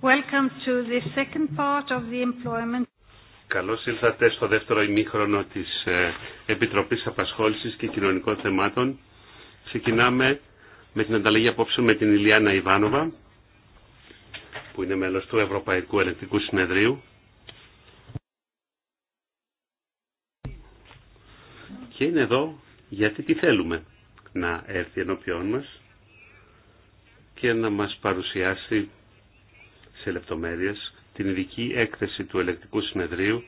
Καλώ Καλώς ήλθατε στο δεύτερο ημίχρονο της ε, Επιτροπής Απασχόλησης και Κοινωνικών Θεμάτων. Ξεκινάμε με την ανταλλαγή Απόψεων με την Ιλιάνα Ιβάνοβα, που είναι μέλος του Ευρωπαϊκού Ελεκτικού Συνεδρίου. Και είναι εδώ γιατί τι θέλουμε να έρθει ενώπιόν μας και να μας παρουσιάσει σε λεπτομέρειες την ειδική έκθεση του ελεκτικού συνεδρίου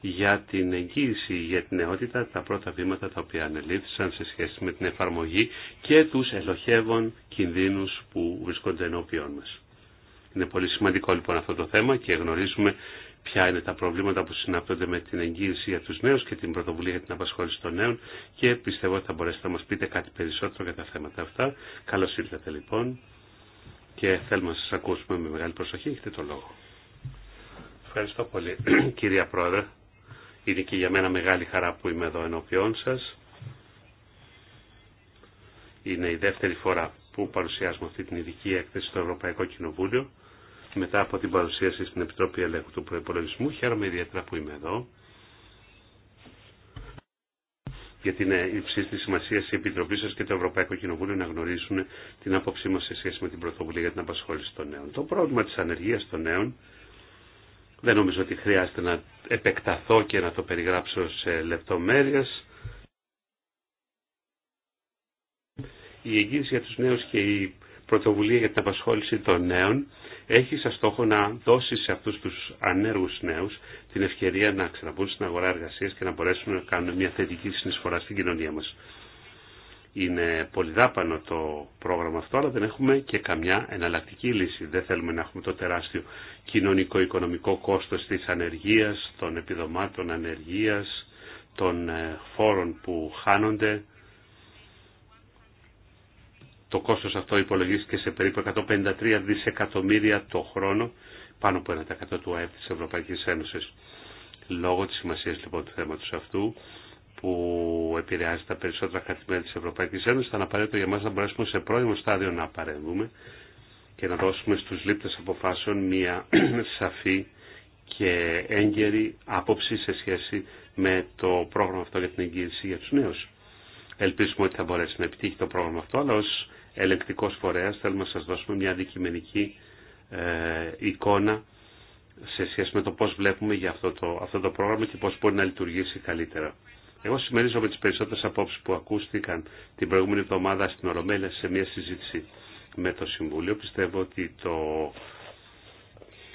για την εγγύηση για την νεότητα, τα πρώτα βήματα τα οποία ανελήφθησαν σε σχέση με την εφαρμογή και τους ελοχεύων κινδύνους που βρίσκονται ενώπιόν μας. Είναι πολύ σημαντικό λοιπόν αυτό το θέμα και γνωρίζουμε ποια είναι τα προβλήματα που συνάπτονται με την εγγύηση για τους νέους και την πρωτοβουλία για την απασχόληση των νέων και πιστεύω ότι θα μπορέσετε να μας πείτε κάτι περισσότερο για τα θέματα αυτά. Καλώς ήρθατε λοιπόν και θέλουμε να σας ακούσουμε με μεγάλη προσοχή. Έχετε το λόγο. Ευχαριστώ πολύ κυρία Πρόεδρε. Είναι και για μένα μεγάλη χαρά που είμαι εδώ ενώπιόν σας. Είναι η δεύτερη φορά που παρουσιάζουμε αυτή την ειδική έκθεση στο Ευρωπαϊκό Κοινοβούλιο μετά από την παρουσίαση στην Επιτροπή Ελέγχου του Προπολογισμού. Χαίρομαι ιδιαίτερα που είμαι εδώ για την υψή τη σημασία η Επιτροπή σα και το Ευρωπαϊκό Κοινοβούλιο να γνωρίσουν την άποψή μα σε σχέση με την πρωτοβουλία για την απασχόληση των νέων. Το πρόβλημα τη ανεργία των νέων δεν νομίζω ότι χρειάζεται να επεκταθώ και να το περιγράψω σε λεπτομέρειε. Η εγγύηση για του νέου και η πρωτοβουλία για την απασχόληση των νέων έχει σαν στόχο να δώσει σε αυτούς τους ανέργους νέους την ευκαιρία να ξαναμπούν στην αγορά εργασίας και να μπορέσουν να κάνουν μια θετική συνεισφορά στην κοινωνία μας. Είναι πολυδάπανο το πρόγραμμα αυτό, αλλά δεν έχουμε και καμιά εναλλακτική λύση. Δεν θέλουμε να έχουμε το τεράστιο κοινωνικό-οικονομικό κόστος της ανεργίας, των επιδομάτων ανεργίας, των ε, φόρων που χάνονται, το κόστος αυτό υπολογίστηκε σε περίπου 153 δισεκατομμύρια το χρόνο, πάνω από 1% του ΑΕΠ της Ευρωπαϊκής Ένωσης. Λόγω της σημασίας λοιπόν του θέματος αυτού, που επηρεάζει τα περισσότερα κρατημένα της Ευρωπαϊκής Ένωσης, ήταν απαραίτητο για μας να μπορέσουμε σε πρώιμο στάδιο να παρέμβουμε και να δώσουμε στους λήπτες αποφάσεων μια σαφή και έγκαιρη άποψη σε σχέση με το πρόγραμμα αυτό για την εγγύηση για τους νέους. Ελπίζουμε ότι θα μπορέσει να επιτύχει το πρόγραμμα αυτό, αλλά ως ελεκτικός φορέας. Θέλουμε να σας δώσουμε μια αντικειμενική ε, εικόνα σε σχέση με το πώς βλέπουμε για αυτό το, αυτό το πρόγραμμα και πώς μπορεί να λειτουργήσει καλύτερα. Εγώ συμμερίζω με τις περισσότερες απόψεις που ακούστηκαν την προηγούμενη εβδομάδα στην Ολομέλεια σε μια συζήτηση με το Συμβούλιο. Πιστεύω ότι το,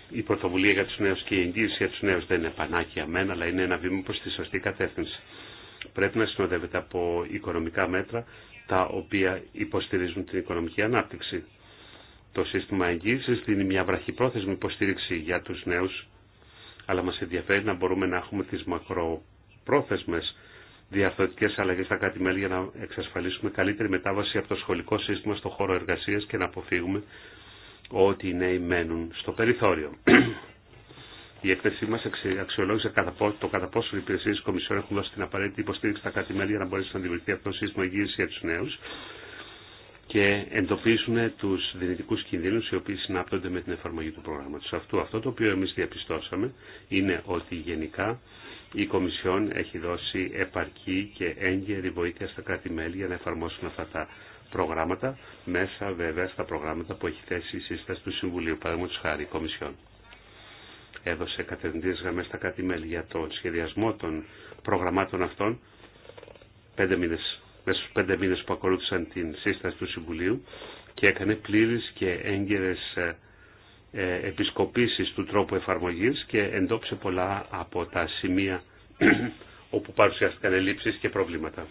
η πρωτοβουλία για τους νέους και η εγγύηση για τους νέους δεν είναι πανάκια μένα, αλλά είναι ένα βήμα προς τη σωστή κατεύθυνση. Πρέπει να συνοδεύεται από οικονομικά μέτρα τα οποία υποστηρίζουν την οικονομική ανάπτυξη. Το σύστημα εγγύησης δίνει μια βραχυπρόθεσμη υποστήριξη για τους νέους, αλλά μας ενδιαφέρει να μπορούμε να έχουμε τις μακροπρόθεσμες διαρθρωτικές αλλαγές στα κάτι μέλη για να εξασφαλίσουμε καλύτερη μετάβαση από το σχολικό σύστημα στο χώρο εργασίας και να αποφύγουμε ότι οι νέοι μένουν στο περιθώριο. Η έκθεσή μα αξιολόγησε το κατά πόσο οι υπηρεσίε τη Κομισιόν έχουν δώσει την απαραίτητη υποστήριξη στα κρατη για να μπορέσει να δημιουργηθεί αυτό το σύστημα υγεία για του νέου και εντοπίσουν του δυνητικού κινδύνου οι οποίοι συνάπτονται με την εφαρμογή του προγράμματο αυτού. Αυτό το οποίο εμεί διαπιστώσαμε είναι ότι γενικά η Κομισιόν έχει δώσει επαρκή και έγκαιρη βοήθεια στα κρατη για να εφαρμόσουν αυτά τα προγράμματα, μέσα βέβαια στα προγράμματα που έχει θέσει η σύσταση του Συμβουλίου, παραδείγματο χάρη η Κομισιόν έδωσε κατευθυντήρες γραμμές στα κάτι μέλη για τον σχεδιασμό των προγραμμάτων αυτών πέντε μήνες, μέσα στους πέντε μήνες που ακολούθησαν την σύσταση του Συμβουλίου και έκανε πλήρες και έγκαιρες ε, ε, επισκοπήσεις του τρόπου εφαρμογής και εντόπισε πολλά από τα σημεία όπου παρουσιάστηκαν ελλείψεις και προβλήματα.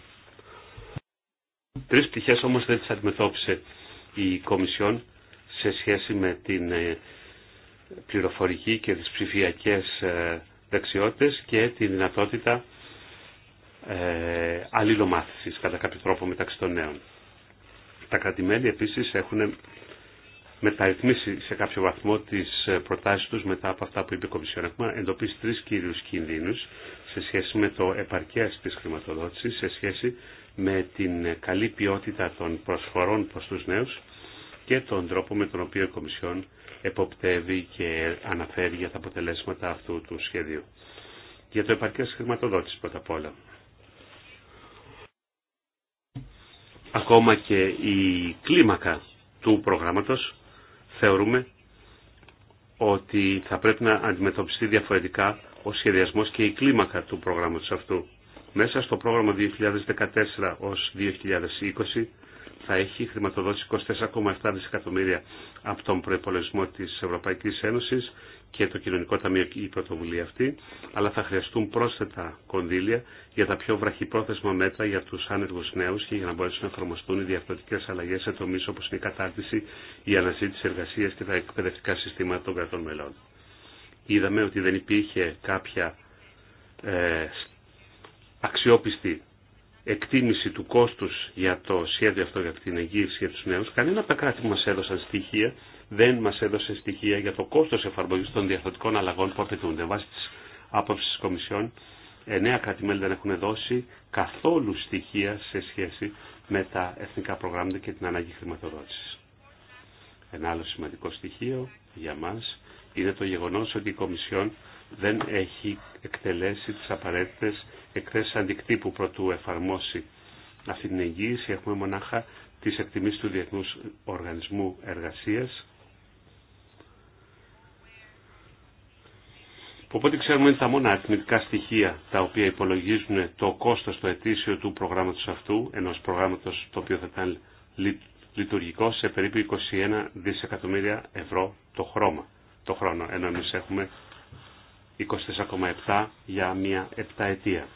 Τρεις πτυχέ όμως δεν τις αντιμετώπισε η Κομισιόν σε σχέση με την ε, πληροφορική και τις ψηφιακές ε, δεξιότητες και τη δυνατότητα ε, αλληλομάθησης κατά κάποιο τρόπο μεταξύ των νέων. Τα κρατημένη επίσης έχουν μεταρρυθμίσει σε κάποιο βαθμό τις ε, προτάσεις τους μετά από αυτά που είπε η Κομισιόν. Έχουμε εντοπίσει τρεις κύριους κινδύνους σε σχέση με το επαρκές της χρηματοδότηση σε σχέση με την καλή ποιότητα των προσφορών προς τους νέους και τον τρόπο με τον οποίο η Κομισιόν εποπτεύει και αναφέρει για τα αποτελέσματα αυτού του σχεδίου. Για το επαρκές χρηματοδότηση πρώτα απ' όλα. Ακόμα και η κλίμακα του προγράμματος θεωρούμε ότι θα πρέπει να αντιμετωπιστεί διαφορετικά ο σχεδιασμός και η κλίμακα του προγράμματος αυτού. Μέσα στο πρόγραμμα 2014 ως 2020 θα έχει χρηματοδότηση 24,7 δισεκατομμύρια από τον προπολογισμό της Ευρωπαϊκής Ένωσης και το Κοινωνικό Ταμείο η πρωτοβουλία αυτή, αλλά θα χρειαστούν πρόσθετα κονδύλια για τα πιο βραχυπρόθεσμα μέτρα για τους άνεργους νέους και για να μπορέσουν να εφαρμοστούν οι διαφορετικές αλλαγές σε τομείς όπως είναι η κατάρτιση, η αναζήτηση εργασίας και τα εκπαιδευτικά συστήματα των κρατών μελών. Είδαμε ότι δεν υπήρχε κάποια ε, αξιόπιστη εκτίμηση του κόστους για το σχέδιο αυτό, για την εγγύηση για τους νέους. Κανένα από τα κράτη που μας έδωσαν στοιχεία δεν μας έδωσε στοιχεία για το κόστος εφαρμογής των διαθωτικών αλλαγών που απαιτούνται. Βάσει της άποψης της Κομισιόν, εννέα κράτη-μέλη δεν έχουν δώσει καθόλου στοιχεία σε σχέση με τα εθνικά προγράμματα και την ανάγκη χρηματοδότησης. Ένα άλλο σημαντικό στοιχείο για μας είναι το γεγονός ότι η Κομισιόν δεν έχει εκτελέσει τις απαραίτητες εκθέσεις αντικτύπου προτού εφαρμόσει αυτή την εγγύηση. Έχουμε μονάχα τις εκτιμήσεις του Διεθνούς Οργανισμού Εργασίας. Οπότε ξέρουμε ότι τα μόνα αριθμητικά στοιχεία τα οποία υπολογίζουν το κόστος το ετήσιο του προγράμματος αυτού, ενός προγράμματος το οποίο θα ήταν λειτουργικό σε περίπου 21 δισεκατομμύρια ευρώ το, χρώμα, το χρόνο, ενώ εμείς έχουμε 24,7 για μια ετία.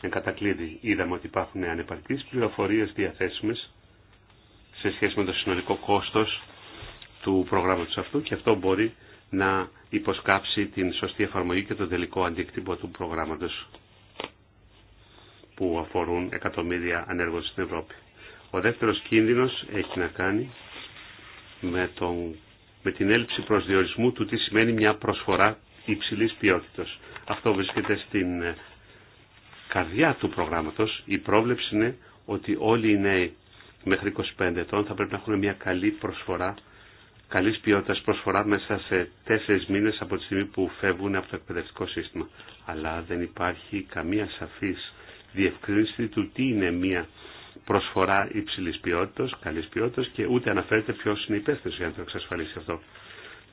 Εν κατακλείδη είδαμε ότι υπάρχουν ανεπαρκείς πληροφορίες διαθέσιμες σε σχέση με το συνολικό κόστος του προγράμματος αυτού και αυτό μπορεί να υποσκάψει την σωστή εφαρμογή και το τελικό αντίκτυπο του προγράμματος που αφορούν εκατομμύρια ανέργων στην Ευρώπη. Ο δεύτερος κίνδυνος έχει να κάνει με τον με την έλλειψη προσδιορισμού του τι σημαίνει μια προσφορά υψηλής ποιότητας. Αυτό βρίσκεται στην ε, καρδιά του προγράμματος. Η πρόβλεψη είναι ότι όλοι οι νέοι μέχρι 25 ετών θα πρέπει να έχουν μια καλή προσφορά, καλής ποιότητας προσφορά μέσα σε τέσσερις μήνες από τη στιγμή που φεύγουν από το εκπαιδευτικό σύστημα. Αλλά δεν υπάρχει καμία σαφής διευκρίνηση του τι είναι μια προσφορά υψηλή ποιότητα, καλή ποιότητα και ούτε αναφέρεται ποιο είναι υπεύθυνο για να το εξασφαλίσει αυτό.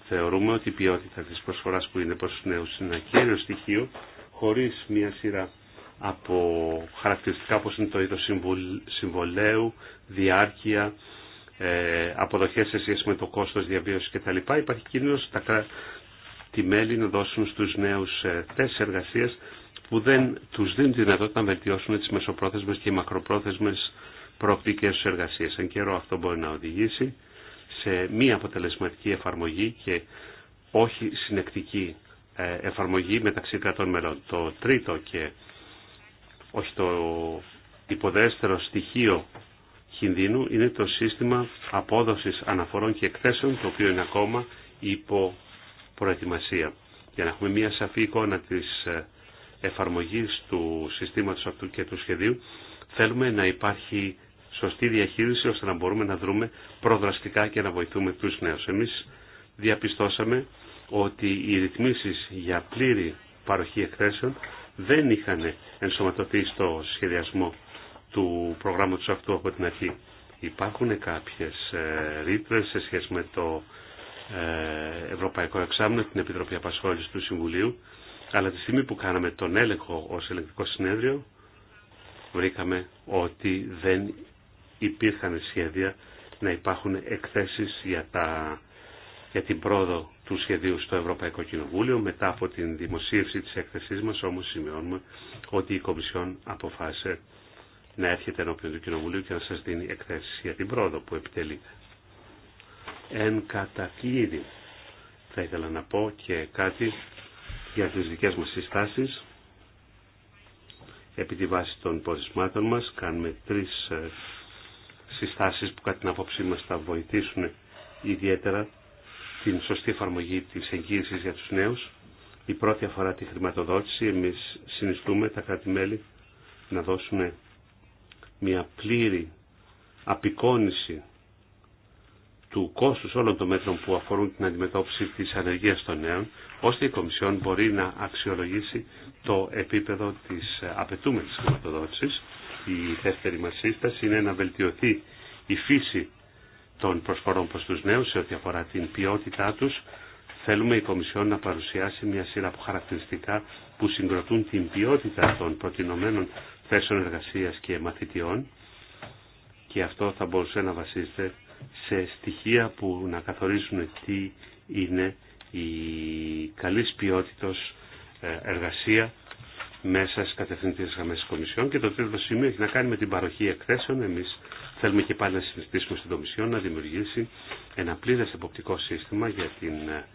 Θεωρούμε ότι η ποιότητα τη προσφορά που είναι προ του νέου είναι ένα κύριο στοιχείο χωρί μια σειρά από χαρακτηριστικά όπω είναι το είδο συμβολέου, διάρκεια, ε, αποδοχές σε σχέση με το κόστο, διαβίωση κτλ. Υπάρχει κίνδυνο τα τη μέλη να δώσουν στους νέους ε, θέσεις που δεν τους δίνουν τη δυνατότητα να βελτιώσουν τι μεσοπρόθεσμες και οι μακροπρόθεσμες προοπτικές εργασίες. Εν καιρό αυτό μπορεί να οδηγήσει σε μη αποτελεσματική εφαρμογή και όχι συνεκτική ε, εφαρμογή μεταξύ κρατών μελών. Το τρίτο και όχι το υποδέστερο στοιχείο κινδύνου είναι το σύστημα απόδοσης αναφορών και εκθέσεων το οποίο είναι ακόμα υπό προετοιμασία. Για να έχουμε μια σαφή εικόνα της ε, εφαρμογής του συστήματος αυτού και του σχεδίου θέλουμε να υπάρχει σωστή διαχείριση ώστε να μπορούμε να δρούμε προδραστικά και να βοηθούμε τους νέους. Εμείς διαπιστώσαμε ότι οι ρυθμίσεις για πλήρη παροχή εκθέσεων δεν είχαν ενσωματωθεί στο σχεδιασμό του προγράμματος αυτού από την αρχή. Υπάρχουν κάποιες ε, ρήτρε σε σχέση με το ε, Ευρωπαϊκό Εξάμεινο, την Επιτροπή Απασχόλησης του Συμβουλίου, αλλά τη στιγμή που κάναμε τον έλεγχο ως ελεγκτικό συνέδριο, βρήκαμε ότι δεν υπήρχαν σχέδια να υπάρχουν εκθέσεις για, τα, για την πρόοδο του σχεδίου στο Ευρωπαϊκό Κοινοβούλιο. Μετά από την δημοσίευση της έκθεσής μας όμως σημειώνουμε ότι η Κομισιόν αποφάσισε να έρχεται ενώπιον του Κοινοβουλίου και να σας δίνει εκθέσεις για την πρόοδο που επιτελείται. Εν κατακλείδη θα ήθελα να πω και κάτι για τις δικές μας συστάσεις. Επί τη βάση των πορισμάτων μας κάνουμε τρεις ε, συστάσεις που κατά την απόψή μας θα βοηθήσουν ιδιαίτερα την σωστή εφαρμογή της εγγύησης για τους νέους. Η πρώτη αφορά τη χρηματοδότηση. Εμείς συνιστούμε τα κράτη-μέλη να δώσουν μια πλήρη απεικόνηση του κόστους όλων των μέτρων που αφορούν την αντιμετώπιση της ανεργίας των νέων, ώστε η Κομισιόν μπορεί να αξιολογήσει το επίπεδο της απαιτούμενης χρηματοδότησης η δεύτερη μας σύσταση είναι να βελτιωθεί η φύση των προσφορών προς τους νέους σε ό,τι αφορά την ποιότητά τους. Θέλουμε η Κομισιόν να παρουσιάσει μια σειρά από χαρακτηριστικά που συγκροτούν την ποιότητα των προτινομένων θέσεων εργασίας και μαθητιών και αυτό θα μπορούσε να βασίζεται σε στοιχεία που να καθορίζουν τι είναι η καλής ποιότητος ε, εργασία μέσα στι κατευθυντήρε γραμμέ τη Κομισιόν. Και το τρίτο σημείο έχει να κάνει με την παροχή εκθέσεων. Εμεί θέλουμε και πάλι να συζητήσουμε στην Κομισιόν να δημιουργήσει ένα πλήρε εποπτικό σύστημα για την ε,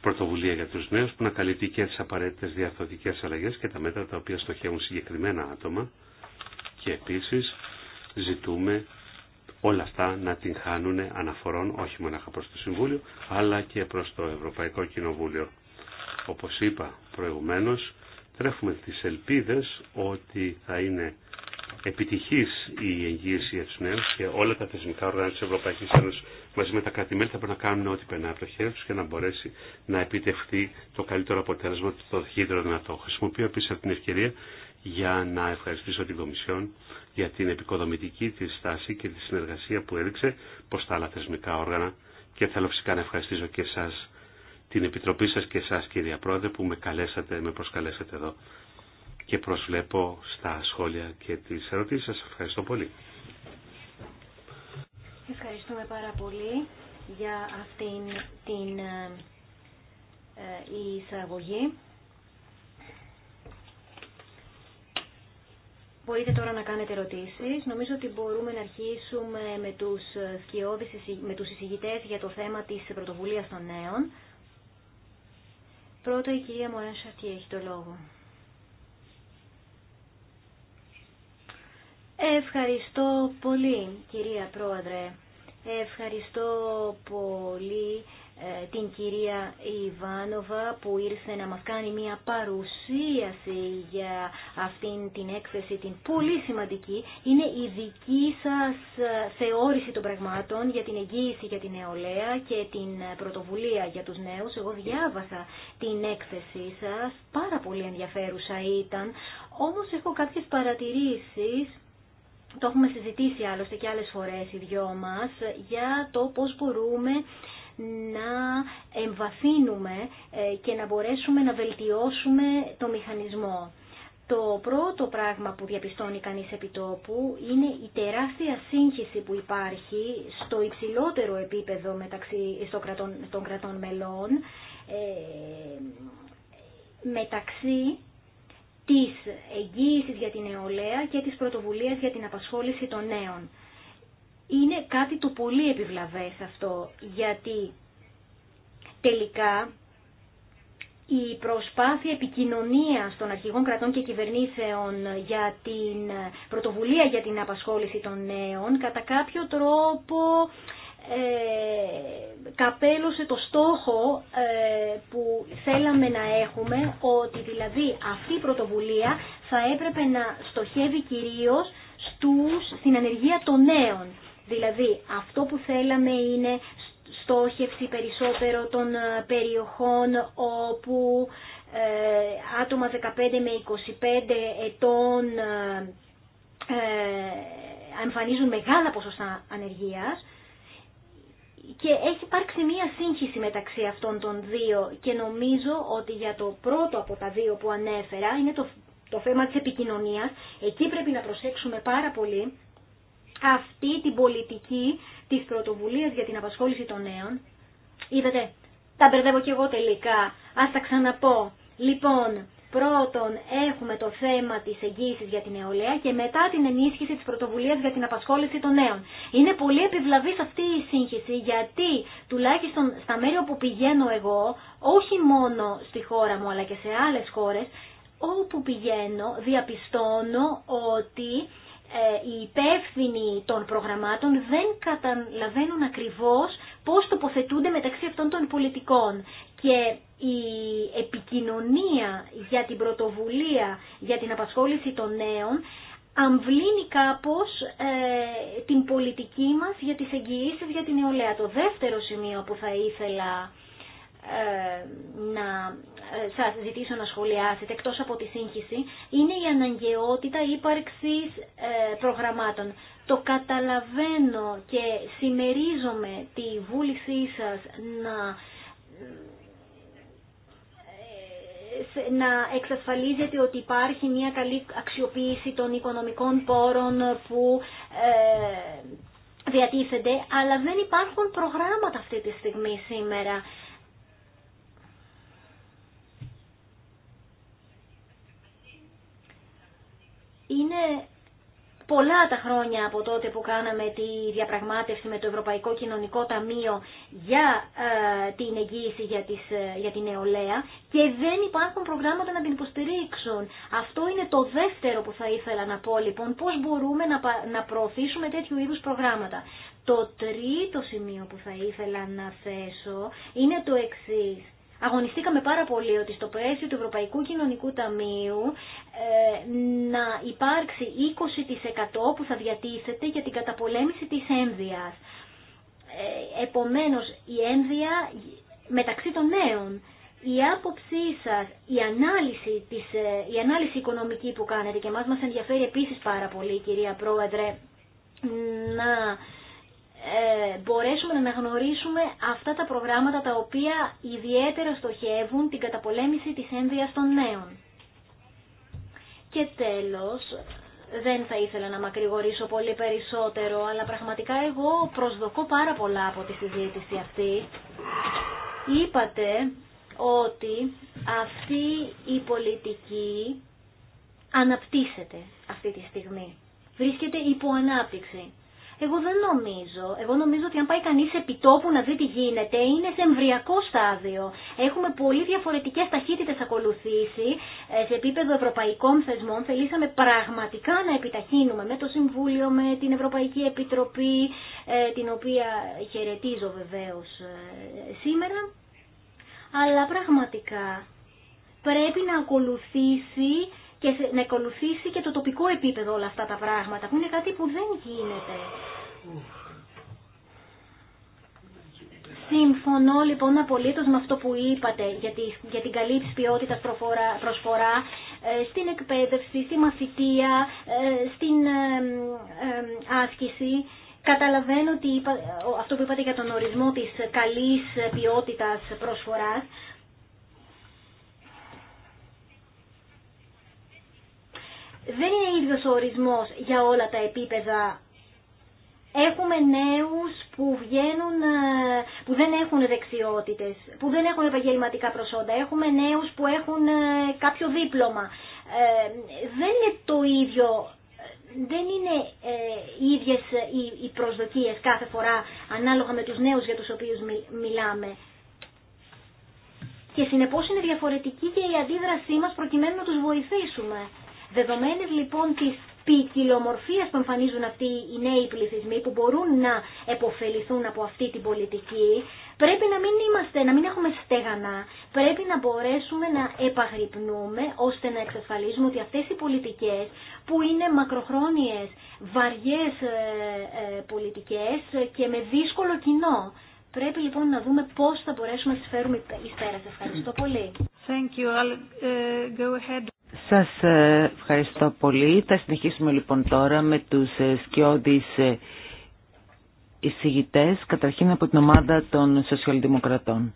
πρωτοβουλία για του νέου που να καλύπτει και τι απαραίτητε διαθωτικέ αλλαγέ και τα μέτρα τα οποία στοχεύουν συγκεκριμένα άτομα. Και επίση ζητούμε όλα αυτά να την χάνουν αναφορών όχι μόνο προ το Συμβούλιο αλλά και προ το Ευρωπαϊκό Κοινοβούλιο. Όπω είπα προηγουμένω τρέφουμε τις ελπίδες ότι θα είναι επιτυχής η εγγύηση για και όλα τα θεσμικά όργανα της Ευρωπαϊκής Ένωσης μαζί με τα κρατη θα πρέπει να κάνουν ό,τι περνά από το χέρι τους και να μπορέσει να επιτευχθεί το καλύτερο αποτέλεσμα του το να δυνατό. Χρησιμοποιώ επίσης αυτή την ευκαιρία για να ευχαριστήσω την Κομισιόν για την επικοδομητική τη στάση και τη συνεργασία που έδειξε προς τα άλλα θεσμικά όργανα και θέλω φυσικά να ευχαριστήσω και εσάς την Επιτροπή σας και εσάς κυρία Πρόεδρε που με, καλέσατε, με προσκαλέσατε εδώ και προσβλέπω στα σχόλια και τις ερωτήσεις σας. Ευχαριστώ πολύ. Ευχαριστούμε πάρα πολύ για αυτήν την ε, ε, εισαγωγή. Μπορείτε τώρα να κάνετε ερωτήσεις. Νομίζω ότι μπορούμε να αρχίσουμε με τους, με τους εισηγητές για το θέμα της πρωτοβουλίας των νέων. Πρώτα η κυρία Μωρέν Σαρτή έχει το λόγο. Ευχαριστώ πολύ κυρία Πρόεδρε. Ευχαριστώ πολύ ε, την κυρία Ιβάνοβα που ήρθε να μας κάνει μια παρουσίαση για αυτήν την έκθεση την πολύ σημαντική είναι η δική σας ε, θεώρηση των πραγμάτων για την εγγύηση για την νεολαία και την ε, πρωτοβουλία για τους νέους. Εγώ διάβασα την έκθεσή σας, πάρα πολύ ενδιαφέρουσα ήταν, όμως έχω κάποιες παρατηρήσεις το έχουμε συζητήσει άλλωστε και άλλες φορές οι δυο μας για το πώς μπορούμε να εμβαθύνουμε ε, και να μπορέσουμε να βελτιώσουμε το μηχανισμό. Το πρώτο πράγμα που διαπιστώνει κανείς επιτόπου είναι η τεράστια σύγχυση που υπάρχει στο υψηλότερο επίπεδο μεταξύ κρατών, των κρατών μελών ε, μεταξύ της εγγύησης για την νεολαία και της πρωτοβουλίας για την απασχόληση των νέων είναι κάτι το πολύ επιβλαβές αυτό, γιατί τελικά η προσπάθεια επικοινωνία των αρχηγών κρατών και κυβερνήσεων για την πρωτοβουλία για την απασχόληση των νέων κατά κάποιο τρόπο ε, καπέλωσε το στόχο ε, που θέλαμε να έχουμε ότι δηλαδή αυτή η πρωτοβουλία θα έπρεπε να στοχεύει κυρίως στους, στην ανεργία των νέων. Δηλαδή αυτό που θέλαμε είναι στόχευση περισσότερο των ε, περιοχών όπου ε, άτομα 15 με 25 ετών ε, εμφανίζουν μεγάλα ποσοστά ανεργίας και έχει υπάρξει μία σύγχυση μεταξύ αυτών των δύο και νομίζω ότι για το πρώτο από τα δύο που ανέφερα είναι το, το θέμα της επικοινωνίας. Εκεί πρέπει να προσέξουμε πάρα πολύ αυτή την πολιτική της πρωτοβουλίας για την απασχόληση των νέων. Είδατε, τα μπερδεύω κι εγώ τελικά. Ας τα ξαναπώ. Λοιπόν, πρώτον έχουμε το θέμα της εγγύησης για την νεολαία και μετά την ενίσχυση της πρωτοβουλίας για την απασχόληση των νέων. Είναι πολύ επιβλαβής αυτή η σύγχυση γιατί τουλάχιστον στα μέρη όπου πηγαίνω εγώ, όχι μόνο στη χώρα μου αλλά και σε άλλες χώρες, όπου πηγαίνω διαπιστώνω ότι ε, οι υπεύθυνοι των προγραμμάτων δεν καταλαβαίνουν ακριβώς πώς τοποθετούνται μεταξύ αυτών των πολιτικών. Και η επικοινωνία για την πρωτοβουλία, για την απασχόληση των νέων, αμβλύνει κάπως ε, την πολιτική μας για τις εγγυήσεις για την νεολαία. Το δεύτερο σημείο που θα ήθελα ε, να ε, σας ζητήσω να σχολιάσετε εκτός από τη σύγχυση είναι η αναγκαιότητα ύπαρξης ε, προγραμμάτων. Το καταλαβαίνω και συμμερίζομαι τη βούλησή σας να να εξασφαλίζεται ότι υπάρχει μια καλή αξιοποίηση των οικονομικών πόρων που διατίθενται, αλλά δεν υπάρχουν προγράμματα αυτή τη στιγμή σήμερα. Είναι πολλά τα χρόνια από τότε που κάναμε τη διαπραγμάτευση με το Ευρωπαϊκό Κοινωνικό Ταμείο για ε, την εγγύηση για, τις, ε, την νεολαία και δεν υπάρχουν προγράμματα να την υποστηρίξουν. Αυτό είναι το δεύτερο που θα ήθελα να πω λοιπόν, πώς μπορούμε να, να προωθήσουμε τέτοιου είδους προγράμματα. Το τρίτο σημείο που θα ήθελα να θέσω είναι το εξής αγωνιστήκαμε πάρα πολύ ότι στο πλαίσιο του Ευρωπαϊκού Κοινωνικού Ταμείου ε, να υπάρξει 20% που θα διατίθεται για την καταπολέμηση της ένδυας. Ε, επομένως, η ένδυα μεταξύ των νέων η άποψή σας, η ανάλυση, της, ε, η ανάλυση οικονομική που κάνετε και μας μας ενδιαφέρει επίσης πάρα πολύ κυρία Πρόεδρε να ε, μπορέσουμε να αναγνωρίσουμε αυτά τα προγράμματα τα οποία ιδιαίτερα στοχεύουν την καταπολέμηση της ένδυας των νέων. Και τέλος, δεν θα ήθελα να μακρηγορήσω πολύ περισσότερο, αλλά πραγματικά εγώ προσδοκώ πάρα πολλά από τη συζήτηση αυτή. Είπατε ότι αυτή η πολιτική αναπτύσσεται αυτή τη στιγμή. Βρίσκεται υπό ανάπτυξη. Εγώ δεν νομίζω. Εγώ νομίζω ότι αν πάει κανείς επιτόπου να δει τι γίνεται, είναι σε εμβριακό στάδιο. Έχουμε πολύ διαφορετικές ταχύτητες ακολουθήσει ε, σε επίπεδο ευρωπαϊκών θεσμών. Θελήσαμε πραγματικά να επιταχύνουμε με το Συμβούλιο, με την Ευρωπαϊκή Επιτροπή, ε, την οποία χαιρετίζω βεβαίως ε, σήμερα. Αλλά πραγματικά πρέπει να ακολουθήσει και να ακολουθήσει και το τοπικό επίπεδο όλα αυτά τα πράγματα, που είναι κάτι που δεν γίνεται. Συμφωνώ λοιπόν απολύτω με αυτό που είπατε για, για την καλή τη ποιότητα προσφορά ε, στην εκπαίδευση, στη μαθητεία, ε, στην ε, άσκηση. Καταλαβαίνω ότι αυτό που είπατε για τον ορισμό της καλής ποιότητας προσφοράς, δεν είναι ίδιος ο ορισμός για όλα τα επίπεδα. Έχουμε νέους που βγαίνουν, ε, που δεν έχουν δεξιότητες, που δεν έχουν επαγγελματικά προσόντα. Έχουμε νέους που έχουν ε, κάποιο δίπλωμα. Ε, δεν είναι το ίδιο δεν είναι ε, οι ίδιες οι, οι προσδοκίες κάθε φορά ανάλογα με τους νέους για τους οποίους μιλάμε. Και συνεπώς είναι διαφορετική και η αντίδρασή μας προκειμένου να τους βοηθήσουμε. Δεδομένες λοιπόν της ποικιλομορφίας που εμφανίζουν αυτοί οι νέοι πληθυσμοί που μπορούν να επωφεληθούν από αυτή την πολιτική, πρέπει να μην, είμαστε, να μην έχουμε στέγανα, πρέπει να μπορέσουμε να επαγρυπνούμε ώστε να εξασφαλίζουμε ότι αυτές οι πολιτικές που είναι μακροχρόνιες, βαριές ε, ε, πολιτικές και με δύσκολο κοινό, Πρέπει λοιπόν να δούμε πώς θα μπορέσουμε να τις φέρουμε εις πέρας. Ευχαριστώ πολύ. Thank you. Ε, σας ε, ευχαριστώ πολύ. Θα συνεχίσουμε λοιπόν τώρα με τους ε, σκιώδεις ε, εισηγητές, καταρχήν από την ομάδα των Σοσιαλδημοκρατών.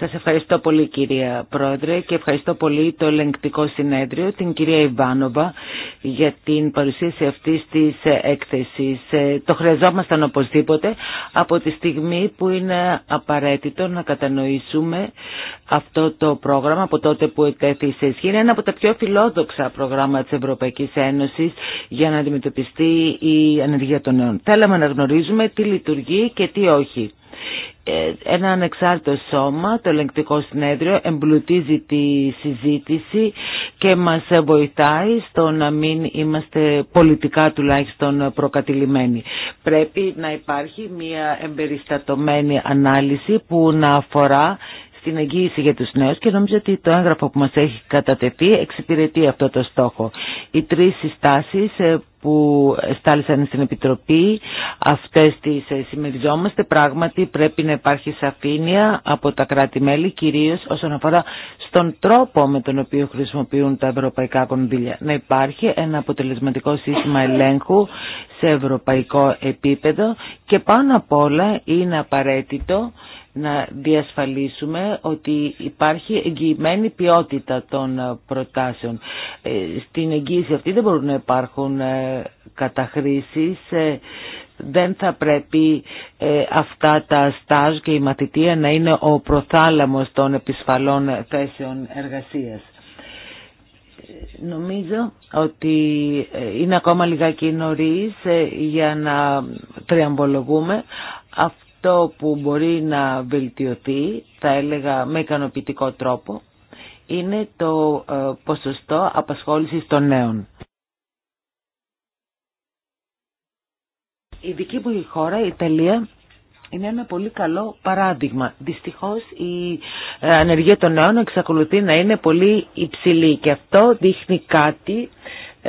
Σας ευχαριστώ πολύ κυρία Πρόεδρε και ευχαριστώ πολύ το ελεγκτικό συνέδριο, την κυρία Ιβάνοβα για την παρουσίαση αυτής της έκθεσης. Ε, το χρειαζόμασταν οπωσδήποτε από τη στιγμή που είναι απαραίτητο να κατανοήσουμε αυτό το πρόγραμμα από τότε που ετέθησε σε ισχύ. Είναι ένα από τα πιο φιλόδοξα προγράμματα της Ευρωπαϊκής Ένωσης για να αντιμετωπιστεί η ανεργία των νέων. Θέλαμε να γνωρίζουμε τι λειτουργεί και τι όχι. Ε, ένα ανεξάρτητο σώμα, το ελεγκτικό συνέδριο, εμπλουτίζει τη συζήτηση και μας βοηθάει στο να μην είμαστε πολιτικά τουλάχιστον προκατηλημένοι. Πρέπει να υπάρχει μια εμπεριστατωμένη ανάλυση που να αφορά την εγγύηση για τους νέους και νομίζω ότι το έγγραφο που μας έχει κατατεθεί εξυπηρετεί αυτό το στόχο. Οι τρεις συστάσεις ε, που στάλησαν στην Επιτροπή αυτές τις ε, συμμεριζόμαστε πράγματι πρέπει να υπάρχει σαφήνεια από τα κράτη-μέλη κυρίως όσον αφορά στον τρόπο με τον οποίο χρησιμοποιούν τα ευρωπαϊκά κονδύλια. Να υπάρχει ένα αποτελεσματικό σύστημα ελέγχου σε ευρωπαϊκό επίπεδο και πάνω απ' όλα είναι απαραίτητο να διασφαλίσουμε ότι υπάρχει εγγυημένη ποιότητα των ε, προτάσεων. Ε, στην εγγύηση αυτή δεν μπορούν να υπάρχουν ε, καταχρήσεις, δεν θα πρέπει αυτά τα στάζ και η μαθητεία να είναι ο προθάλαμος των επισφαλών θέσεων εργασίας. Νομίζω ότι είναι ακόμα λιγάκι νωρίς για να τριαμβολογούμε. Αυτό αυτό που μπορεί να βελτιωθεί, θα έλεγα με ικανοποιητικό τρόπο, είναι το ε, ποσοστό απασχόλησης των νέων. Η δική μου χώρα, η Ιταλία, είναι ένα πολύ καλό παράδειγμα. Δυστυχώς η ε, ανεργία των νέων εξακολουθεί να είναι πολύ υψηλή και αυτό δείχνει κάτι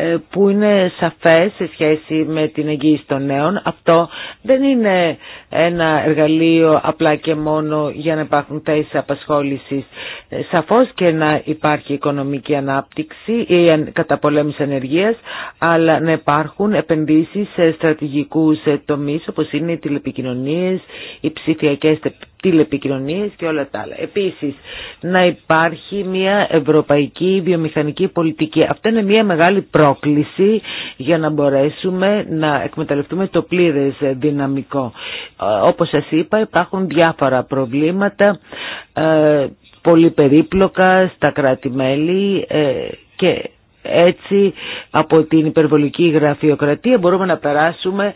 ε, που είναι σαφές σε σχέση με την εγγύηση των νέων. Αυτό δεν είναι ένα εργαλείο απλά και μόνο για να υπάρχουν θέσει απασχόλησης. Ε, σαφώς και να υπάρχει οικονομική ανάπτυξη ή καταπολέμηση ενεργείας, αλλά να υπάρχουν επενδύσεις σε στρατηγικούς ε, τομείς όπως είναι οι τηλεπικοινωνίες, οι ψηφιακές τηλεπικοινωνίες και όλα τα άλλα. Επίσης, να υπάρχει μια ευρωπαϊκή βιομηχανική πολιτική. Αυτό είναι μια μεγάλη πρόκληση για να μπορέσουμε να εκμεταλλευτούμε το πλήρες δυναμικό. Όπως σας είπα υπάρχουν διάφορα προβλήματα, ε, πολύ περίπλοκα στα κράτη-μέλη ε, και έτσι από την υπερβολική γραφειοκρατία μπορούμε να περάσουμε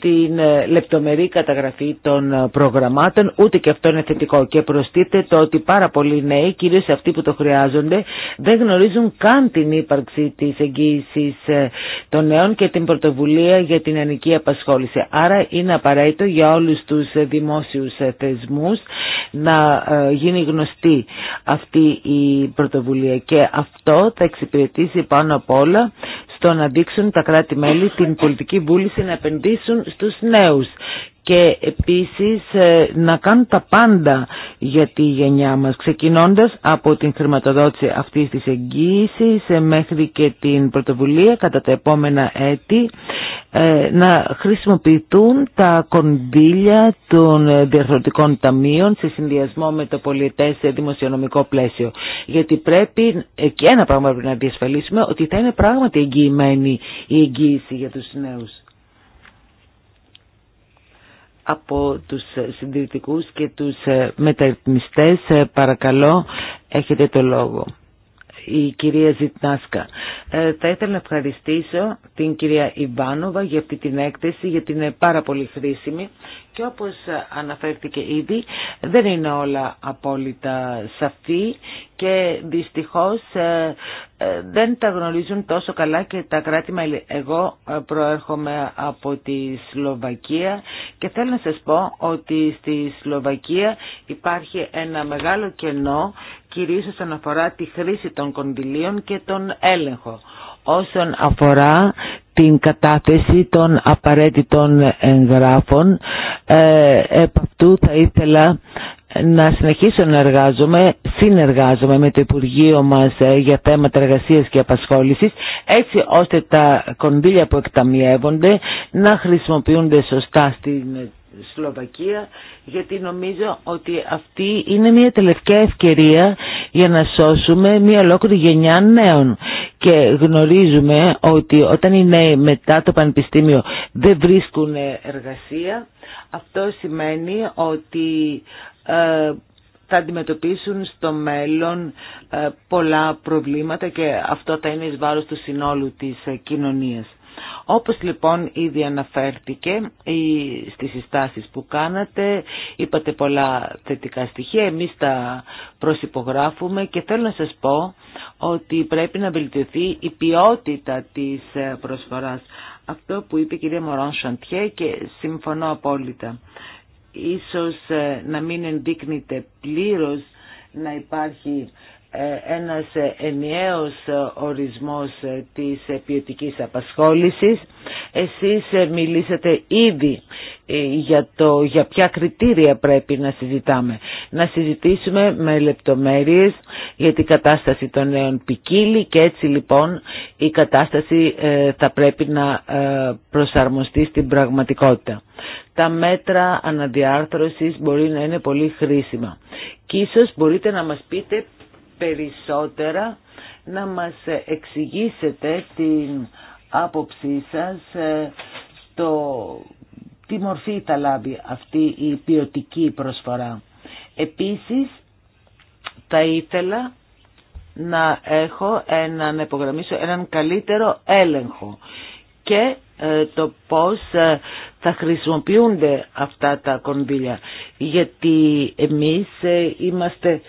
την ε, λεπτομερή καταγραφή των ε, προγραμμάτων, ούτε και αυτό είναι θετικό. Και προστίθεται το ότι πάρα πολλοί νέοι, κυρίως αυτοί που το χρειάζονται, δεν γνωρίζουν καν την ύπαρξη της εγγύησης ε, των νέων και την πρωτοβουλία για την ανική απασχόληση. Άρα είναι απαραίτητο για όλους τους δημόσιους θεσμούς να γίνει γνωστή αυτή η πρωτοβουλία και αυτό θα εξυπηρετήσει πάνω απ' όλα στο να δείξουν τα κράτη-μέλη την πολιτική βούληση να επενδύσουν στους νέους και επίσης ε, να κάνουν τα πάντα για τη γενιά μας, ξεκινώντας από την χρηματοδότηση αυτής της εγγύησης ε, μέχρι και την πρωτοβουλία κατά τα επόμενα έτη, ε, να χρησιμοποιηθούν τα κονδύλια των διαρθρωτικών ταμείων σε συνδυασμό με το πολιτές δημοσιονομικό πλαίσιο. Γιατί πρέπει, και ένα πράγμα πρέπει να διασφαλίσουμε, ότι θα είναι πράγματι εγγυημένη η εγγύηση για τους νέους από τους συντηρητικούς και τους ε, μεταρρυθμιστές. Ε, παρακαλώ, έχετε το λόγο. Η κυρία Ζητνάσκα. Ε, θα ήθελα να ευχαριστήσω την κυρία Ιβάνοβα για αυτή την έκθεση, γιατί είναι πάρα πολύ χρήσιμη και όπως αναφέρθηκε ήδη, δεν είναι όλα απόλυτα σαφή και δυστυχώς ε, ε, δεν τα γνωρίζουν τόσο καλά και τα κράτη Εγώ ε, προέρχομαι από τη Σλοβακία και θέλω να σας πω ότι στη Σλοβακία υπάρχει ένα μεγάλο κενό κυρίως όσον αφορά τη χρήση των κοντιλίων και τον έλεγχο όσον αφορά την κατάθεση των απαραίτητων εγγράφων. Ε, επ' αυτού θα ήθελα να συνεχίσω να εργάζομαι, συνεργάζομαι με το Υπουργείο μας ε, για θέματα εργασίας και απασχόλησης, έτσι ώστε τα κονδύλια που εκταμιεύονται να χρησιμοποιούνται σωστά στην Σλοβακία γιατί νομίζω ότι αυτή είναι μια τελευταία ευκαιρία για να σώσουμε μια ολόκληρη γενιά νέων και γνωρίζουμε ότι όταν οι νέοι μετά το πανεπιστήμιο δεν βρίσκουν εργασία αυτό σημαίνει ότι ε, θα αντιμετωπίσουν στο μέλλον ε, πολλά προβλήματα και αυτό θα είναι εις βάρος του συνόλου της ε, κοινωνίας. Όπως λοιπόν ήδη αναφέρθηκε στις συστάσεις που κάνατε, είπατε πολλά θετικά στοιχεία, εμείς τα προσυπογράφουμε και θέλω να σας πω ότι πρέπει να βελτιωθεί η ποιότητα της ε, προσφοράς. Αυτό που είπε η κυρία Μωρόν Σαντιέ και συμφωνώ απόλυτα. Ίσως ε, να μην ενδείκνεται πλήρως να υπάρχει ε, ένας ενιαίος ορισμός της ποιοτική απασχόλησης. Εσείς μιλήσατε ήδη ε, για, το, για ποια κριτήρια πρέπει να συζητάμε. Να συζητήσουμε με λεπτομέρειες για την κατάσταση των νέων ποικίλη και έτσι λοιπόν η κατάσταση ε, θα πρέπει να προσαρμοστεί στην πραγματικότητα. Τα μέτρα αναδιάρθρωσης μπορεί να είναι πολύ χρήσιμα. Και ίσως μπορείτε να μας πείτε περισσότερα να μας εξηγήσετε την άποψή σας ε, το τι μορφή θα λάβει αυτή η ποιοτική προσφορά. Επίσης θα ήθελα να έχω ένα, να υπογραμμίσω έναν καλύτερο έλεγχο και ε, το πώς ε, θα χρησιμοποιούνται αυτά τα κονδύλια. Γιατί εμείς είμαστε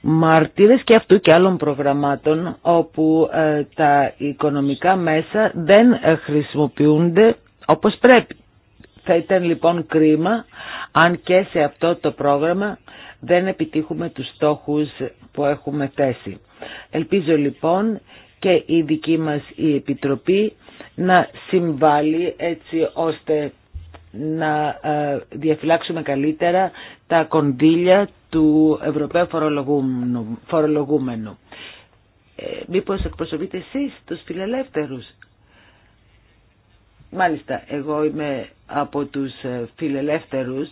μάρτυρες και αυτού και άλλων προγραμμάτων όπου ε, τα οικονομικά μέσα δεν ε, χρησιμοποιούνται όπως πρέπει. Θα ήταν λοιπόν κρίμα αν και σε αυτό το πρόγραμμα δεν επιτύχουμε τους στόχους που έχουμε θέσει. Ελπίζω λοιπόν και η δική μας η Επιτροπή να συμβάλλει έτσι ώστε να ε, διαφυλάξουμε καλύτερα τα κονδύλια του Ευρωπαίου Φορολογούμενου. Ε, μήπως εκπροσωπείτε εσείς τους φιλελεύθερους. Μάλιστα, εγώ είμαι από τους ε, φιλελεύθερους.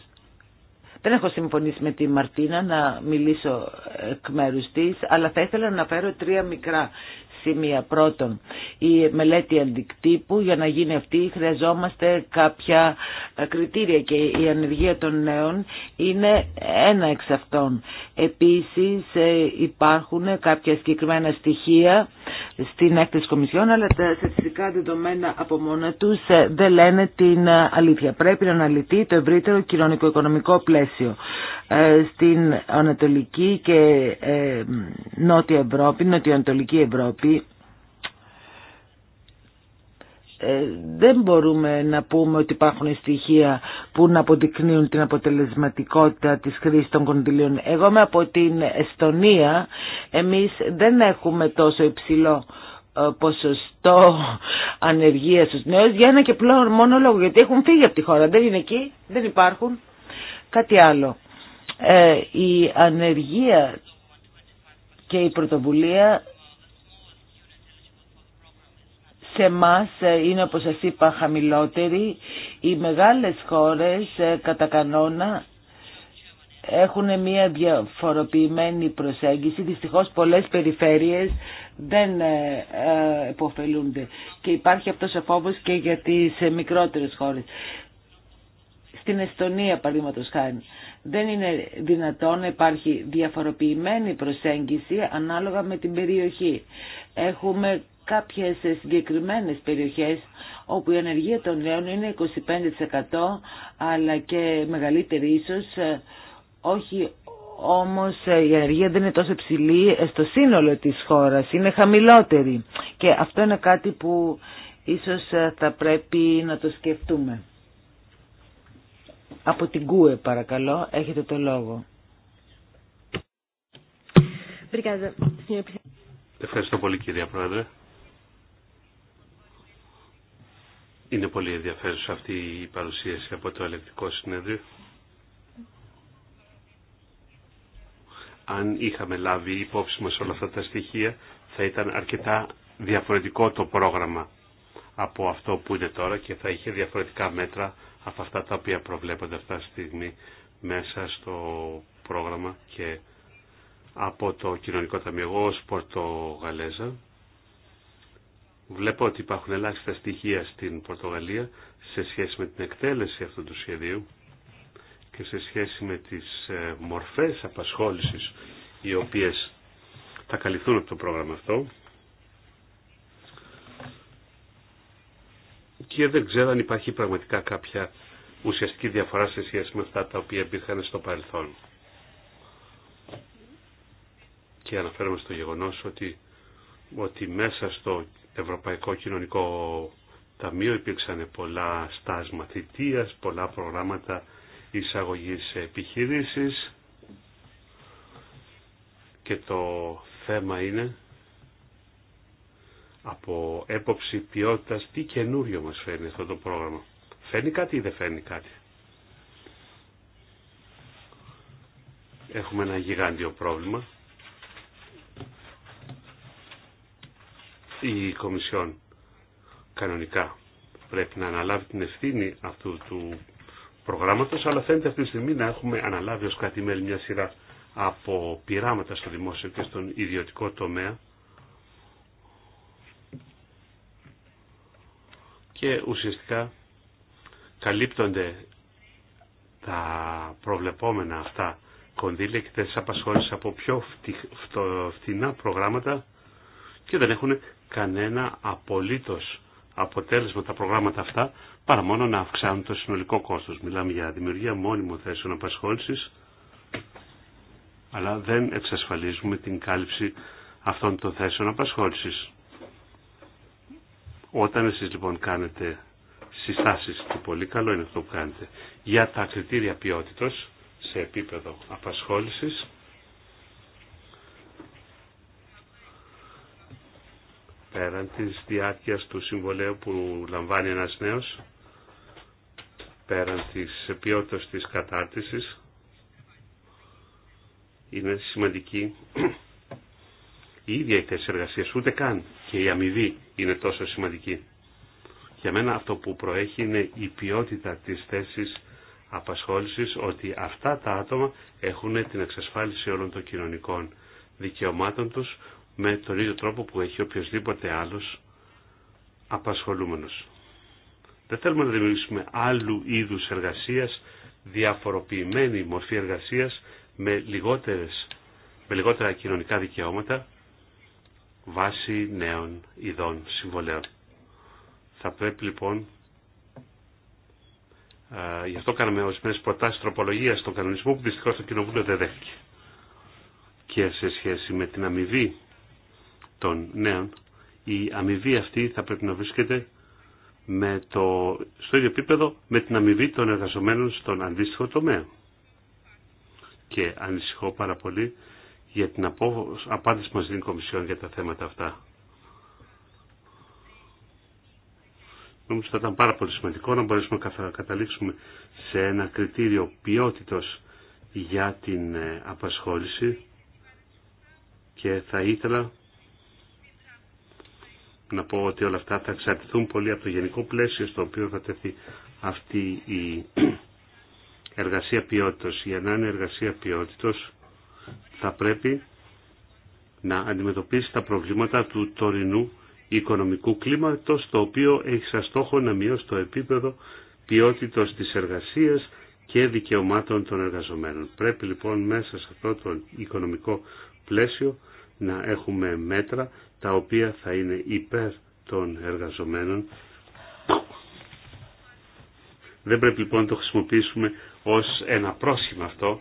Δεν έχω συμφωνήσει με τη Μαρτίνα να μιλήσω εκ μέρους της, αλλά θα ήθελα να φέρω τρία μικρά σημεία. Πρώτον, η μελέτη αντικτύπου. Για να γίνει αυτή χρειαζόμαστε κάποια ε, κριτήρια και η ανεργία των νέων είναι ένα εξ αυτών. Επίσης ε, υπάρχουν κάποια συγκεκριμένα στοιχεία στην έκθεση κομισιών, αλλά τα στατιστικά δεδομένα από μόνα τους ε, δεν λένε την αλήθεια. Πρέπει να αναλυθεί το ευρύτερο κοινωνικο-οικονομικό πλαίσιο. Στην Ανατολική και Νότια Ευρώπη, Νοτιοανατολική Ευρώπη, ε, δεν μπορούμε να πούμε ότι υπάρχουν στοιχεία που να αποδεικνύουν την αποτελεσματικότητα της χρήσης των κονδυλίων. Εγώ είμαι από την Εστονία, εμείς δεν έχουμε τόσο υψηλό ε, ποσοστό ανεργία στους νέους για ένα και πλέον μόνο λόγο γιατί έχουν φύγει από τη χώρα, δεν είναι εκεί, δεν υπάρχουν. Κάτι άλλο. Ε, η ανεργία και η πρωτοβουλία σε εμά είναι όπως σας είπα χαμηλότεροι. Οι μεγάλες χώρες ε, κατά κανόνα έχουν μια διαφοροποιημένη προσέγγιση. Δυστυχώς πολλές περιφέρειες δεν ε, ε, υποφελούνται. Και υπάρχει αυτός ο φόβος και για τις μικρότερες χώρες. Στην Εστονία, παραδείγματο χάρη, δεν είναι δυνατόν να υπάρχει διαφοροποιημένη προσέγγιση ανάλογα με την περιοχή. Έχουμε κάποιες συγκεκριμένες περιοχές όπου η ανεργία των νέων είναι 25% αλλά και μεγαλύτερη ίσως, όχι όμως η ανεργία δεν είναι τόσο ψηλή στο σύνολο της χώρας, είναι χαμηλότερη και αυτό είναι κάτι που ίσως θα πρέπει να το σκεφτούμε. Από την ΚΟΕ παρακαλώ, έχετε το λόγο. Ευχαριστώ πολύ κυρία Πρόεδρε. Είναι πολύ ενδιαφέρουσα αυτή η παρουσίαση από το ελεκτικό συνέδριο. Αν είχαμε λάβει υπόψη μας όλα αυτά τα στοιχεία, θα ήταν αρκετά διαφορετικό το πρόγραμμα από αυτό που είναι τώρα και θα είχε διαφορετικά μέτρα από αυτά τα οποία προβλέπονται αυτά στιγμή μέσα στο πρόγραμμα και από το Κοινωνικό Ταμείο. Εγώ ως Πορτογαλέζα Βλέπω ότι υπάρχουν ελάχιστα στοιχεία στην Πορτογαλία σε σχέση με την εκτέλεση αυτού του σχεδίου και σε σχέση με τις ε, μορφές απασχόλησης οι οποίες θα καλυφθούν από το πρόγραμμα αυτό. Και δεν ξέρω αν υπάρχει πραγματικά κάποια ουσιαστική διαφορά σε σχέση με αυτά τα οποία υπήρχαν στο παρελθόν. Και αναφέρομαι στο γεγονός ότι, ότι μέσα στο Ευρωπαϊκό Κοινωνικό Ταμείο υπήρξαν πολλά στάσμα μαθητείας, πολλά προγράμματα εισαγωγής επιχειρήσεις και το θέμα είναι από έποψη ποιότητας τι καινούριο μας φέρνει αυτό το πρόγραμμα. Φέρνει κάτι ή δεν φέρνει κάτι. Έχουμε ένα γιγάντιο πρόβλημα η Κομισιόν κανονικά πρέπει να αναλάβει την ευθύνη αυτού του προγράμματος, αλλά φαίνεται αυτή τη στιγμή να έχουμε αναλάβει ως κάτι μέλη μια σειρά από πειράματα στο δημόσιο και στον ιδιωτικό τομέα και ουσιαστικά καλύπτονται τα προβλεπόμενα αυτά κονδύλια και τις απασχόλησης από πιο φτηνά προγράμματα και δεν έχουν κανένα απολύτως αποτέλεσμα τα προγράμματα αυτά παρά μόνο να αυξάνουν το συνολικό κόστος. Μιλάμε για δημιουργία μόνιμων θέσεων απασχόλησης αλλά δεν εξασφαλίζουμε την κάλυψη αυτών των θέσεων απασχόλησης. Όταν εσείς λοιπόν κάνετε συστάσεις και πολύ καλό είναι αυτό που κάνετε για τα κριτήρια ποιότητας σε επίπεδο απασχόλησης πέραν της διάρκειας του συμβολέου που λαμβάνει ένας νέος, πέραν της ποιότητας της κατάρτισης, είναι σημαντική η ίδια η θέση ούτε καν και η αμοιβή είναι τόσο σημαντική. Για μένα αυτό που προέχει είναι η ποιότητα της θέσης απασχόλησης, ότι αυτά τα άτομα έχουν την εξασφάλιση όλων των κοινωνικών δικαιωμάτων τους, με τον ίδιο τρόπο που έχει οποιοδήποτε άλλος απασχολούμενος. Δεν θέλουμε να δημιουργήσουμε άλλου είδους εργασίας, διαφοροποιημένη μορφή εργασίας με, λιγότερες, με λιγότερα κοινωνικά δικαιώματα βάσει νέων ειδών συμβολέων. Θα πρέπει λοιπόν, α, γι' αυτό κάναμε ορισμένε προτάσει τροπολογία στον κανονισμό που δυστυχώ το Κοινοβούλιο δεν δέχτηκε. Και σε σχέση με την αμοιβή των νέων, η αμοιβή αυτή θα πρέπει να βρίσκεται με το, στο ίδιο επίπεδο με την αμοιβή των εργαζομένων στον αντίστοιχο τομέα. Και ανησυχώ πάρα πολύ για την απάντηση μας δίνει η Κομισιόν για τα θέματα αυτά. Νομίζω θα ήταν πάρα πολύ σημαντικό να μπορέσουμε να καταλήξουμε σε ένα κριτήριο ποιότητος για την ε, απασχόληση και θα ήθελα να πω ότι όλα αυτά θα εξαρτηθούν πολύ από το γενικό πλαίσιο στο οποίο θα τεθεί αυτή η εργασία ποιότητος. Για να είναι εργασία ποιότητος θα πρέπει να αντιμετωπίσει τα προβλήματα του τωρινού οικονομικού κλίματος το οποίο έχει σαν στόχο να μειώσει το επίπεδο ποιότητος της εργασίας και δικαιωμάτων των εργαζομένων. Πρέπει λοιπόν μέσα σε αυτό το οικονομικό πλαίσιο να έχουμε μέτρα τα οποία θα είναι υπέρ των εργαζομένων. Δεν πρέπει λοιπόν να το χρησιμοποιήσουμε ως ένα πρόσχημα αυτό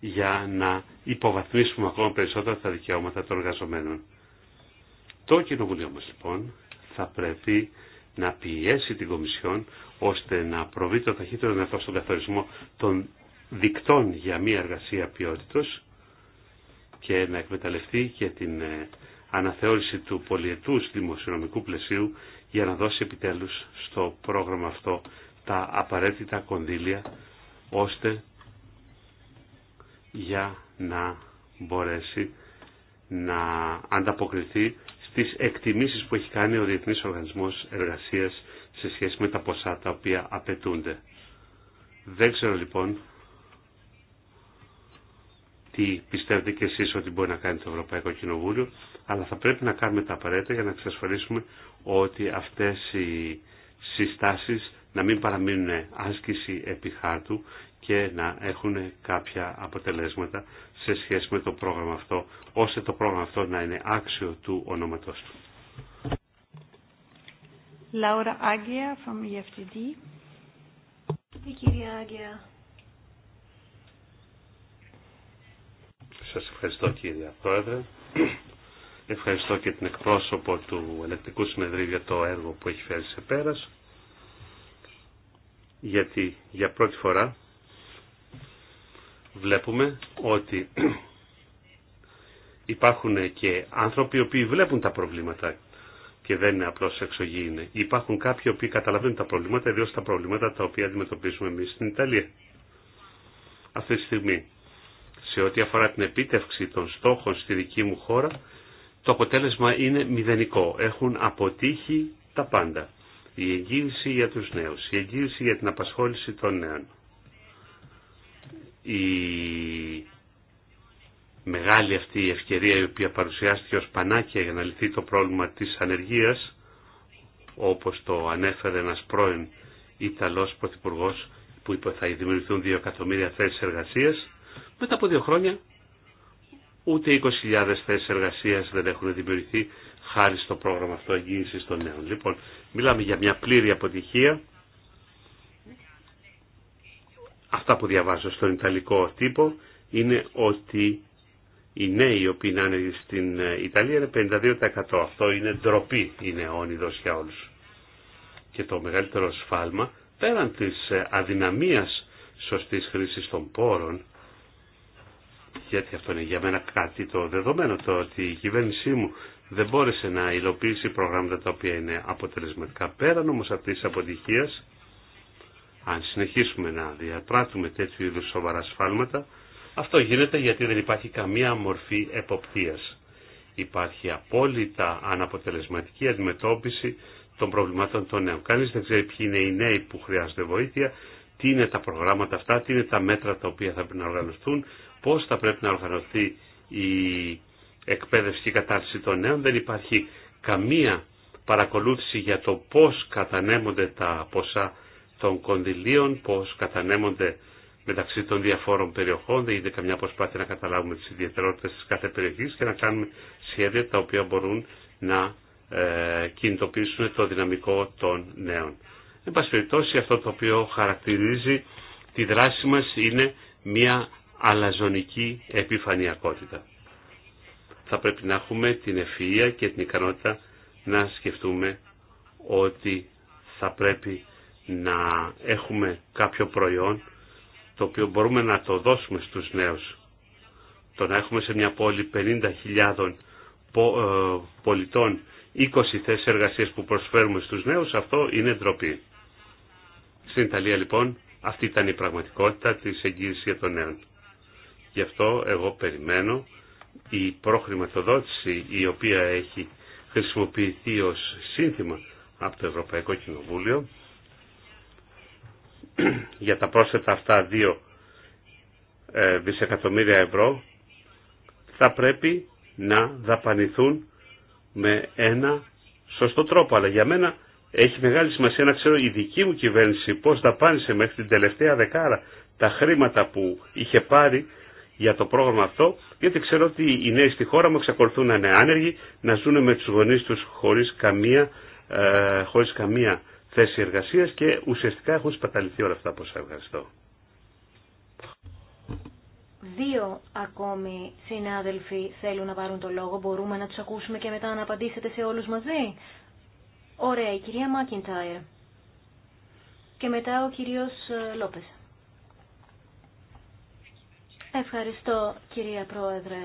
για να υποβαθμίσουμε ακόμα περισσότερα τα δικαιώματα των εργαζομένων. Το κοινοβουλίο μας λοιπόν θα πρέπει να πιέσει την Κομισιόν ώστε να προβεί το ταχύτερο δυνατό στον καθορισμό των δικτών για μία εργασία ποιότητος και να εκμεταλλευτεί και την ε, αναθεώρηση του πολιετούς δημοσιονομικού πλαισίου για να δώσει επιτέλους στο πρόγραμμα αυτό τα απαραίτητα κονδύλια ώστε για να μπορέσει να ανταποκριθεί στις εκτιμήσεις που έχει κάνει ο Διεθνής Οργανισμός Εργασίας σε σχέση με τα ποσά τα οποία απαιτούνται. Δεν ξέρω λοιπόν τι πιστεύετε κι εσείς ότι μπορεί να κάνει το Ευρωπαϊκό Κοινοβούλιο αλλά θα πρέπει να κάνουμε τα απαραίτητα για να εξασφαλίσουμε ότι αυτές οι συστάσεις να μην παραμείνουν άσκηση επιχάρτου και να έχουν κάποια αποτελέσματα σε σχέση με το πρόγραμμα αυτό, ώστε το πρόγραμμα αυτό να είναι άξιο του ονόματός του. Λάουρα from EFTD. κυρία Άγγια. Σας ευχαριστώ κύριε Πρόεδρε. Ευχαριστώ και την εκπρόσωπο του Ελεκτικού Συνεδρίου για το έργο που έχει φέρει σε πέρας, γιατί για πρώτη φορά βλέπουμε ότι υπάρχουν και άνθρωποι οι οποίοι βλέπουν τα προβλήματα και δεν είναι απλώς εξωγήινε. Υπάρχουν κάποιοι οποίοι καταλαβαίνουν τα προβλήματα, ιδίως τα προβλήματα τα οποία αντιμετωπίζουμε εμείς στην Ιταλία. Αυτή τη στιγμή, σε ό,τι αφορά την επίτευξη των στόχων στη δική μου χώρα, το αποτέλεσμα είναι μηδενικό. Έχουν αποτύχει τα πάντα. Η εγγύηση για τους νέους, η εγγύηση για την απασχόληση των νέων. Η μεγάλη αυτή η ευκαιρία η οποία παρουσιάστηκε ως πανάκια για να λυθεί το πρόβλημα της ανεργίας, όπως το ανέφερε ένας πρώην Ιταλός Πρωθυπουργός, που είπε θα δημιουργηθούν δύο εκατομμύρια θέσεις εργασίας, μετά από δύο χρόνια ούτε 20.000 θέσεις εργασίας δεν έχουν δημιουργηθεί χάρη στο πρόγραμμα αυτό εγγύησης των νέων. Λοιπόν, μιλάμε για μια πλήρη αποτυχία. Αυτά που διαβάζω στον Ιταλικό τύπο είναι ότι οι νέοι οι οποίοι είναι στην Ιταλία είναι 52%. Αυτό είναι ντροπή, είναι όνειδος για όλους. Και το μεγαλύτερο σφάλμα, πέραν της αδυναμίας σωστής χρήσης των πόρων, γιατί αυτό είναι για μένα κάτι το δεδομένο το ότι η κυβέρνησή μου δεν μπόρεσε να υλοποιήσει προγράμματα τα οποία είναι αποτελεσματικά πέραν όμως αυτής της αποτυχίας αν συνεχίσουμε να διαπράττουμε τέτοιου είδου σοβαρά σφάλματα αυτό γίνεται γιατί δεν υπάρχει καμία μορφή εποπτείας. Υπάρχει απόλυτα αναποτελεσματική αντιμετώπιση των προβλημάτων των νέων. Κανείς δεν ξέρει ποιοι είναι οι νέοι που χρειάζονται βοήθεια, τι είναι τα προγράμματα αυτά, τι είναι τα μέτρα τα οποία θα πρέπει να οργανωθούν, πώς θα πρέπει να οργανωθεί η εκπαίδευση και η κατάρτιση των νέων. Δεν υπάρχει καμία παρακολούθηση για το πώς κατανέμονται τα ποσά των κονδυλίων, πώς κατανέμονται μεταξύ των διαφόρων περιοχών. Δεν είναι καμιά προσπάθεια να καταλάβουμε τις ιδιαιτερότητες της κάθε περιοχής και να κάνουμε σχέδια τα οποία μπορούν να ε, κινητοποιήσουν το δυναμικό των νέων. Εν πάση περιπτώσει αυτό το οποίο χαρακτηρίζει τη δράση μας είναι μια αλαζονική επιφανειακότητα. Θα πρέπει να έχουμε την ευφυΐα και την ικανότητα να σκεφτούμε ότι θα πρέπει να έχουμε κάποιο προϊόν το οποίο μπορούμε να το δώσουμε στους νέους. Το να έχουμε σε μια πόλη 50.000 ε, πολιτών 20 θέσεις εργασίας που προσφέρουμε στους νέους, αυτό είναι ντροπή. Στην Ιταλία λοιπόν αυτή ήταν η πραγματικότητα της εγγύησης για των νέων. Γι' αυτό εγώ περιμένω η προχρηματοδότηση η οποία έχει χρησιμοποιηθεί ως σύνθημα από το Ευρωπαϊκό Κοινοβούλιο για τα πρόσθετα αυτά 2 ε, δισεκατομμύρια ευρώ θα πρέπει να δαπανηθούν με ένα σωστό τρόπο. Αλλά για μένα έχει μεγάλη σημασία να ξέρω η δική μου κυβέρνηση πώς δαπάνησε μέχρι την τελευταία δεκάρα τα χρήματα που είχε πάρει για το πρόγραμμα αυτό, γιατί ξέρω ότι οι νέοι στη χώρα μου εξακολουθούν να είναι άνεργοι, να ζουν με τους γονείς τους χωρίς καμία, ε, χωρίς καμία θέση εργασίας και ουσιαστικά έχουν σπαταληθεί όλα αυτά που σας ευχαριστώ. Δύο ακόμη συνάδελφοι θέλουν να πάρουν το λόγο. Μπορούμε να τους ακούσουμε και μετά να απαντήσετε σε όλους μαζί. Ωραία, η κυρία Μάκιντάιρ. Και μετά ο κύριος ε, Λόπες. Ευχαριστώ κυρία Πρόεδρε.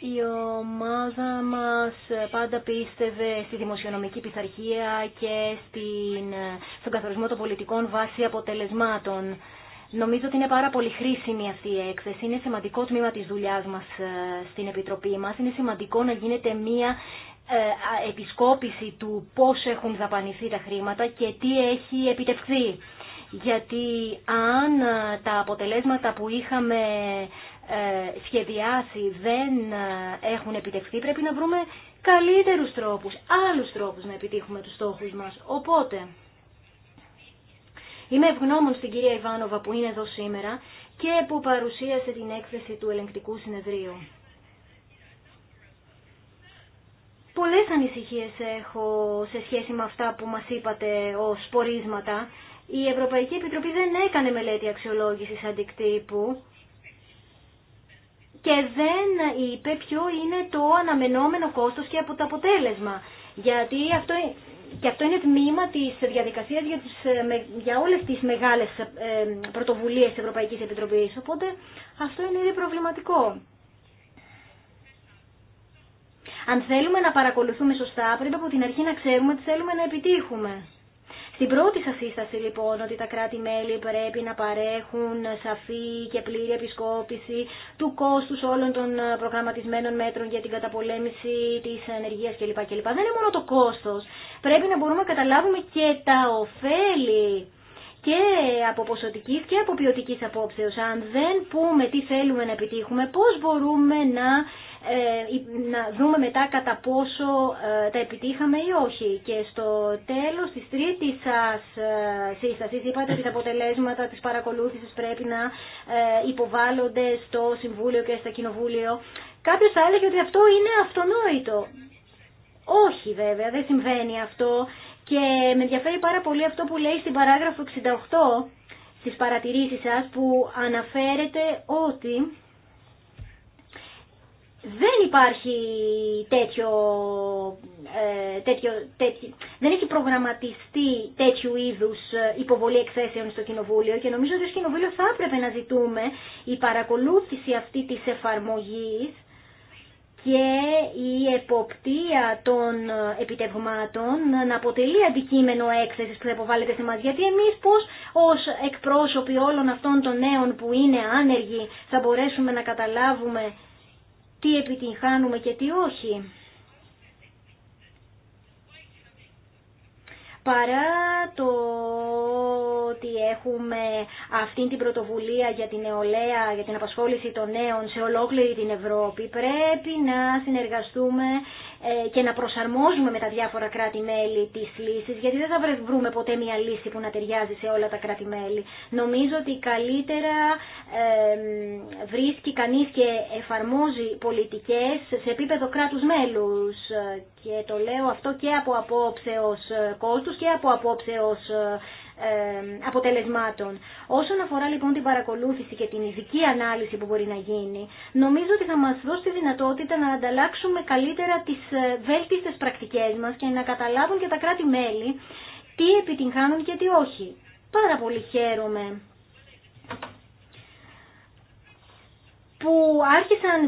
Η ομάδα μας πάντα πίστευε στη δημοσιονομική πειθαρχία και στην, στον καθορισμό των πολιτικών βάσει αποτελεσμάτων. Νομίζω ότι είναι πάρα πολύ χρήσιμη αυτή η έκθεση. Είναι σημαντικό τμήμα της δουλειάς μας ε, στην Επιτροπή μας. Είναι σημαντικό να γίνεται μία ε, επισκόπηση του πώς έχουν δαπανηθεί τα χρήματα και τι έχει επιτευχθεί γιατί αν ε, τα αποτελέσματα που είχαμε ε, σχεδιάσει δεν ε, έχουν επιτευχθεί, πρέπει να βρούμε καλύτερους τρόπους, άλλους τρόπους να επιτύχουμε τους στόχους μας. Οπότε, είμαι ευγνώμων στην κυρία Ιβάνοβα που είναι εδώ σήμερα και που παρουσίασε την έκθεση του ελεγκτικού συνεδρίου. Πολλές ανησυχίες έχω σε σχέση με αυτά που μας είπατε ως πορίσματα η Ευρωπαϊκή Επιτροπή δεν έκανε μελέτη αξιολόγησης αντικτύπου και δεν είπε ποιο είναι το αναμενόμενο κόστος και από το αποτέλεσμα. Γιατί αυτό, ε, και αυτό είναι τμήμα της διαδικασίας για, τις, ε, για όλες τις μεγάλες ε, πρωτοβουλίες της Ευρωπαϊκής Επιτροπής. Οπότε αυτό είναι ήδη προβληματικό. Αν θέλουμε να παρακολουθούμε σωστά, πρέπει από την αρχή να ξέρουμε τι θέλουμε να επιτύχουμε. Στην πρώτη σας σύσταση λοιπόν ότι τα κράτη-μέλη πρέπει να παρέχουν σαφή και πλήρη επισκόπηση του κόστους όλων των προγραμματισμένων μέτρων για την καταπολέμηση της ενεργείας κλπ. κλπ. Δεν είναι μόνο το κόστος. Πρέπει να μπορούμε να καταλάβουμε και τα ωφέλη και από ποσοτική και από ποιοτική απόψεως. Αν δεν πούμε τι θέλουμε να επιτύχουμε, πώς μπορούμε να ε, να δούμε μετά κατά πόσο ε, τα επιτύχαμε ή όχι. Και στο τέλος της τρίτης σας ε, σύστασης είπατε ότι τα αποτελέσματα της παρακολούθησης πρέπει να υποβάλλονται στο Συμβούλιο και στο Κοινοβούλιο. Κάποιος θα έλεγε ότι αυτό είναι αυτονόητο. Όχι βέβαια, δεν συμβαίνει αυτό και με ενδιαφέρει πάρα πολύ αυτό που λέει στην παράγραφο 68 στις παρατηρήσεις σας που αναφέρεται ότι δεν υπάρχει τέτοιο, ε, δεν έχει προγραμματιστεί τέτοιου είδους ε, υποβολή εκθέσεων στο Κοινοβούλιο και νομίζω ότι ως Κοινοβούλιο θα έπρεπε να ζητούμε η παρακολούθηση αυτή της εφαρμογής και η εποπτεία των επιτευγμάτων να αποτελεί αντικείμενο έκθεση που θα υποβάλλεται σε μας. Γιατί εμείς πώς ως εκπρόσωποι όλων αυτών των νέων που είναι άνεργοι θα μπορέσουμε να καταλάβουμε τι επιτυγχάνουμε και τι όχι. Παρά το ότι έχουμε αυτή την πρωτοβουλία για την νεολαία, για την απασχόληση των νέων σε ολόκληρη την Ευρώπη, πρέπει να συνεργαστούμε ε, και να προσαρμόζουμε με τα διάφορα κράτη-μέλη τις λύσεις, γιατί δεν θα βρούμε ποτέ μια λύση που να ταιριάζει σε όλα τα κράτη-μέλη. Νομίζω ότι καλύτερα βρίσκει κανείς και εφαρμόζει πολιτικές σε επίπεδο κράτους-μέλους ε, και το λέω αυτό και από απόψε ως ε, και από απόψε ε, αποτελεσμάτων. Όσον αφορά λοιπόν την παρακολούθηση και την ειδική ανάλυση που μπορεί να γίνει, νομίζω ότι θα μας δώσει τη δυνατότητα να ανταλλάξουμε καλύτερα τις ε, βέλτιστες πρακτικές μας και να καταλάβουν και τα κράτη-μέλη τι επιτυγχάνουν και τι όχι. Πάρα πολύ χαίρομαι που άρχισαν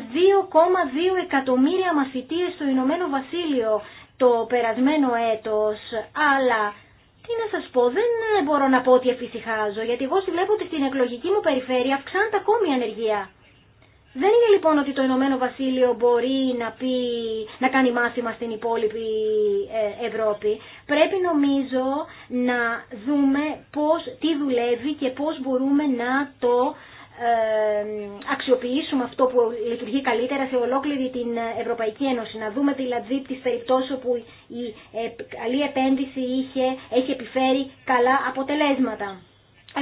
2,2 εκατομμύρια μαθητείες στο Ηνωμένο Βασίλειο το περασμένο έτος, αλλά τι να σας πω, δεν μπορώ να πω ότι εφησυχάζω, γιατί εγώ βλέπω ότι στην εκλογική μου περιφέρεια αυξάνεται ακόμη η ανεργία. Δεν είναι λοιπόν ότι το Ηνωμένο Βασίλειο μπορεί να, πει, να κάνει μάθημα στην υπόλοιπη ε, Ευρώπη. Πρέπει νομίζω να δούμε πώς, τι δουλεύει και πώς μπορούμε να το ε, αξιοποιήσουμε αυτό που λειτουργεί καλύτερα σε ολόκληρη την Ευρωπαϊκή Ένωση. Να δούμε δηλαδή τι περιπτώσει όπου η καλή επένδυση είχε, έχει επιφέρει καλά αποτελέσματα.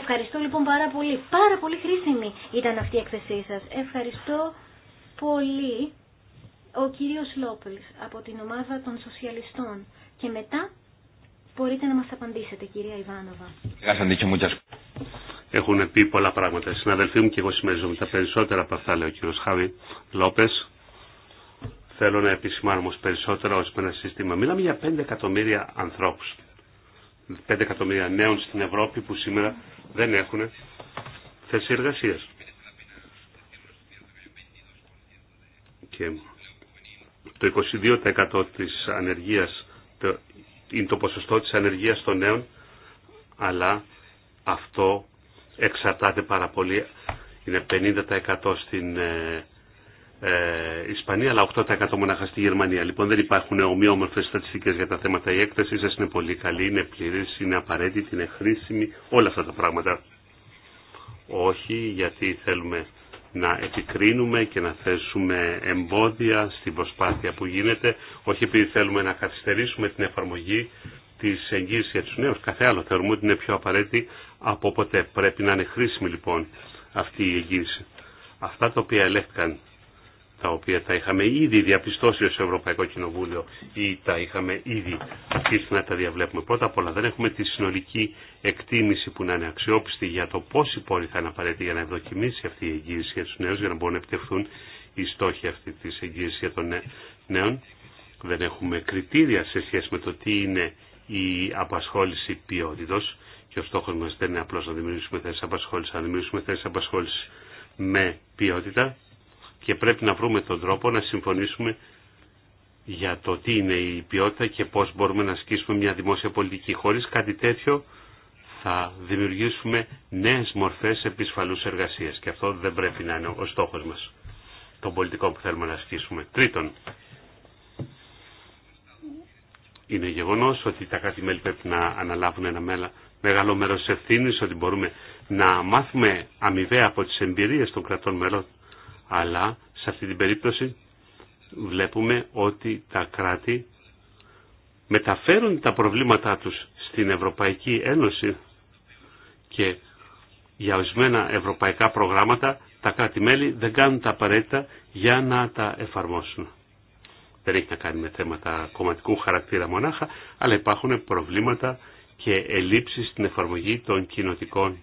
Ευχαριστώ λοιπόν πάρα πολύ. Πάρα πολύ χρήσιμη ήταν αυτή η εκθεσή σας. Ευχαριστώ πολύ ο κύριος Λόπελ από την ομάδα των σοσιαλιστών. Και μετά μπορείτε να μας απαντήσετε κυρία Ιβάνοβα έχουν πει πολλά πράγματα. Συναδελφοί μου και εγώ συμμεριζόμουν τα περισσότερα από αυτά, λέει ο κ. Χάβη Λόπε. Θέλω να επισημάνω όμω περισσότερα ω ένα σύστημα. Μιλάμε για 5 εκατομμύρια ανθρώπου. 5 εκατομμύρια νέων στην Ευρώπη που σήμερα δεν έχουν θέση εργασία. Και το 22% της ανεργίας είναι το ποσοστό της ανεργίας των νέων, αλλά αυτό εξαρτάται πάρα πολύ. Είναι 50% στην ε, ε, Ισπανία, αλλά 8% μονάχα στη Γερμανία. Λοιπόν, δεν υπάρχουν ομοιόμορφες στατιστικές για τα θέματα. Η έκθεση σας είναι πολύ καλή, είναι πλήρη, είναι απαραίτητη, είναι χρήσιμη, όλα αυτά τα πράγματα. Όχι, γιατί θέλουμε να επικρίνουμε και να θέσουμε εμπόδια στην προσπάθεια που γίνεται, όχι επειδή θέλουμε να καθυστερήσουμε την εφαρμογή τη εγγύηση για του νέου. Καθ' άλλο θεωρούμε ότι είναι πιο απαραίτητη από ποτέ. Πρέπει να είναι χρήσιμη λοιπόν αυτή η εγγύηση. Αυτά τα οποία ελέγχθηκαν, τα οποία τα είχαμε ήδη διαπιστώσει ως Ευρωπαϊκό Κοινοβούλιο ή τα είχαμε ήδη αρχίσει να τα διαβλέπουμε. Πρώτα απ' όλα δεν έχουμε τη συνολική εκτίμηση που να είναι αξιόπιστη για το πόσοι πόροι θα είναι απαραίτητοι για να ευδοκιμήσει αυτή η εγγύηση για τους νέους για να μπορούν να επιτευχθούν οι στόχοι αυτή της εγγύησης για των νέων. Δεν έχουμε κριτήρια σε σχέση με το τι είναι η απασχόληση ποιότητος και ο στόχος μας δεν είναι απλώς να δημιουργήσουμε θέσεις απασχόληση, να δημιουργήσουμε θέσεις απασχόληση με ποιότητα και πρέπει να βρούμε τον τρόπο να συμφωνήσουμε για το τι είναι η ποιότητα και πώς μπορούμε να ασκήσουμε μια δημόσια πολιτική. Χωρίς κάτι τέτοιο θα δημιουργήσουμε νέες μορφές επισφαλούς εργασία. και αυτό δεν πρέπει να είναι ο στόχος μας των πολιτικών που θέλουμε να ασκήσουμε. Τρίτον, είναι γεγονός ότι τα κράτη-μέλη πρέπει να αναλάβουν ένα μέλλον μεγάλο μέρο τη ότι μπορούμε να μάθουμε αμοιβαία από τι εμπειρίε των κρατών μελών. Αλλά σε αυτή την περίπτωση βλέπουμε ότι τα κράτη μεταφέρουν τα προβλήματά τους στην Ευρωπαϊκή Ένωση και για ορισμένα ευρωπαϊκά προγράμματα τα κράτη-μέλη δεν κάνουν τα απαραίτητα για να τα εφαρμόσουν. Δεν έχει να κάνει με θέματα κομματικού χαρακτήρα μονάχα, αλλά υπάρχουν προβλήματα και ελλείψεις στην εφαρμογή των κοινοτικών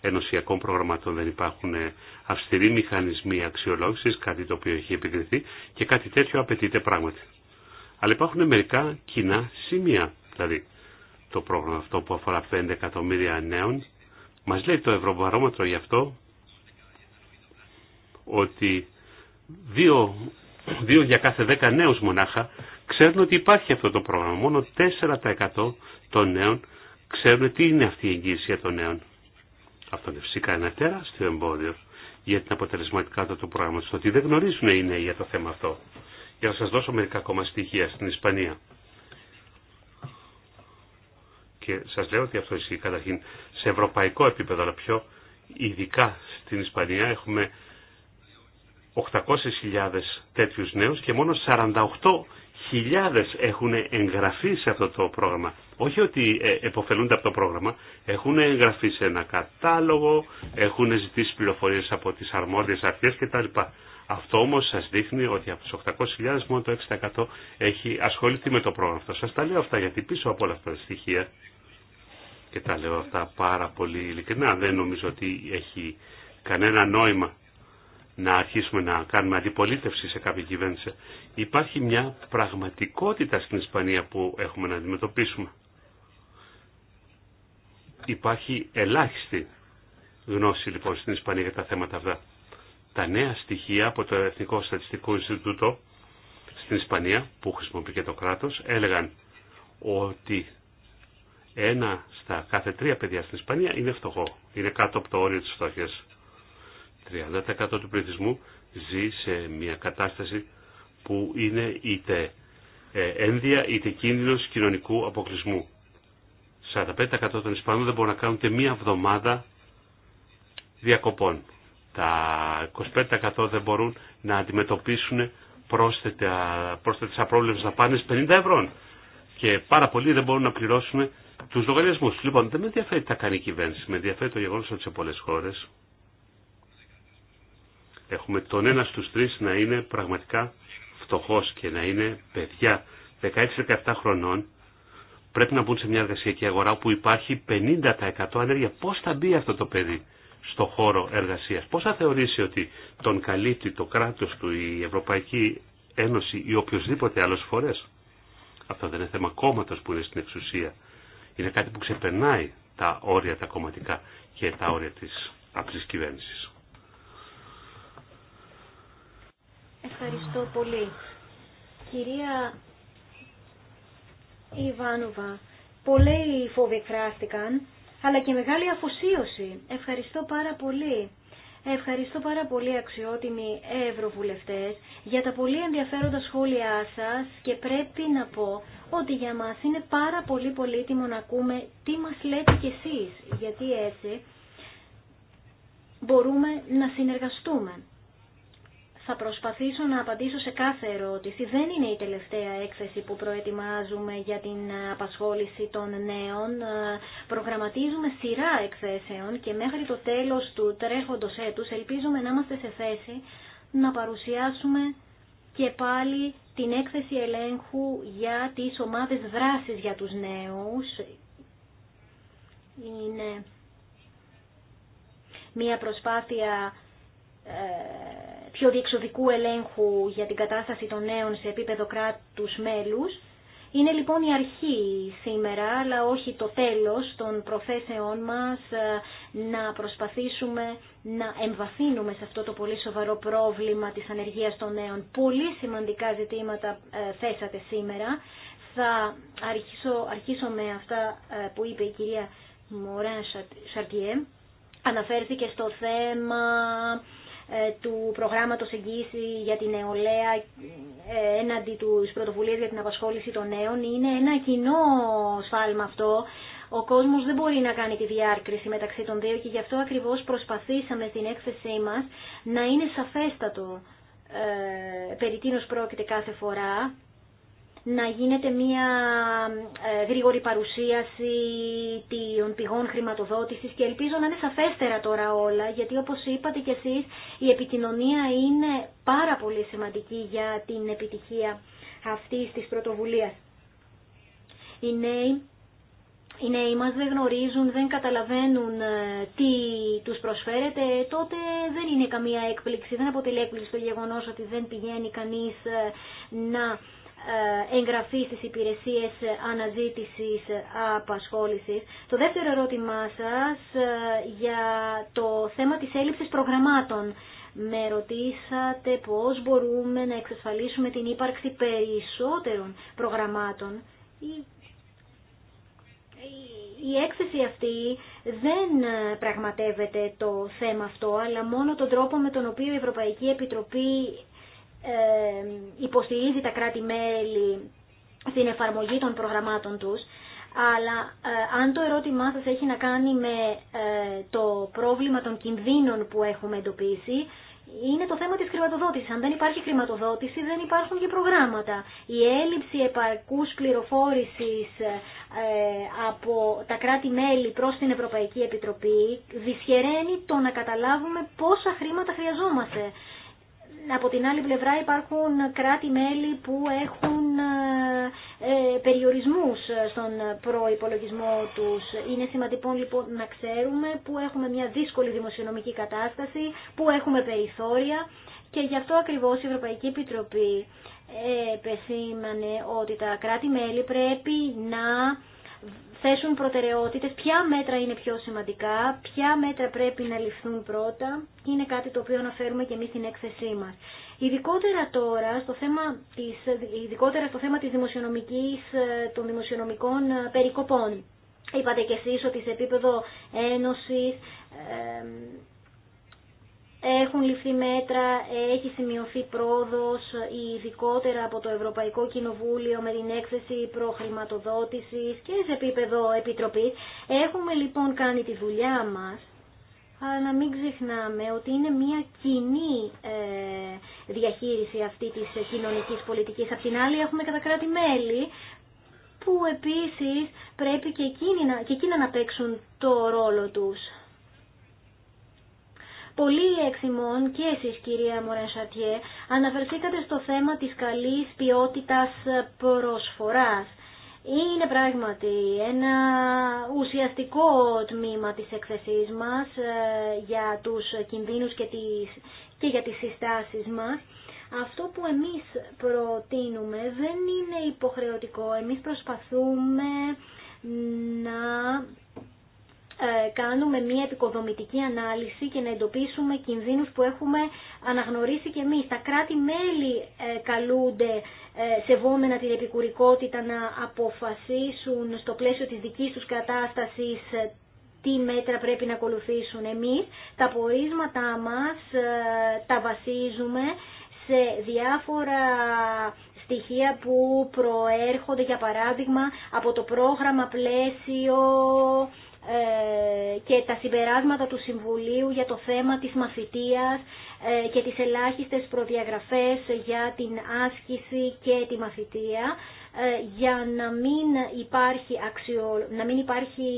ενωσιακών προγραμματών. Δεν υπάρχουν ε, αυστηροί μηχανισμοί αξιολόγηση κάτι το οποίο έχει επικριθεί και κάτι τέτοιο απαιτείται πράγματι. Αλλά υπάρχουν μερικά κοινά σημεία, δηλαδή το πρόγραμμα αυτό που αφορά 5 εκατομμύρια νέων. Μας λέει το Ευρωβαρόμετρο γι' αυτό ότι δύο, δύο για κάθε 10 νέους μονάχα ξέρουν ότι υπάρχει αυτό το πρόγραμμα. Μόνο 4% των νέων ξέρουν τι είναι αυτή η εγγύηση για των νέων. Αυτό είναι φυσικά ένα τεράστιο εμπόδιο για την αποτελεσματικότητα του προγράμματο. Ότι δεν γνωρίζουν οι νέοι για το θέμα αυτό. Για να σα δώσω μερικά ακόμα στοιχεία στην Ισπανία. Και σα λέω ότι αυτό ισχύει καταρχήν σε ευρωπαϊκό επίπεδο, αλλά πιο ειδικά στην Ισπανία έχουμε 800.000 τέτοιους νέους και μόνο 48 χιλιάδες έχουν εγγραφεί σε αυτό το πρόγραμμα. Όχι ότι ε, εποφελούνται από το πρόγραμμα, έχουν εγγραφεί σε ένα κατάλογο, έχουν ζητήσει πληροφορίες από τις αρμόδιες αρχές κτλ. Αυτό όμως σας δείχνει ότι από τους 800.000 μόνο το 6% έχει ασχοληθεί με το πρόγραμμα αυτό. Σας τα λέω αυτά γιατί πίσω από όλα αυτά τα στοιχεία και τα λέω αυτά πάρα πολύ ειλικρινά δεν νομίζω ότι έχει κανένα νόημα να αρχίσουμε να κάνουμε αντιπολίτευση σε κάποια κυβέρνηση. Υπάρχει μια πραγματικότητα στην Ισπανία που έχουμε να αντιμετωπίσουμε. Υπάρχει ελάχιστη γνώση λοιπόν στην Ισπανία για τα θέματα αυτά. Τα νέα στοιχεία από το Εθνικό Στατιστικό Ινστιτούτο στην Ισπανία που χρησιμοποιεί και το κράτος έλεγαν ότι ένα στα κάθε τρία παιδιά στην Ισπανία είναι φτωχό. Είναι κάτω από το όριο της φτώχειας. 30% του πληθυσμού ζει σε μια κατάσταση που είναι είτε ε, ένδια είτε κίνδυνος κοινωνικού αποκλεισμού. 45% των Ισπανών δεν μπορούν να κάνουν ούτε μία εβδομάδα διακοπών. Τα 25% δεν μπορούν να αντιμετωπίσουν πρόσθετα, πρόσθετες απρόβλεψες να 50 ευρώ. Και πάρα πολλοί δεν μπορούν να πληρώσουν τους λογαριασμούς. Λοιπόν, δεν με ενδιαφέρει τι θα κάνει η κυβέρνηση. Με ενδιαφέρει το γεγονός ότι σε πολλές χώρες Έχουμε τον ένα στους τρεις να είναι πραγματικά φτωχός και να είναι παιδιά 16-17 χρονών πρέπει να μπουν σε μια εργασιακή αγορά που υπάρχει 50% ανέργεια. Πώς θα μπει αυτό το παιδί στο χώρο εργασίας. Πώς θα θεωρήσει ότι τον καλύπτει το κράτος του, η Ευρωπαϊκή Ένωση ή οποιοδήποτε άλλος φορές. Αυτό δεν είναι θέμα κόμματος που είναι στην εξουσία. Είναι κάτι που ξεπερνάει τα όρια τα κομματικά και τα όρια της απλής κυβέρνησης. Ευχαριστώ πολύ. Κυρία Ιβάνοβα, πολλοί φόβοι εκφράστηκαν, αλλά και μεγάλη αφοσίωση. Ευχαριστώ πάρα πολύ. Ευχαριστώ πάρα πολύ αξιότιμοι ευρωβουλευτές για τα πολύ ενδιαφέροντα σχόλιά σας και πρέπει να πω ότι για μας είναι πάρα πολύ πολύτιμο να ακούμε τι μας λέτε κι εσείς, γιατί έτσι μπορούμε να συνεργαστούμε. Θα προσπαθήσω να απαντήσω σε κάθε ερώτηση. Δεν είναι η τελευταία έκθεση που προετοιμάζουμε για την απασχόληση των νέων. Προγραμματίζουμε σειρά εκθέσεων και μέχρι το τέλος του τρέχοντος έτους ελπίζουμε να είμαστε σε θέση να παρουσιάσουμε και πάλι την έκθεση ελέγχου για τις ομάδες δράσης για τους νέους. Είναι μια προσπάθεια ε, πιο διεξοδικού ελέγχου για την κατάσταση των νέων σε επίπεδο κράτους μέλους. Είναι λοιπόν η αρχή σήμερα, αλλά όχι το τέλος των προθέσεών μας ε, να προσπαθήσουμε να εμβαθύνουμε σε αυτό το πολύ σοβαρό πρόβλημα της ανεργίας των νέων. Πολύ σημαντικά ζητήματα ε, θέσατε σήμερα. Θα αρχίσω, αρχίσω με αυτά ε, που είπε η κυρία Μωρέν Σαρτιέ. Αναφέρθηκε στο θέμα ε, του προγράμματος εγγύηση για την νεολαία ε, έναντι του πρωτοβουλίες για την απασχόληση των νέων είναι ένα κοινό σφάλμα αυτό. Ο κόσμος δεν μπορεί να κάνει τη διάρκριση μεταξύ των δύο και γι' αυτό ακριβώς προσπαθήσαμε στην έκθεσή μας να είναι σαφέστατο ε, περί τίνος πρόκειται κάθε φορά να γίνεται μια ε, γρήγορη παρουσίαση των πηγών χρηματοδότησης και ελπίζω να είναι σαφέστερα τώρα όλα, γιατί όπως είπατε κι εσείς η επικοινωνία είναι πάρα πολύ σημαντική για την επιτυχία αυτής της πρωτοβουλίας. Οι νέοι νέοι μας δεν γνωρίζουν, δεν καταλαβαίνουν ε, τι τους προσφέρεται, τότε δεν είναι καμία έκπληξη, δεν αποτελεί έκπληξη το γεγονός ότι δεν πηγαίνει κανείς ε, να ε, εγγραφή στις υπηρεσίες αναζήτησης απασχόλησης. Το δεύτερο ερώτημά σας ε, για το θέμα της έλλειψης προγραμμάτων. Με ρωτήσατε πώς μπορούμε να εξασφαλίσουμε την ύπαρξη περισσότερων προγραμμάτων. Η έκθεση αυτή δεν πραγματεύεται το θέμα αυτό, αλλά μόνο τον τρόπο με τον οποίο η Ευρωπαϊκή Επιτροπή ε, υποστηρίζει τα κράτη-μέλη στην εφαρμογή των προγραμμάτων τους, αλλά ε, αν το ερώτημά σας έχει να κάνει με ε, το πρόβλημα των κινδύνων που έχουμε εντοπίσει, είναι το θέμα της χρηματοδότησης. Αν δεν υπάρχει χρηματοδότηση δεν υπάρχουν και προγράμματα. Η έλλειψη επαρκούς πληροφόρησης από τα κράτη-μέλη προς την Ευρωπαϊκή Επιτροπή δυσχεραίνει το να καταλάβουμε πόσα χρήματα χρειαζόμαστε από την άλλη πλευρά υπάρχουν κράτη-μέλη που έχουν ε, ε, περιορισμούς στον προϋπολογισμό τους. Είναι σημαντικό λοιπόν να ξέρουμε που έχουμε μια δύσκολη δημοσιονομική κατάσταση, που έχουμε περιθώρια και γι' αυτό ακριβώς η Ευρωπαϊκή Επιτροπή ε, επεσήμανε ότι τα κράτη-μέλη πρέπει να θέσουν προτεραιότητες, ποια μέτρα είναι πιο σημαντικά, ποια μέτρα πρέπει να ληφθούν πρώτα και είναι κάτι το οποίο αναφέρουμε και εμείς στην έκθεσή μας. Ειδικότερα τώρα στο θέμα της, ειδικότερα στο θέμα της δημοσιονομικής, ε, των δημοσιονομικών ε, περικοπών. Είπατε και εσείς ότι σε επίπεδο ένωσης ε, έχουν ληφθεί μέτρα, έχει σημειωθεί πρόοδος, ειδικότερα από το Ευρωπαϊκό Κοινοβούλιο με την έκθεση προχρηματοδότησης και σε επίπεδο επιτροπής. Έχουμε λοιπόν κάνει τη δουλειά μας, αλλά να μην ξεχνάμε ότι είναι μια κοινή ε, διαχείριση αυτή της κοινωνικής πολιτικής. Απ' την άλλη κατακράτη κράτη-μέλη που επίσης πρέπει και εκείνα να παίξουν το ρόλο τους. Πολλοί έξιμών και εσείς κυρία Μωρέν Σατιέ αναφερθήκατε στο θέμα της καλής ποιότητας προσφοράς. Είναι πράγματι ένα ουσιαστικό τμήμα της εκθεσής μας ε, για τους κινδύνους και, τις, και για τις συστάσεις μας. Αυτό που εμείς προτείνουμε δεν είναι υποχρεωτικό. Εμείς προσπαθούμε να ε, κάνουμε μια επικοδομητική ανάλυση και να εντοπίσουμε κινδύνους που έχουμε αναγνωρίσει και εμείς. Τα κράτη-μέλη ε, καλούνται ε, σεβόμενα την επικουρικότητα να αποφασίσουν στο πλαίσιο της δικής τους κατάστασης τι μέτρα πρέπει να ακολουθήσουν εμείς. Τα πορίσματά μας τα βασίζουμε σε διάφορα στοιχεία που προέρχονται για παράδειγμα από το πρόγραμμα πλαίσιο ε, και τα συμπεράσματα του Συμβουλίου για το θέμα της μαθητείας ε, και τις ελάχιστες προδιαγραφές για την άσκηση και τη μαθητεία ε, για να μην υπάρχει, αξιο... να μην υπάρχει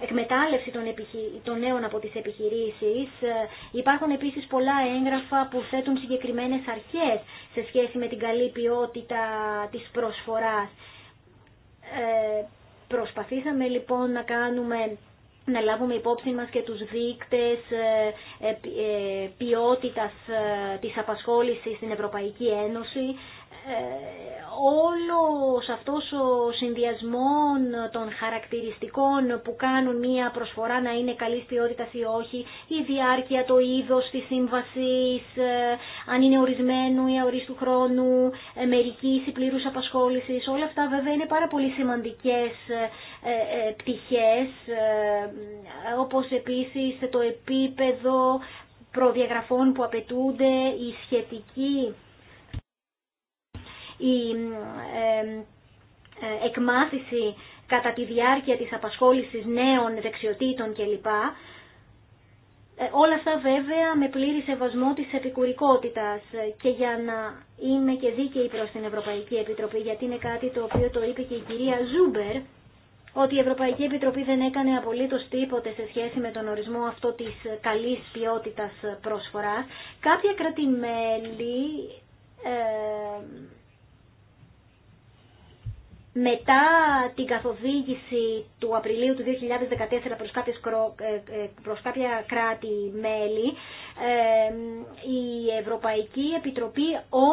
εκμετάλλευση των, επιχει... των νέων από τις επιχειρήσεις. Υπάρχουν επίσης πολλά έγγραφα που θέτουν συγκεκριμένες αρχές σε σχέση με την καλή ποιότητα της προσφοράς Προσπαθήσαμε λοιπόν να κάνουμε να λάβουμε υπόψη μας και τους δείκτες ε, ε, ποιότητας ε, της απασχόλησης στην Ευρωπαϊκή Ένωση. Ε, όλος αυτός ο συνδυασμός των χαρακτηριστικών που κάνουν μία προσφορά να είναι καλή ποιότητα ή όχι, η διάρκεια, το είδος της σύμβασης, ε, αν είναι ορισμένου ή αορίστου χρόνου, ε, μερικής ή πλήρους απασχόλησης, όλα αυτά βέβαια είναι πάρα πολύ σημαντικές πτυχές, όπως επίσης το επίπεδο προδιαγραφών που απαιτούνται, η διαρκεια το ειδος της συμβασης αν ειναι ορισμενου η αοριστου χρονου μερική η πληρους απασχολησης ολα αυτα βεβαια ειναι παρα πολυ σημαντικες πτυχες οπως επισης το επιπεδο προδιαγραφων που απαιτουνται η σχετικη η ε, εκμάθηση κατά τη διάρκεια της απασχόλησης νέων δεξιοτήτων κλπ. Ε, όλα αυτά βέβαια με πλήρη σεβασμό της επικουρικότητας και για να είμαι και δίκαιη προς την Ευρωπαϊκή Επιτροπή γιατί είναι κάτι το οποίο το είπε και η κυρία Ζούμπερ ότι η Ευρωπαϊκή Επιτροπή δεν έκανε απολύτως τίποτε σε σχέση με τον ορισμό αυτό της καλής ποιότητας πρόσφορας. Κάποια κρατημέλη ε, μετά την καθοδήγηση του Απριλίου του 2014 ε, ε, προς, κάποια κράτη-μέλη, η Ευρωπαϊκή Επιτροπή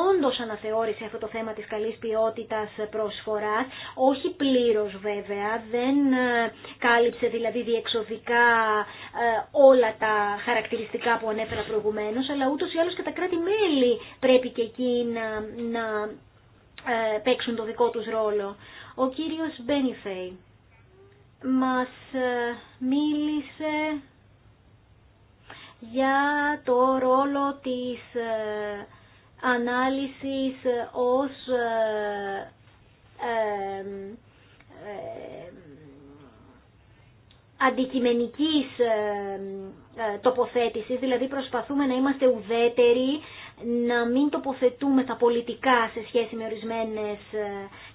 όντως αναθεώρησε αυτό το θέμα της καλής ποιότητας προσφοράς, όχι πλήρως βέβαια, δεν ε, κάλυψε δηλαδή διεξοδικά όλα τα χαρακτηριστικά που ανέφερα προηγουμένως, αλλά ούτως ή άλλως και τα κράτη-μέλη πρέπει και εκεί να, να ε, παίξουν το δικό τους ρόλο. Ο κύριος Μπένιφεϊ μας ε, μίλησε για το ρόλο της ε, ανάλυσης ως αντικειμενικής τοποθέτησης, δηλαδή προσπαθούμε να είμαστε ουδέτεροι να μην τοποθετούμε τα πολιτικά σε σχέση με ορισμένες,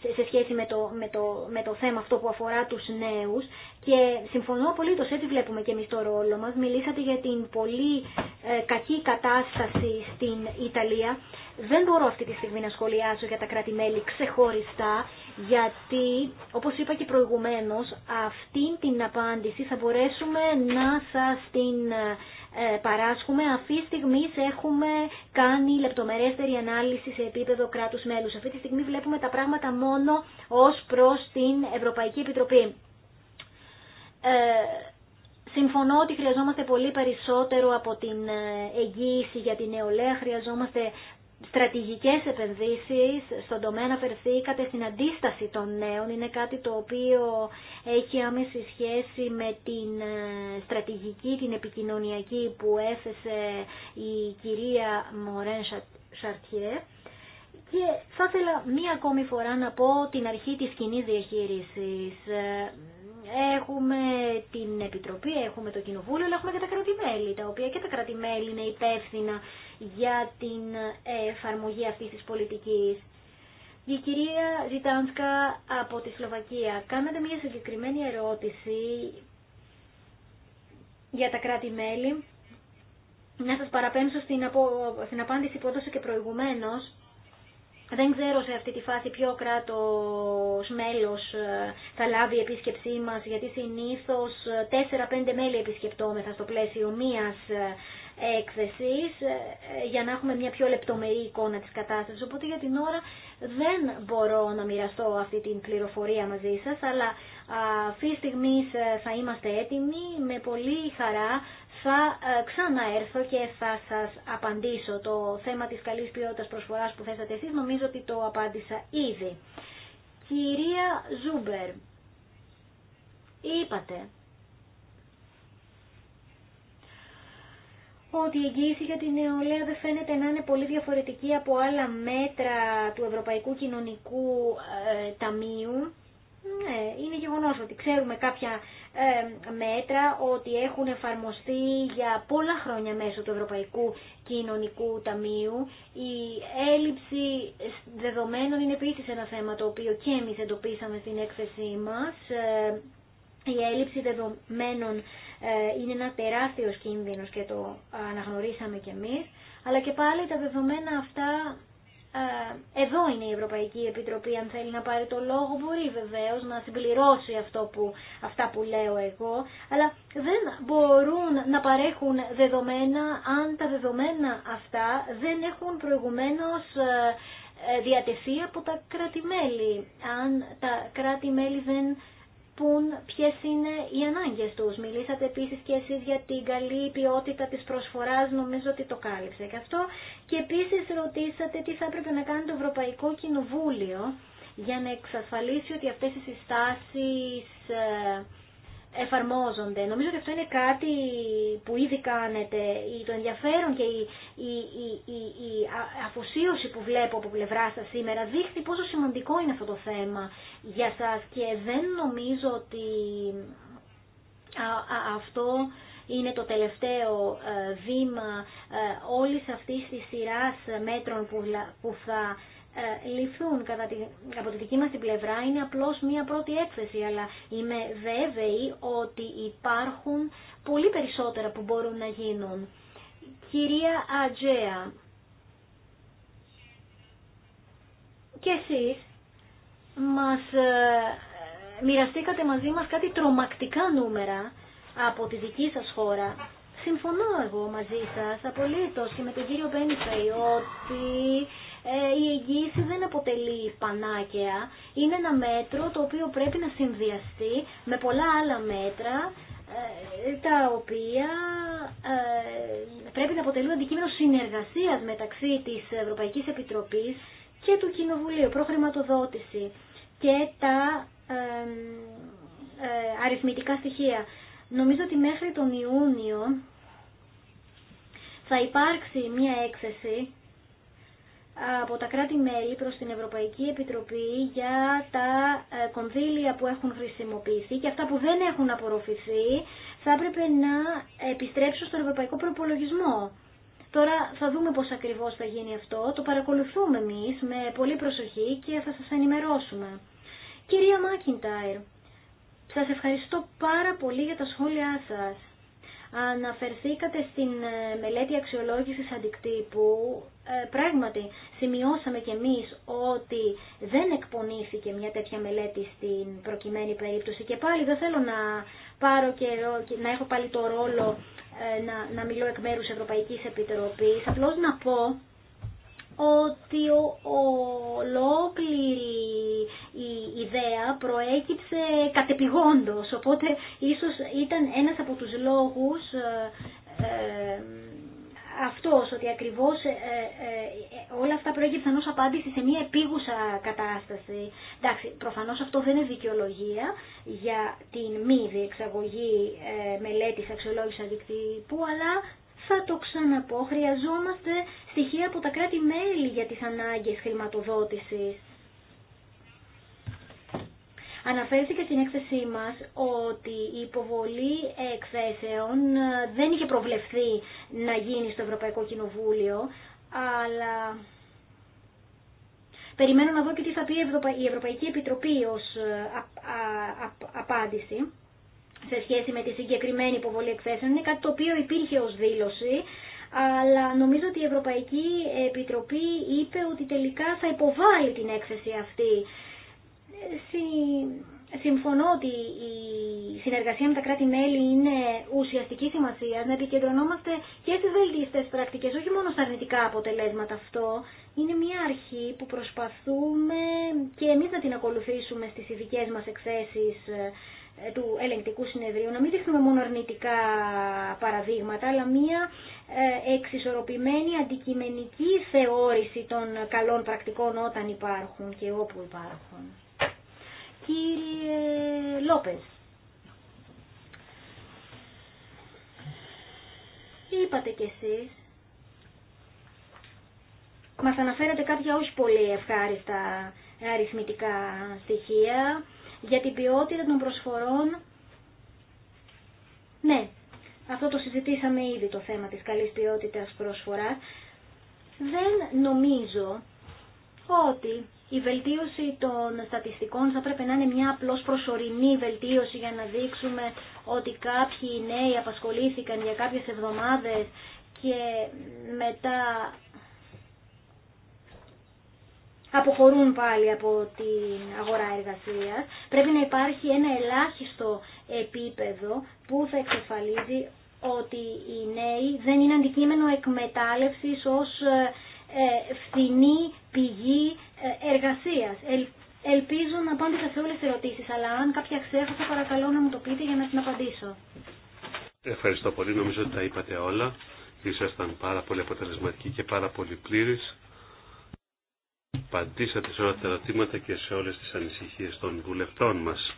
ε, σε σχέση με το, με το, με το θέμα αυτό που αφορά τους νέους και συμφωνώ απολύτως, έτσι βλέπουμε και εμείς το ρόλο μας. Μιλήσατε για την πολύ ε, κακή κατάσταση στην Ιταλία. Δεν μπορώ αυτή τη στιγμή να σχολιάσω για τα κράτη-μέλη ξεχωριστά, γιατί όπως είπα και προηγουμένως, αυτή την απάντηση θα μπορέσουμε να σας την ε, παράσχουμε. Αυτή τη στιγμή έχουμε κάνει λεπτομερέστερη ανάλυση σε επίπεδο κράτους μέλους. Αυτή τη στιγμή βλέπουμε τα πράγματα μόνο ως προς την Ευρωπαϊκή Επιτροπή. Ε, συμφωνώ ότι χρειαζόμαστε πολύ περισσότερο από την ε, εγγύηση για την νεολαία, χρειαζόμαστε στρατηγικές επενδύσεις στον τομέα αναφερθήκατε στην αντίσταση των νέων. Είναι κάτι το οποίο έχει άμεση σχέση με την ε, στρατηγική, την επικοινωνιακή που έθεσε η κυρία Μορέν Σαρτιέ. Και θα ήθελα μία ακόμη φορά να πω την αρχή της κοινή διαχείρισης. Ε, έχουμε την Επιτροπή, έχουμε το Κοινοβούλιο, αλλά έχουμε και τα κρατημέλη, τα οποία και τα κρατημέλη είναι υπεύθυνα για την ε, εφαρμογή αυτής της πολιτικής. Η κυρία Ζητάνσκα από τη Σλοβακία, κάνατε μια συγκεκριμένη ερώτηση για τα κράτη-μέλη. Να σας παραπέμψω στην, απο... απάντηση που έδωσε και προηγουμένως. Δεν ξέρω σε αυτή τη φάση ποιο κράτος μέλος ε, θα λάβει επίσκεψή μας, γιατί συνήθως 4-5 ε, μέλη επισκεπτόμεθα στο πλαίσιο μίας έκθεσης ε, για να έχουμε μια πιο λεπτομερή εικόνα της κατάστασης. Οπότε για την ώρα δεν μπορώ να μοιραστώ αυτή την πληροφορία μαζί σας, αλλά αυτή τη στιγμή ε, θα είμαστε έτοιμοι. Με πολύ χαρά θα ε, ξαναέρθω και θα σας απαντήσω το θέμα της καλής ποιότητας προσφοράς που θέσατε εσείς. Νομίζω ότι το απάντησα ήδη. Κυρία Ζούμπερ, είπατε ότι η εγγύηση για την νεολαία δεν φαίνεται να είναι πολύ διαφορετική από άλλα μέτρα του Ευρωπαϊκού Κοινωνικού ε, Ταμείου. Ναι, είναι γεγονός ότι ξέρουμε κάποια ε, μέτρα ότι έχουν εφαρμοστεί για πολλά χρόνια μέσω του Ευρωπαϊκού Κοινωνικού Ταμείου. Η έλλειψη δεδομένων είναι επίσης ένα θέμα το οποίο και εμείς εντοπίσαμε στην έκθεσή μας. Ε, η έλλειψη δεδομένων ε, είναι ένα τεράστιο κίνδυνο και το αναγνωρίσαμε κι εμεί, Αλλά και πάλι τα δεδομένα αυτά, ε, εδώ είναι η Ευρωπαϊκή Επιτροπή, αν θέλει να πάρει το λόγο, μπορεί βεβαίως να συμπληρώσει αυτό που, αυτά που λέω εγώ, αλλά δεν μπορούν να παρέχουν δεδομένα αν τα δεδομένα αυτά δεν έχουν προηγουμένως ε, διατεθεί από τα κράτη-μέλη. Αν τα κράτη-μέλη δεν πούν ποιες είναι οι ανάγκε τους. Μιλήσατε επίση και εσείς για την καλή ποιότητα της προσφοράς, νομίζω ότι το κάλυψε και αυτό. Και επίση ρωτήσατε τι θα έπρεπε να κάνει το Ευρωπαϊκό Κοινοβούλιο για να εξασφαλίσει ότι αυτές οι συστάσεις ε, εφαρμόζονται. Νομίζω ότι αυτό είναι κάτι που ήδη κάνετε. Το ενδιαφέρον και η, αφοσίωση που βλέπω από πλευρά σας σήμερα δείχνει πόσο σημαντικό είναι αυτό το θέμα για σας και δεν νομίζω ότι αυτό είναι το τελευταίο ε, βήμα ε, όλης αυτής της σειράς μέτρων που θα ε, λυθούν κατά τη, από τη δική μας την πλευρά είναι απλώς μία πρώτη έκθεση αλλά είμαι βέβαιη ότι υπάρχουν πολύ περισσότερα που μπορούν να γίνουν. Κυρία Ατζέα και εσείς μας ε, μοιραστήκατε μαζί μας κάτι τρομακτικά νούμερα από τη δική σας χώρα συμφωνώ εγώ μαζί σας απολύτως και με τον κύριο Μπένιφεϊ ότι ε, η εγγύηση δεν αποτελεί πανάκαια. Είναι ένα μέτρο το οποίο πρέπει να συνδυαστεί με πολλά άλλα μέτρα ε, τα οποία ε, πρέπει να αποτελούν αντικείμενο συνεργασίας μεταξύ της Ευρωπαϊκής Επιτροπής και του Κοινοβουλίου, προχρηματοδότηση και τα αριθμητικά στοιχεία. Νομίζω ότι μέχρι τον Ιούνιο θα υπάρξει μια έκθεση από τα κράτη-μέλη προς την Ευρωπαϊκή Επιτροπή για τα ε, κονδύλια που έχουν χρησιμοποιηθεί και αυτά που δεν έχουν απορροφηθεί θα έπρεπε να επιστρέψουν στον Ευρωπαϊκό Προπολογισμό. Τώρα θα δούμε πώς ακριβώς θα γίνει αυτό. Το παρακολουθούμε εμείς με πολύ προσοχή και θα σας ενημερώσουμε. Κυρία Μάκιντάιρ, σας ευχαριστώ πάρα πολύ για τα σχόλιά σας. Αναφερθήκατε στην ε, μελέτη αξιολόγησης αντικτύπου ε, πράγματι σημειώσαμε και εμείς ότι δεν εκπονήθηκε μια τέτοια μελέτη στην προκειμένη περίπτωση και πάλι δεν θέλω να πάρω και να έχω πάλι το ρόλο ε, να, να μιλώ εκ μέρους Ευρωπαϊκής Επιτροπής, απλώς να πω ότι ο, ολόκληρη η ιδέα προέκυψε κατεπηγόντως, οπότε ίσως ήταν ένας από τους λόγους ε, αυτό ότι ακριβώς ε, ε, ε, όλα αυτά προέκυψαν ω απάντηση σε μια επίγουσα κατάσταση. Εντάξει, προφανώς αυτό δεν είναι δικαιολογία για την μη διεξαγωγή μελέτη αξιολόγηση αντικτύπου, αλλά θα το ξαναπώ, χρειαζόμαστε στοιχεία από τα κράτη-μέλη για τις ανάγκες χρηματοδότησης. Αναφέρθηκε στην έκθεσή μας ότι η υποβολή εκθέσεων ε, δεν είχε προβλεφθεί να γίνει στο Ευρωπαϊκό Κοινοβούλιο, αλλά περιμένω να δω και τι θα πει η Ευρωπαϊκή Επιτροπή ως ε, απάντηση σε σχέση με τη συγκεκριμένη υποβολή εκθέσεων. Είναι κάτι το οποίο υπήρχε ως δήλωση, αλλά νομίζω ότι η Ευρωπαϊκή Επιτροπή είπε ότι τελικά θα υποβάλει την έκθεση αυτή συμφωνώ ότι η συνεργασία με τα κράτη-μέλη είναι ουσιαστική σημασία, να επικεντρωνόμαστε και στις βελτιστές πρακτικές, όχι μόνο στα αρνητικά αποτελέσματα αυτό. Είναι μια αρχή που προσπαθούμε και εμείς να την ακολουθήσουμε στις ειδικέ μας εκθέσεις ε, του ελεγκτικού συνεδρίου, να μην δείχνουμε μόνο αρνητικά παραδείγματα, αλλά μια ε, εξισορροπημένη αντικειμενική θεώρηση των καλών πρακτικών όταν υπάρχουν και όπου υπάρχουν. Κύριε Λόπες, είπατε κι εσείς, μας αναφέρατε κάποια όχι πολύ ευχάριστα αριθμητικά στοιχεία για την ποιότητα των προσφορών. Ναι, αυτό το συζητήσαμε ήδη το θέμα της καλής ποιότητας προσφοράς. Δεν νομίζω ότι η βελτίωση των στατιστικών θα πρέπει να είναι μια απλώς προσωρινή βελτίωση για να δείξουμε ότι κάποιοι νέοι απασχολήθηκαν για κάποιες εβδομάδες και μετά αποχωρούν πάλι από την αγορά εργασίας. Πρέπει να υπάρχει ένα ελάχιστο επίπεδο που θα εξασφαλίζει ότι οι νέοι δεν είναι αντικείμενο εκμετάλλευσης ως ε, ε, φθηνή πηγή ε, εργασίας. ελπίζω να απάντησα σε όλες τις ερωτήσεις, αλλά αν κάποια θα παρακαλώ να μου το πείτε για να την απαντήσω. Ευχαριστώ πολύ. Νομίζω ότι τα είπατε όλα. Ήσασταν πάρα πολύ αποτελεσματικοί και πάρα πολύ πλήρης. Απαντήσατε σε όλα τα ερωτήματα και σε όλες τις ανησυχίες των βουλευτών μας.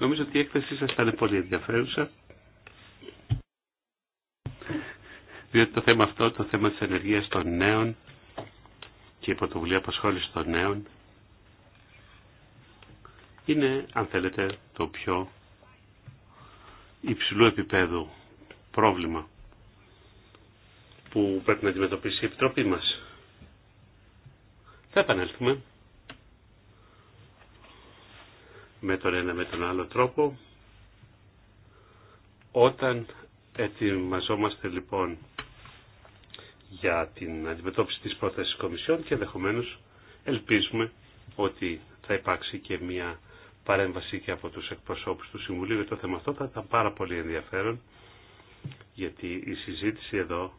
Νομίζω ότι η έκθεσή σας θα είναι πολύ ενδιαφέρουσα. Διότι το θέμα αυτό, το θέμα της ενεργείας των νέων και η πρωτοβουλία απασχόληση των νέων είναι, αν θέλετε, το πιο υψηλού επίπεδου πρόβλημα που πρέπει να αντιμετωπίσει η Επιτροπή μας. Θα επανέλθουμε με τον ένα με τον άλλο τρόπο. Όταν ετοιμαζόμαστε λοιπόν για την αντιμετώπιση της πρότασης Κομισιόν και ενδεχομένω ελπίζουμε ότι θα υπάρξει και μια παρέμβαση και από τους εκπροσώπους του Συμβουλίου για το θέμα αυτό θα ήταν πάρα πολύ ενδιαφέρον γιατί η συζήτηση εδώ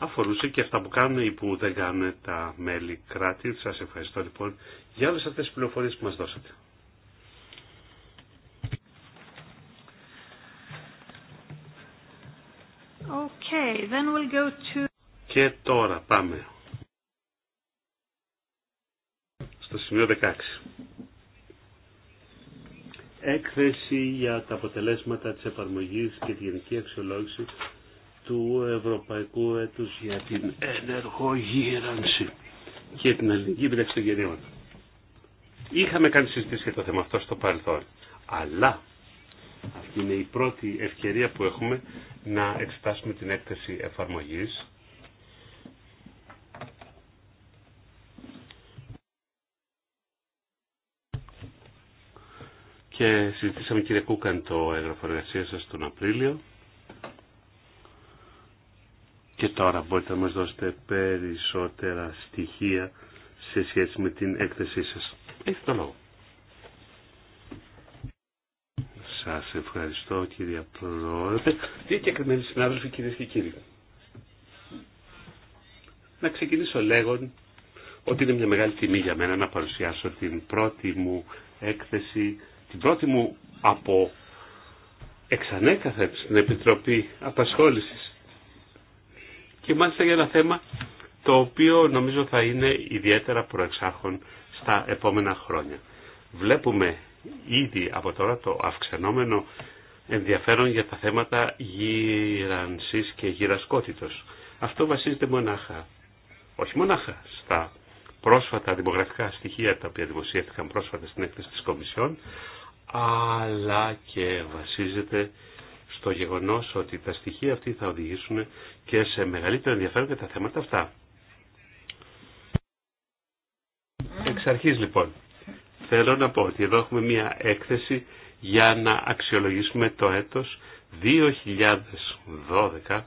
αφορούσε και αυτά που κάνουν ή που δεν κάνουν τα μέλη κράτη. Σας ευχαριστώ λοιπόν για όλες αυτές τις πληροφορίες που μας δώσατε. Okay, then we'll go to... Και τώρα πάμε στο σημείο 16. Έκθεση για τα αποτελέσματα της εφαρμογής και τη γενική αξιολόγηση του Ευρωπαϊκού Έτους για την ενεργογύρανση και την ελληνική των γενιών. Είχαμε κάνει συζήτηση για το θέμα αυτό στο παρελθόν. Αλλά αυτή είναι η πρώτη ευκαιρία που έχουμε να εξετάσουμε την έκθεση εφαρμογής και συζητήσαμε κύριε Κούκαν το έγγραφο εργασία σας τον Απρίλιο και τώρα μπορείτε να μας δώσετε περισσότερα στοιχεία σε σχέση με την έκθεσή σας. Έχετε το λόγο. Σας ευχαριστώ κύριε Πρόεδρε. Διακεκριμένοι συνάδελφοι κυρίες και κύριοι. Να ξεκινήσω λέγον ότι είναι μια μεγάλη τιμή για μένα να παρουσιάσω την πρώτη μου έκθεση, την πρώτη μου από εξανέκαθεν στην Επιτροπή Απασχόλησης και μάλιστα για ένα θέμα το οποίο νομίζω θα είναι ιδιαίτερα προεξάρχον στα επόμενα χρόνια. Βλέπουμε ήδη από τώρα το αυξανόμενο ενδιαφέρον για τα θέματα γύρανσης και γυρασκότητος. Αυτό βασίζεται μονάχα, όχι μονάχα στα πρόσφατα δημογραφικά στοιχεία τα οποία δημοσιεύτηκαν πρόσφατα στην έκθεση της Κομισιόν, αλλά και βασίζεται στο γεγονός ότι τα στοιχεία αυτή θα οδηγήσουν και σε μεγαλύτερο ενδιαφέρον για τα θέματα αυτά. Εξ αρχής λοιπόν, θέλω να πω ότι εδώ έχουμε μία έκθεση για να αξιολογήσουμε το έτος 2012,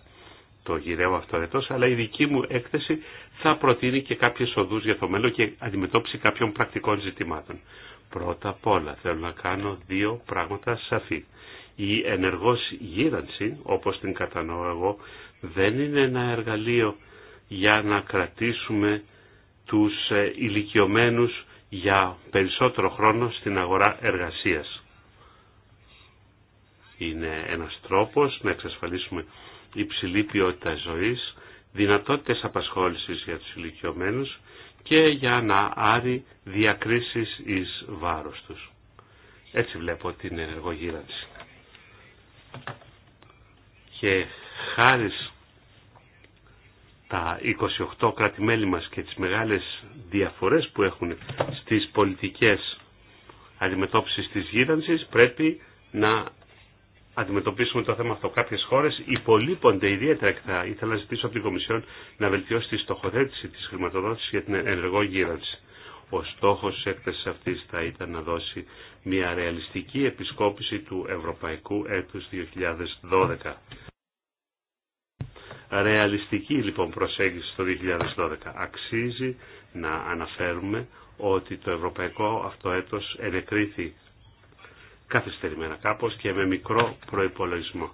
το γυρεύω αυτό έτος, αλλά η δική μου έκθεση θα προτείνει και κάποιες οδούς για το μέλλον και αντιμετώπιση κάποιων πρακτικών ζητημάτων. Πρώτα απ' όλα θέλω να κάνω δύο πράγματα σαφή. Η ενεργός γύρανση, όπως την κατανοώ εγώ, δεν είναι ένα εργαλείο για να κρατήσουμε τους ε, ηλικιωμένου για περισσότερο χρόνο στην αγορά εργασίας. Είναι ένας τρόπος να εξασφαλίσουμε υψηλή ποιότητα ζωής, δυνατότητες απασχόλησης για τους ηλικιωμένου και για να άρει διακρίσεις εις βάρος τους. Έτσι βλέπω την ενεργογύρανση και χάρη τα 28 κράτη-μέλη μας και τις μεγάλες διαφορές που έχουν στις πολιτικές αντιμετώπισης της γύρανσης πρέπει να αντιμετωπίσουμε το θέμα αυτό. Κάποιες χώρες υπολείπονται ιδιαίτερα και θα ήθελα να ζητήσω από την Κομισιόν να βελτιώσει τη στοχοθέτηση τη χρηματοδότηση για την ενεργό γύρανση. Ο στόχος της έκθεσης αυτής θα ήταν να δώσει μια ρεαλιστική επισκόπηση του Ευρωπαϊκού έτους 2012. Ρεαλιστική λοιπόν προσέγγιση το 2012. Αξίζει να αναφέρουμε ότι το ευρωπαϊκό αυτό έτος ενεκρίθη καθυστερημένα κάπως και με μικρό προϋπολογισμό.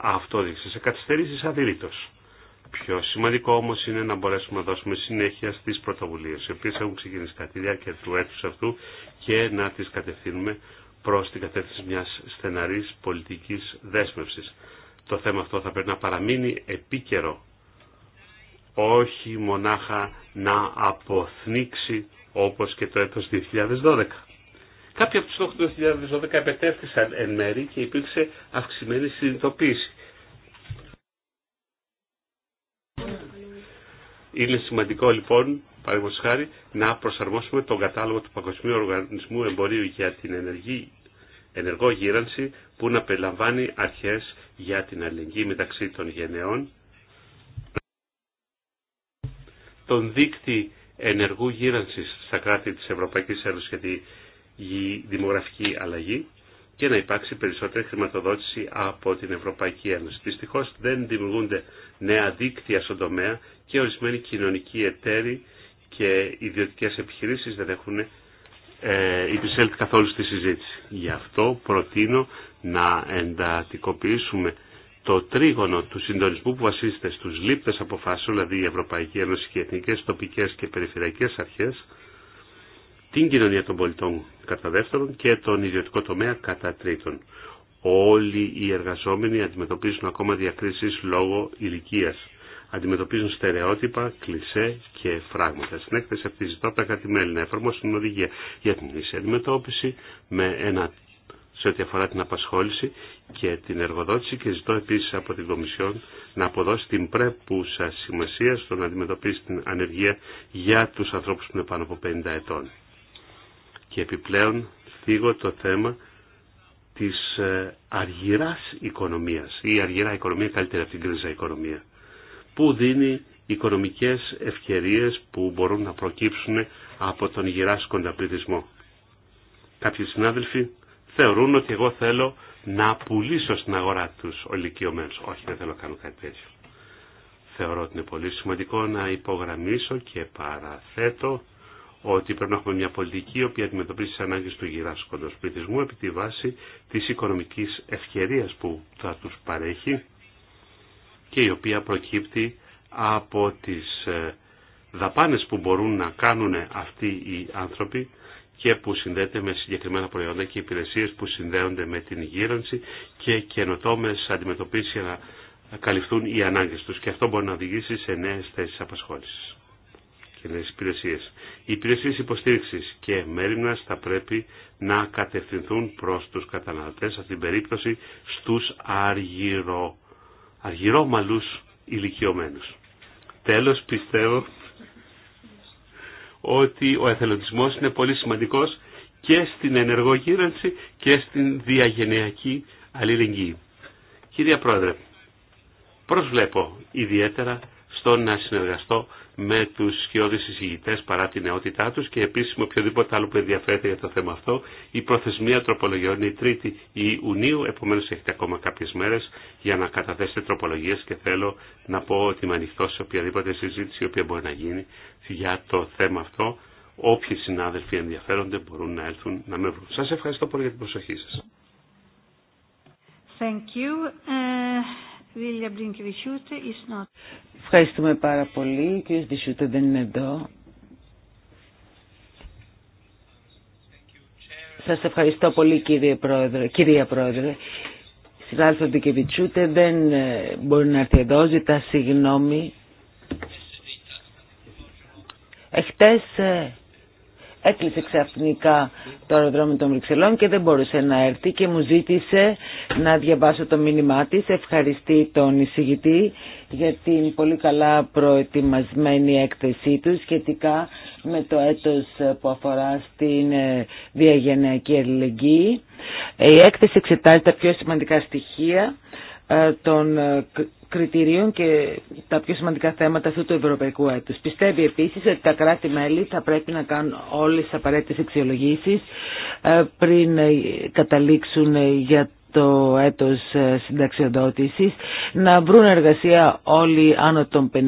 Αυτό δείξε σε καθυστερήσεις αδειρήτως. Πιο σημαντικό όμως είναι να μπορέσουμε να δώσουμε συνέχεια στις πρωτοβουλίες, οι οποίες έχουν ξεκινήσει κατά και του έτους αυτού και να τις κατευθύνουμε προς την κατεύθυνση μιας στεναρής πολιτικής δέσμευσης. Το θέμα αυτό θα πρέπει να παραμείνει επίκαιρο, όχι μονάχα να αποθνίξει όπως και το έτος 2012. Κάποιοι από τους στόχους του 2012 επετέφθησαν εν μέρη και υπήρξε αυξημένη συνειδητοποίηση Είναι σημαντικό λοιπόν, παραδείγματο να προσαρμόσουμε τον κατάλογο του Παγκοσμίου Οργανισμού Εμπορίου για την ενεργή, ενεργό γύρανση που να περιλαμβάνει αρχές για την αλληλεγγύη μεταξύ των γενεών, τον δίκτυ ενεργού γύρανσης στα κράτη της Ευρωπαϊκής Ένωσης για τη δημογραφική αλλαγή και να υπάρξει περισσότερη χρηματοδότηση από την Ευρωπαϊκή Ένωση. Δυστυχώ δεν δημιουργούνται νέα δίκτυα στον τομέα και ορισμένοι κοινωνικοί εταίροι και ιδιωτικέ επιχειρήσει δεν έχουν ε, υπησέλθει καθόλου στη συζήτηση. Γι' αυτό προτείνω να εντατικοποιήσουμε το τρίγωνο του συντονισμού που βασίζεται στους λήπτες αποφάσεων, δηλαδή η Ευρωπαϊκή Ένωση και οι εθνικές, τοπικές και περιφερειακές αρχές, την κοινωνία των πολιτών κατά δεύτερον και τον ιδιωτικό τομέα κατά τρίτον. Όλοι οι εργαζόμενοι αντιμετωπίζουν ακόμα διακρίσεις λόγω ηλικίας. Αντιμετωπίζουν στερεότυπα, κλισέ και φράγματα. Στην έκθεση αυτή ζητώ από τα κατημέλη να εφαρμόσουν οδηγία για την ίση αντιμετώπιση με ένα σε ό,τι αφορά την απασχόληση και την εργοδότηση και ζητώ επίσης από την Κομισιόν να αποδώσει την πρέπουσα σημασία στο να αντιμετωπίσει την ανεργία για τους ανθρώπους που είναι πάνω από 50 ετών και επιπλέον θίγω το θέμα της ε, αργυράς οικονομίας ή αργυρά οικονομία, καλύτερα από την κρίζα οικονομία, που δίνει οικονομικές ευκαιρίες που μπορούν να προκύψουν από τον γυράσκοντα πληθυσμό. Κάποιοι συνάδελφοι θεωρούν ότι εγώ θέλω να πουλήσω στην αγορά τους ολικιωμένους. Όχι, δεν θέλω να κάνω κάτι τέτοιο. Θεωρώ ότι είναι πολύ σημαντικό να υπογραμμίσω και παραθέτω ότι πρέπει να έχουμε μια πολιτική η οποία αντιμετωπίζει τι ανάγκε του γυράσκοντος πληθυσμού επί τη βάση τη οικονομική ευκαιρία που θα τους παρέχει και η οποία προκύπτει από τις ε, δαπάνες που μπορούν να κάνουν αυτοί οι άνθρωποι και που συνδέεται με συγκεκριμένα προϊόντα και υπηρεσίες που συνδέονται με την γύρανση και καινοτόμες αντιμετωπίσει για να καλυφθούν οι ανάγκες τους και αυτό μπορεί να οδηγήσει σε νέες θέσεις απασχόλησης υπηρεσίες. Οι υπηρεσίε υποστήριξης και μέρημνας θα πρέπει να κατευθυνθούν προς τους καταναλωτές, αυτήν την περίπτωση στους αργυρο, αργυρόμαλους ηλικιωμένους. Τέλος πιστεύω ότι ο εθελοντισμός είναι πολύ σημαντικός και στην ενεργογύρανση και στην διαγενειακή αλληλεγγύη. Κυρία Πρόεδρε, προσβλέπω ιδιαίτερα στο να συνεργαστώ με τους σκιώδεις συζητητέ παρά τη νεότητά του και επίση με οποιοδήποτε άλλο που ενδιαφέρεται για το θέμα αυτό. Η προθεσμία τροπολογιών είναι η 3η Ιουνίου, Επομένω έχετε ακόμα κάποιε μέρε για να καταθέσετε τροπολογίε και θέλω να πω ότι είμαι ανοιχτό σε οποιαδήποτε συζήτηση η οποία μπορεί να γίνει για το θέμα αυτό. Όποιοι συνάδελφοι ενδιαφέρονται μπορούν να έλθουν να με βρουν. Σα ευχαριστώ πολύ για την προσοχή σα. Thank you. Ε, Ευχαριστούμε πάρα πολύ. Ο κ. Δησούτε δεν είναι εδώ. Σα ευχαριστώ πολύ κύριε Πρόεδρε, κυρία Πρόεδρε. Συνάδελφο Δικεβιτσούτε δεν ε, μπορεί να έρθει εδώ, ζητά συγγνώμη. Εχθές ε, έκλεισε ξαφνικά το αεροδρόμιο των Βρυξελών και δεν μπορούσε να έρθει και μου ζήτησε να διαβάσω το μήνυμά της. Ευχαριστεί τον εισηγητή για την πολύ καλά προετοιμασμένη έκθεσή του σχετικά με το έτος που αφορά στην ε, διαγενειακή αλληλεγγύη. Η έκθεση εξετάζει τα πιο σημαντικά στοιχεία ε, των ε, κριτηρίων και τα πιο σημαντικά θέματα αυτού του ευρωπαϊκού έτους. Πιστεύει επίσης ότι τα κράτη-μέλη θα πρέπει να κάνουν όλες τις απαραίτητες αξιολογήσεις ε, πριν ε, καταλήξουν για το έτος ε, συνταξιοδότησης να βρουν εργασία όλοι άνω των 50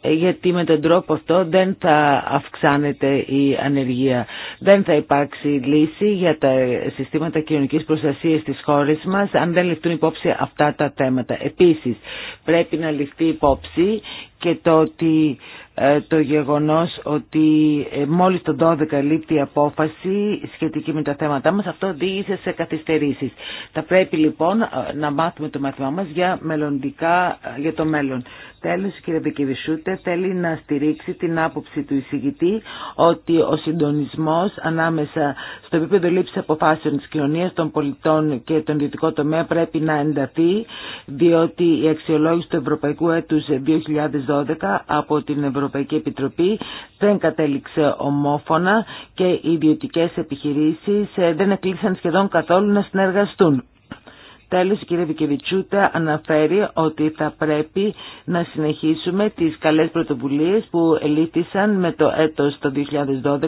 ε, γιατί με τον τρόπο αυτό δεν θα αυξάνεται η ανεργία. Δεν θα υπάρξει λύση για τα συστήματα κοινωνικής προστασίας της χώρας μας αν δεν ληφθούν υπόψη αυτά τα θέματα. Επίσης πρέπει να ληφθεί υπόψη και το ότι ε, το γεγονός ότι ε, μόλις τον 12 λήπτει η απόφαση σχετική με τα θέματά μας, αυτό οδήγησε σε καθυστερήσεις. Θα πρέπει λοιπόν ε, να μάθουμε το μάθημά μας για μελλοντικά, για το μέλλον. Τέλος, κύριε κυρία θέλει να στηρίξει την άποψη του εισηγητή ότι ο συντονισμός ανάμεσα στο επίπεδο λήψης αποφάσεων της κοινωνίας των πολιτών και τον ιδιωτικό τομέα πρέπει να ενταθεί, διότι η αξιολόγηση του Ευρωπαϊκού έτους 2012 από την Ευρωπαϊκή Ευρωπαϊκή Επιτροπή δεν κατέληξε ομόφωνα και οι ιδιωτικές επιχειρήσεις ε, δεν εκλήξαν σχεδόν καθόλου να συνεργαστούν. Τέλος, η κυρία Βικεβιτσούτα αναφέρει ότι θα πρέπει να συνεχίσουμε τις καλές πρωτοβουλίες που ελήφθησαν με το έτος το 2012,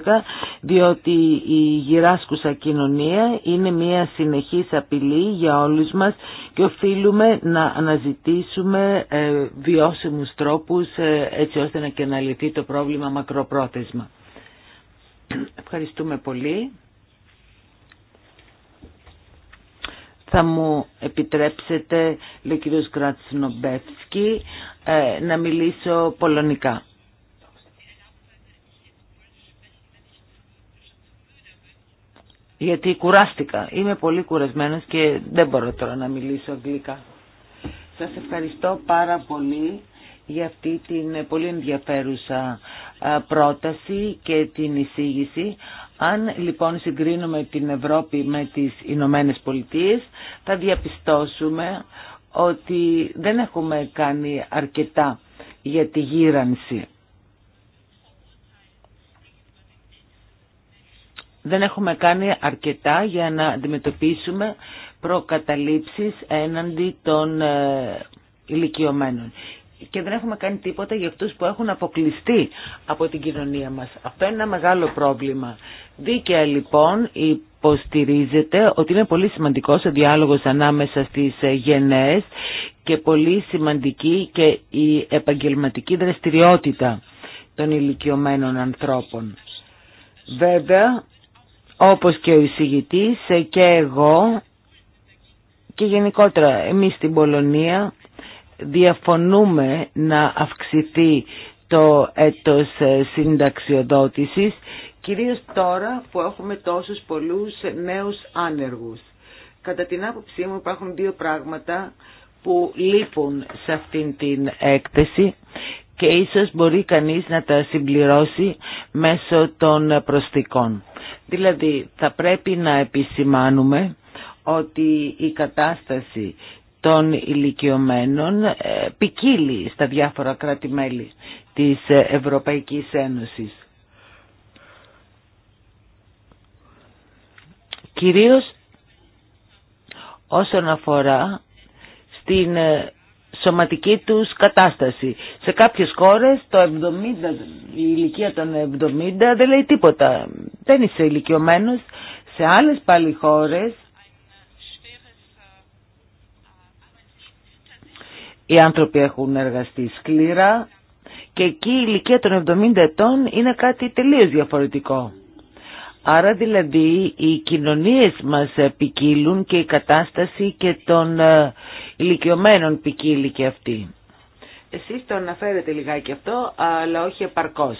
διότι η γυράσκουσα κοινωνία είναι μια συνεχής απειλή για όλους μας και οφείλουμε να αναζητήσουμε ε, βιώσιμους τρόπους ε, έτσι ώστε να και να το πρόβλημα μακροπρόθεσμα. Ευχαριστούμε πολύ. Θα μου επιτρέψετε, λέει ο κύριος Κρατσνομπεύσκη, ε, να μιλήσω πολωνικά. Γιατί κουράστηκα. Είμαι πολύ κουρασμένος και δεν μπορώ τώρα να μιλήσω αγγλικά. Σας ευχαριστώ πάρα πολύ για αυτή την πολύ ενδιαφέρουσα ε, πρόταση και την εισήγηση. Αν λοιπόν συγκρίνουμε την Ευρώπη με τις Ηνωμένε Πολιτείε, θα διαπιστώσουμε ότι δεν έχουμε κάνει αρκετά για τη γύρανση. Δεν έχουμε κάνει αρκετά για να αντιμετωπίσουμε προκαταλήψεις έναντι των ε, ηλικιωμένων και δεν έχουμε κάνει τίποτα για αυτούς που έχουν αποκλειστεί από την κοινωνία μας. Αυτό είναι ένα μεγάλο πρόβλημα. Δίκαια λοιπόν υποστηρίζεται ότι είναι πολύ σημαντικός ο διάλογος ανάμεσα στις γενναίες και πολύ σημαντική και η επαγγελματική δραστηριότητα των ηλικιωμένων ανθρώπων. Βέβαια, όπως και ο εισηγητής και εγώ και γενικότερα εμείς στην Πολωνία διαφωνούμε να αυξηθεί το έτος συνταξιοδότησης, κυρίως τώρα που έχουμε τόσους πολλούς νέους άνεργους. Κατά την άποψή μου υπάρχουν δύο πράγματα που λείπουν σε αυτήν την έκθεση και ίσως μπορεί κανείς να τα συμπληρώσει μέσω των προστικών. Δηλαδή θα πρέπει να επισημάνουμε ότι η κατάσταση των ηλικιωμένων ε, ποικίλει στα διάφορα κράτη-μέλη της ε, Ευρωπαϊκής Ένωσης. Κυρίως όσον αφορά στην ε, σωματική τους κατάσταση. Σε κάποιες χώρες το 70, η ηλικία των 70 δεν λέει τίποτα. Δεν είσαι ηλικιωμένος. Σε άλλες πάλι χώρες Οι άνθρωποι έχουν εργαστεί σκληρά και εκεί η ηλικία των 70 ετών είναι κάτι τελείως διαφορετικό. Άρα δηλαδή οι κοινωνίες μας ποικίλουν και η κατάσταση και των ε, ηλικιωμένων ποικίλει και αυτή. Εσείς το αναφέρετε λιγάκι αυτό, αλλά όχι επαρκώς.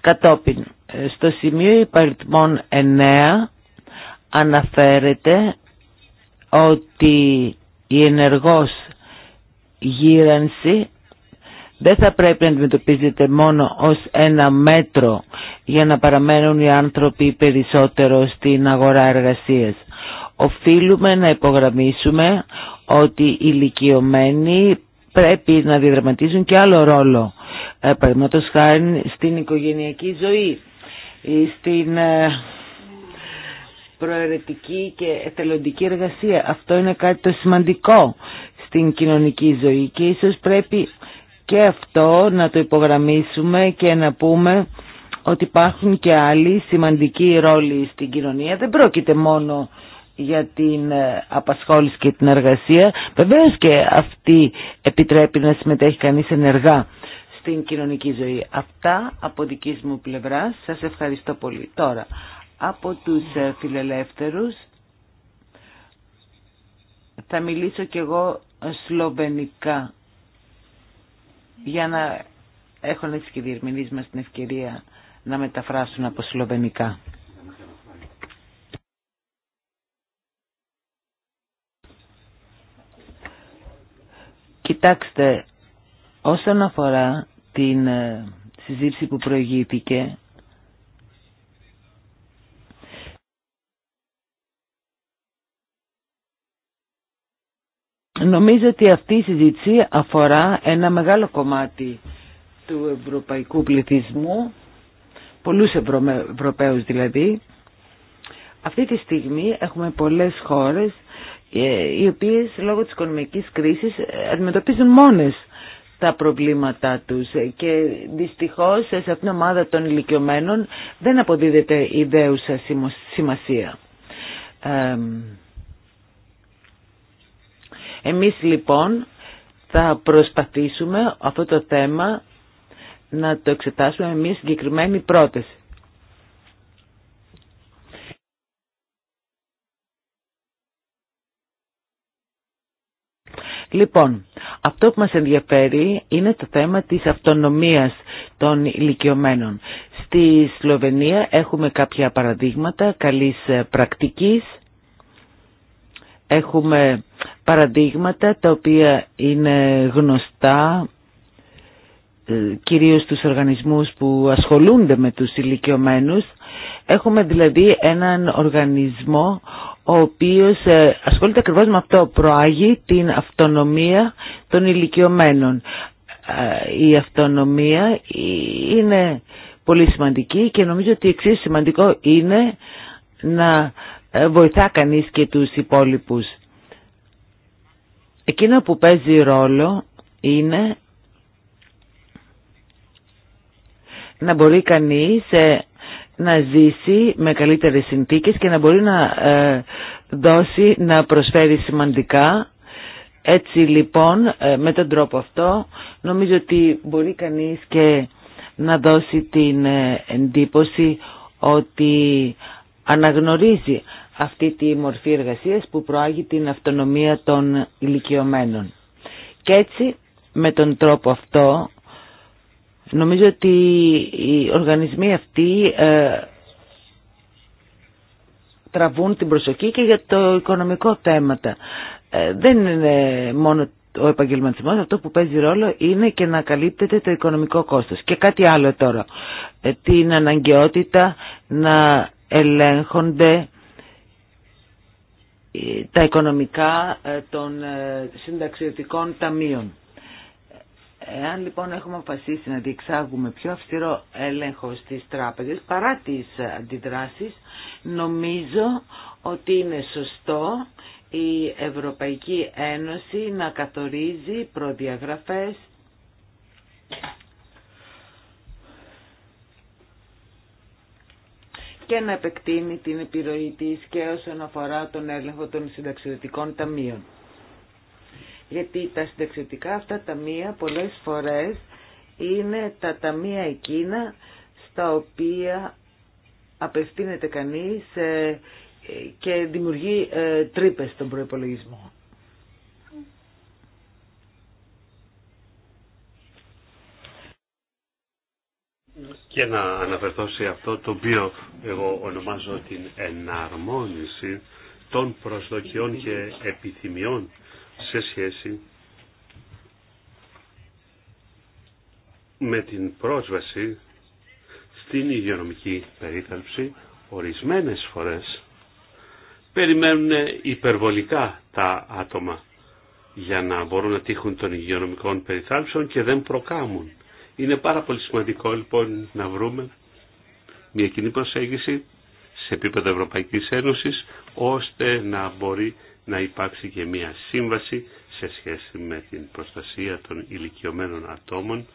Κατόπιν, ε, στο σημείο υπαριθμών 9 αναφέρεται ότι η ενεργός γύρανση δεν θα πρέπει να αντιμετωπίζεται μόνο ως ένα μέτρο για να παραμένουν οι άνθρωποι περισσότερο στην αγορά εργασίας. Οφείλουμε να υπογραμμίσουμε ότι οι ηλικιωμένοι πρέπει να διαδραματίζουν και άλλο ρόλο. Ε, Παραδείγματος χάρη στην οικογενειακή ζωή, στην ε, προαιρετική και εθελοντική εργασία. Αυτό είναι κάτι το σημαντικό στην κοινωνική ζωή και ίσως πρέπει και αυτό να το υπογραμμίσουμε και να πούμε ότι υπάρχουν και άλλοι σημαντικοί ρόλοι στην κοινωνία. Δεν πρόκειται μόνο για την ε, απασχόληση και την εργασία. Βεβαίω και αυτή επιτρέπει να συμμετέχει κανείς ενεργά στην κοινωνική ζωή. Αυτά από δική μου πλευρά. Σας ευχαριστώ πολύ. Τώρα, από τους ε, φιλελεύθερους θα μιλήσω κι εγώ σλοβενικά για να έχουν έτσι και διερμηνείς μας την ευκαιρία να μεταφράσουν από σλοβενικά. Κοιτάξτε, όσον αφορά την ε, συζήτηση που προηγήθηκε, Νομίζω ότι αυτή η συζήτηση αφορά ένα μεγάλο κομμάτι του ευρωπαϊκού πληθυσμού, πολλούς Ευρω... Ευρωπαίους δηλαδή. Αυτή τη στιγμή έχουμε πολλές χώρες ε, οι οποίες λόγω της οικονομικής κρίσης ε, αντιμετωπίζουν μόνες τα προβλήματά τους και δυστυχώς σε αυτήν την ομάδα των ηλικιωμένων δεν αποδίδεται ιδέουσα σημασία. Εμείς λοιπόν θα προσπαθήσουμε αυτό το θέμα να το εξετάσουμε με μια συγκεκριμένη πρόταση. Λοιπόν, αυτό που μας ενδιαφέρει είναι το θέμα της αυτονομίας των ηλικιωμένων. Στη Σλοβενία έχουμε κάποια παραδείγματα καλής πρακτικής. Έχουμε παραδείγματα τα οποία είναι γνωστά ε, κυρίως τους οργανισμούς που ασχολούνται με τους ηλικιωμένους. Έχουμε δηλαδή έναν οργανισμό ο οποίος ε, ασχολείται ακριβώς με αυτό, προάγει την αυτονομία των ηλικιωμένων. Ε, η αυτονομία είναι πολύ σημαντική και νομίζω ότι εξής σημαντικό είναι να βοηθά κανείς και τους υπόλοιπους. Εκείνο που παίζει ρόλο είναι να μπορεί κανείς ε, να ζήσει με καλύτερες συνθήκες και να μπορεί να ε, δώσει, να προσφέρει σημαντικά. Έτσι λοιπόν ε, με τον τρόπο αυτό νομίζω ότι μπορεί κανείς και να δώσει την εντύπωση ότι αναγνωρίζει αυτή τη μορφή εργασίας που προάγει την αυτονομία των ηλικιωμένων. Και έτσι με τον τρόπο αυτό νομίζω ότι οι οργανισμοί αυτοί ε, τραβούν την προσοχή και για το οικονομικό θέματα. Ε, δεν είναι μόνο ο επαγγελματισμός, αυτό που παίζει ρόλο είναι και να καλύπτεται το οικονομικό κόστος. Και κάτι άλλο τώρα, ε, την αναγκαιότητα να ελέγχονται τα οικονομικά ε, των ε, συνταξιωτικών ταμείων. Εάν λοιπόν έχουμε αποφασίσει να διεξάγουμε πιο αυστηρό έλεγχο στις τράπεζες παρά τις αντιδράσεις, νομίζω ότι είναι σωστό η Ευρωπαϊκή Ένωση να καθορίζει προδιαγραφές και να επεκτείνει την επιρροή της και όσον αφορά τον έλεγχο των συνταξιδοτικών ταμείων. Γιατί τα συνταξιδοτικά αυτά ταμεία πολλές φορές είναι τα ταμεία εκείνα στα οποία απευθύνεται κανείς ε, και δημιουργεί ε, τρύπες στον προϋπολογισμό. και να αναφερθώ σε αυτό το οποίο εγώ ονομάζω την εναρμόνιση των προσδοκιών και επιθυμιών σε σχέση με την πρόσβαση στην υγειονομική περίθαλψη ορισμένες φορές περιμένουν υπερβολικά τα άτομα για να μπορούν να τύχουν των υγειονομικών περιθάλψεων και δεν προκάμουν είναι πάρα πολύ σημαντικό λοιπόν να βρούμε μια κοινή προσέγγιση σε επίπεδο Ευρωπαϊκής Ένωσης ώστε να μπορεί να υπάρξει και μια σύμβαση σε σχέση με την προστασία των ηλικιωμένων ατόμων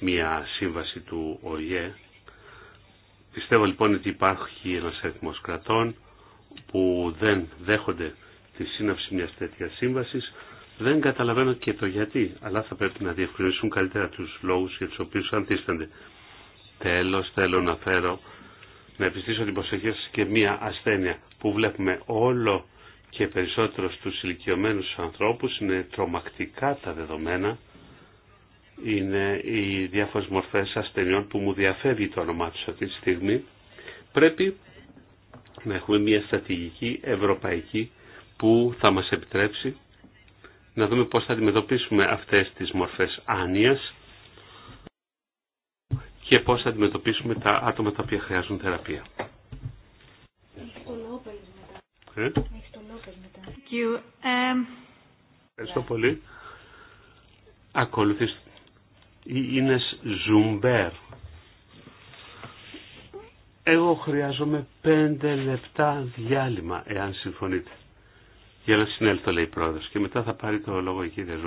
μια σύμβαση του ΟΙΕ Πιστεύω λοιπόν ότι υπάρχει ένας αριθμό κρατών που δεν δέχονται τη σύναψη μιας τέτοιας σύμβασης δεν καταλαβαίνω και το γιατί, αλλά θα πρέπει να διευκρινίσουν καλύτερα τους λόγους για τους οποίους αντίστανται. Τέλος, θέλω να φέρω, να επιστήσω την προσοχή σας και μία ασθένεια που βλέπουμε όλο και περισσότερο στους ηλικιωμένους ανθρώπους είναι τρομακτικά τα δεδομένα είναι οι διάφορες μορφές ασθενειών που μου διαφεύγει το όνομά τους αυτή τη στιγμή πρέπει να έχουμε μια στρατηγική ευρωπαϊκή που θα μας επιτρέψει να δούμε πώς θα αντιμετωπίσουμε αυτές τις μορφές άνοιας και πώς θα αντιμετωπίσουμε τα άτομα τα οποία χρειάζονται θεραπεία. Ε? Um, Ευχαριστώ πολύ. Ακολουθείς η Ζουμπέρ. Εγώ χρειάζομαι πέντε λεπτά διάλειμμα, εάν συμφωνείτε. Για να συνέλθω λέει η πρόεδρος και μετά θα πάρει το λόγο η κυρία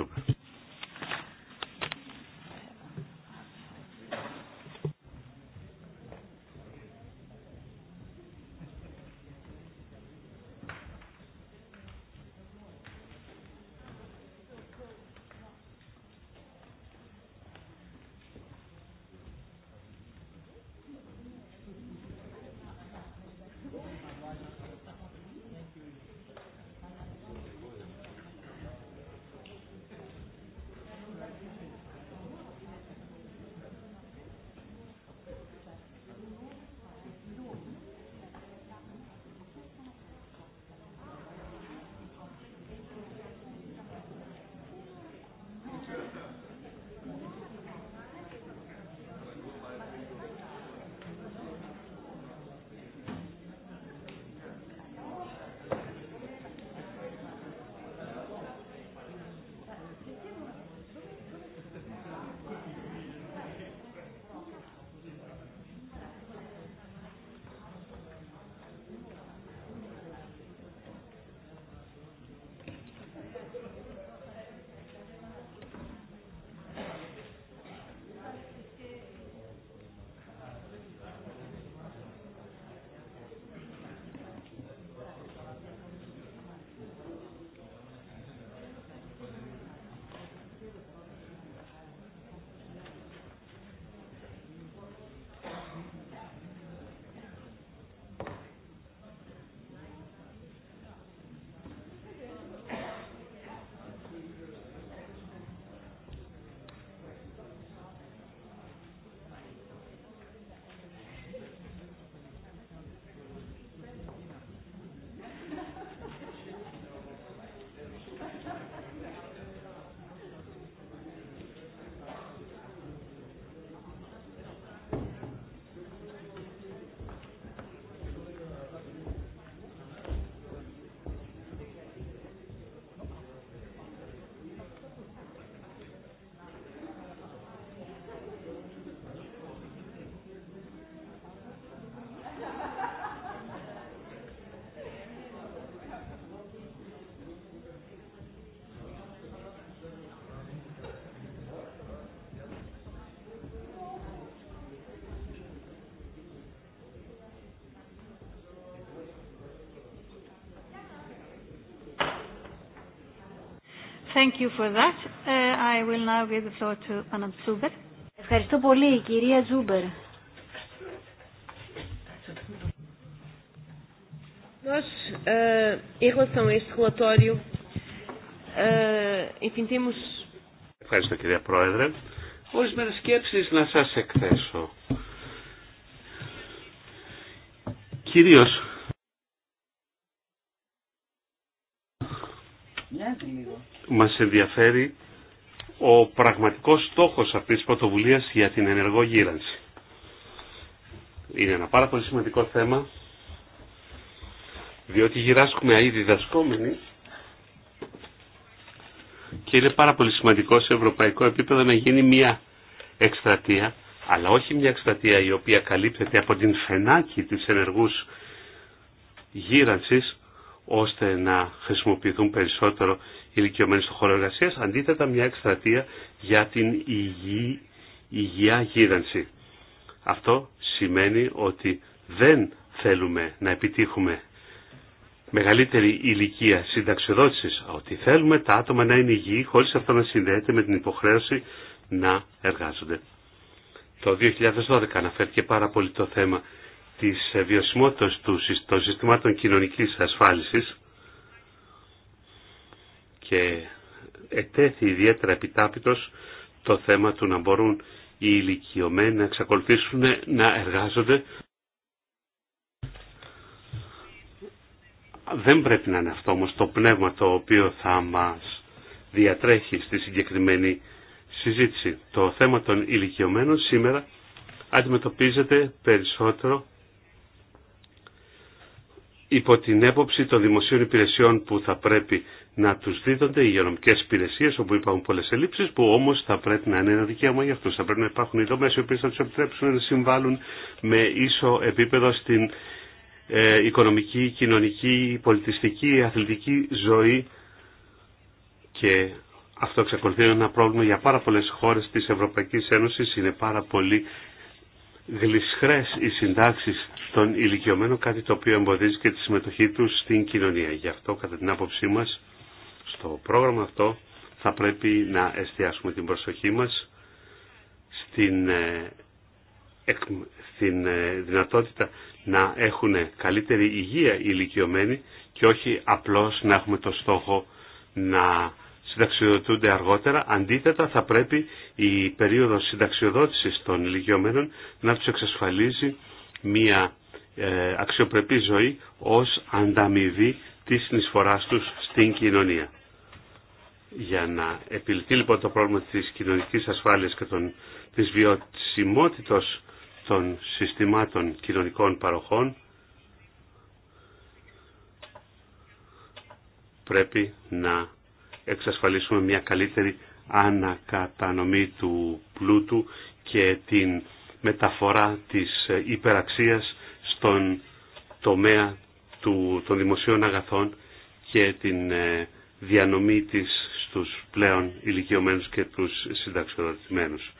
Thank you for that. I will now give the floor to Madam Zuber. Ευχαριστώ πολύ, κυρία Ζούμπερ. Nós, uh, em relação a este relatório, uh, enfim, temos... Ευχαριστώ κυρία Πρόεδρε. Ορισμένες σκέψεις να σας εκθέσω. Κυρίως ενδιαφέρει ο πραγματικός στόχος αυτής της πρωτοβουλίας για την ενεργό γύρανση. Είναι ένα πάρα πολύ σημαντικό θέμα, διότι γυράσκουμε ήδη διδασκόμενοι και είναι πάρα πολύ σημαντικό σε ευρωπαϊκό επίπεδο να γίνει μια εκστρατεία, αλλά όχι μια εκστρατεία η οποία καλύπτεται από την φενάκη της ενεργούς γύρανσης, ώστε να χρησιμοποιηθούν περισσότερο ηλικιωμένοι στο χώρο εργασία, αντίθετα μια εκστρατεία για την υγιή, υγεία γίδανση. Αυτό σημαίνει ότι δεν θέλουμε να επιτύχουμε μεγαλύτερη ηλικία συνταξιοδότησης, ότι θέλουμε τα άτομα να είναι υγιή χωρίς αυτό να συνδέεται με την υποχρέωση να εργάζονται. Το 2012 αναφέρθηκε πάρα πολύ το θέμα της ε, βιωσιμότητας των συστημάτων κοινωνικής ασφάλισης και ετέθη ιδιαίτερα επιτάπητος το θέμα του να μπορούν οι ηλικιωμένοι να εξακολουθήσουν να εργάζονται. Δεν πρέπει να είναι αυτό όμως το πνεύμα το οποίο θα μας διατρέχει στη συγκεκριμένη συζήτηση. Το θέμα των ηλικιωμένων σήμερα αντιμετωπίζεται περισσότερο υπό την έποψη των δημοσίων υπηρεσιών που θα πρέπει να τους δίδονται οι υγειονομικές υπηρεσίες όπου υπάρχουν πολλές ελλείψεις που όμως θα πρέπει να είναι ένα δικαίωμα για αυτούς. Θα πρέπει να υπάρχουν οι δομές οι οποίες θα τους επιτρέψουν να συμβάλλουν με ίσο επίπεδο στην ε, οικονομική, κοινωνική, πολιτιστική, αθλητική ζωή και αυτό εξακολουθεί ένα πρόβλημα για πάρα πολλές χώρες της Ευρωπαϊκής Ένωσης. Είναι πάρα πολύ γλυσχρές οι συντάξεις των ηλικιωμένων, κάτι το οποίο εμποδίζει και τη συμμετοχή τους στην κοινωνία. Γι' αυτό, κατά την άποψή μας, το πρόγραμμα αυτό θα πρέπει να εστιάσουμε την προσοχή μας στην, ε, στην ε, δυνατότητα να έχουν καλύτερη υγεία οι ηλικιωμένοι και όχι απλώς να έχουμε το στόχο να συνταξιοδοτούνται αργότερα. Αντίθετα θα πρέπει η περίοδος συνταξιοδότησης των ηλικιωμένων να τους εξασφαλίζει μια ε, αξιοπρεπή ζωή ως ανταμοιβή της συνεισφοράς τους στην κοινωνία. Για να επιληθεί λοιπόν το πρόβλημα της κοινωνικής ασφάλειας και των, της βιωσιμότητας των συστημάτων κοινωνικών παροχών πρέπει να εξασφαλίσουμε μια καλύτερη ανακατανομή του πλούτου και την μεταφορά της υπεραξίας στον τομέα του, των δημοσίων αγαθών και την ε, διανομή της στους πλέον ηλικιωμένους και τους συνταξιοδοτημένους.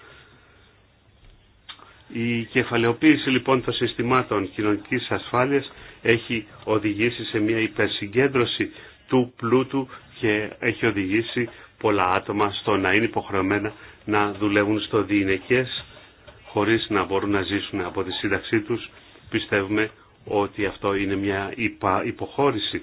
Η κεφαλαιοποίηση λοιπόν των συστημάτων κοινωνικής ασφάλειας έχει οδηγήσει σε μια υπερσυγκέντρωση του πλούτου και έχει οδηγήσει πολλά άτομα στο να είναι υποχρεωμένα να δουλεύουν στο διηνεκές χωρίς να μπορούν να ζήσουν από τη σύνταξή τους. Πιστεύουμε ότι αυτό είναι μια υποχώρηση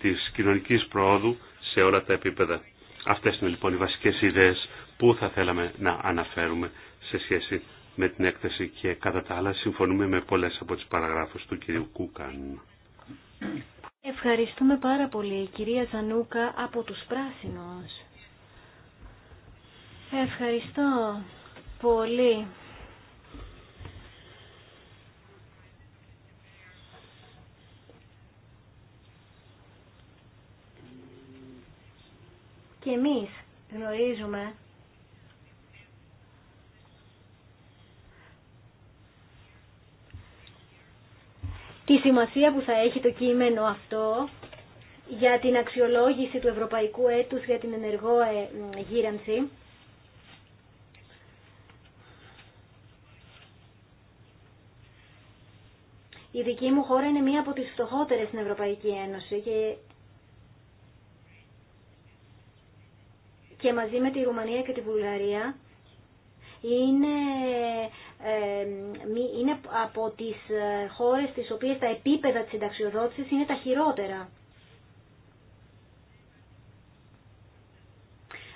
της κοινωνικής προόδου σε όλα τα επίπεδα. Αυτές είναι λοιπόν οι βασικές ιδέες που θα θέλαμε να αναφέρουμε σε σχέση με την έκθεση και κατά τα άλλα συμφωνούμε με πολλές από τις παραγράφους του κυρίου Κούκαν. Ευχαριστούμε πάρα πολύ κυρία Ζανούκα από τους Πράσινους. Ευχαριστώ πολύ Και εμείς γνωρίζουμε τη σημασία που θα έχει το κείμενο αυτό για την αξιολόγηση του Ευρωπαϊκού Έτους για την ενεργό ε, γύρανση. Η δική μου χώρα είναι μία από τις φτωχότερες στην Ευρωπαϊκή Ένωση και και μαζί με τη Ρουμανία και τη Βουλγαρία είναι, ε, είναι από τις ε, χώρες τις οποίες τα επίπεδα της συνταξιοδότησης είναι τα χειρότερα.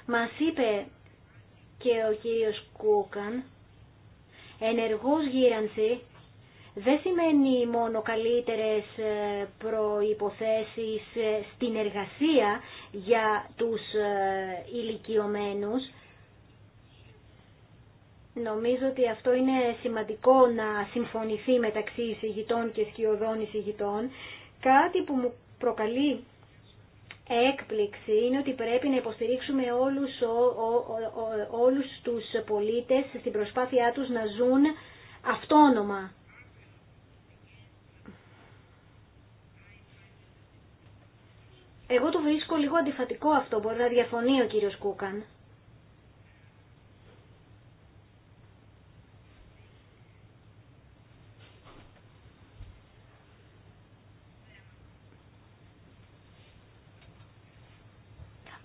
Μας είπε και ο κύριος Κούκαν, ενεργός γύρανση δεν σημαίνει μόνο καλύτερες ε, προϋποθέσεις ε, στην εργασία για τους ε, ηλικιωμένους. Νομίζω ότι αυτό είναι σημαντικό να συμφωνηθεί μεταξύ εισηγητών και σκιωδών εισηγητών. Κάτι που μου προκαλεί έκπληξη είναι ότι πρέπει να υποστηρίξουμε όλους, όλους τους πολίτες στην προσπάθειά τους να ζουν αυτόνομα. Εγώ το βρίσκω λίγο αντιφατικό αυτό, μπορεί να διαφωνεί ο κύριος Κούκαν.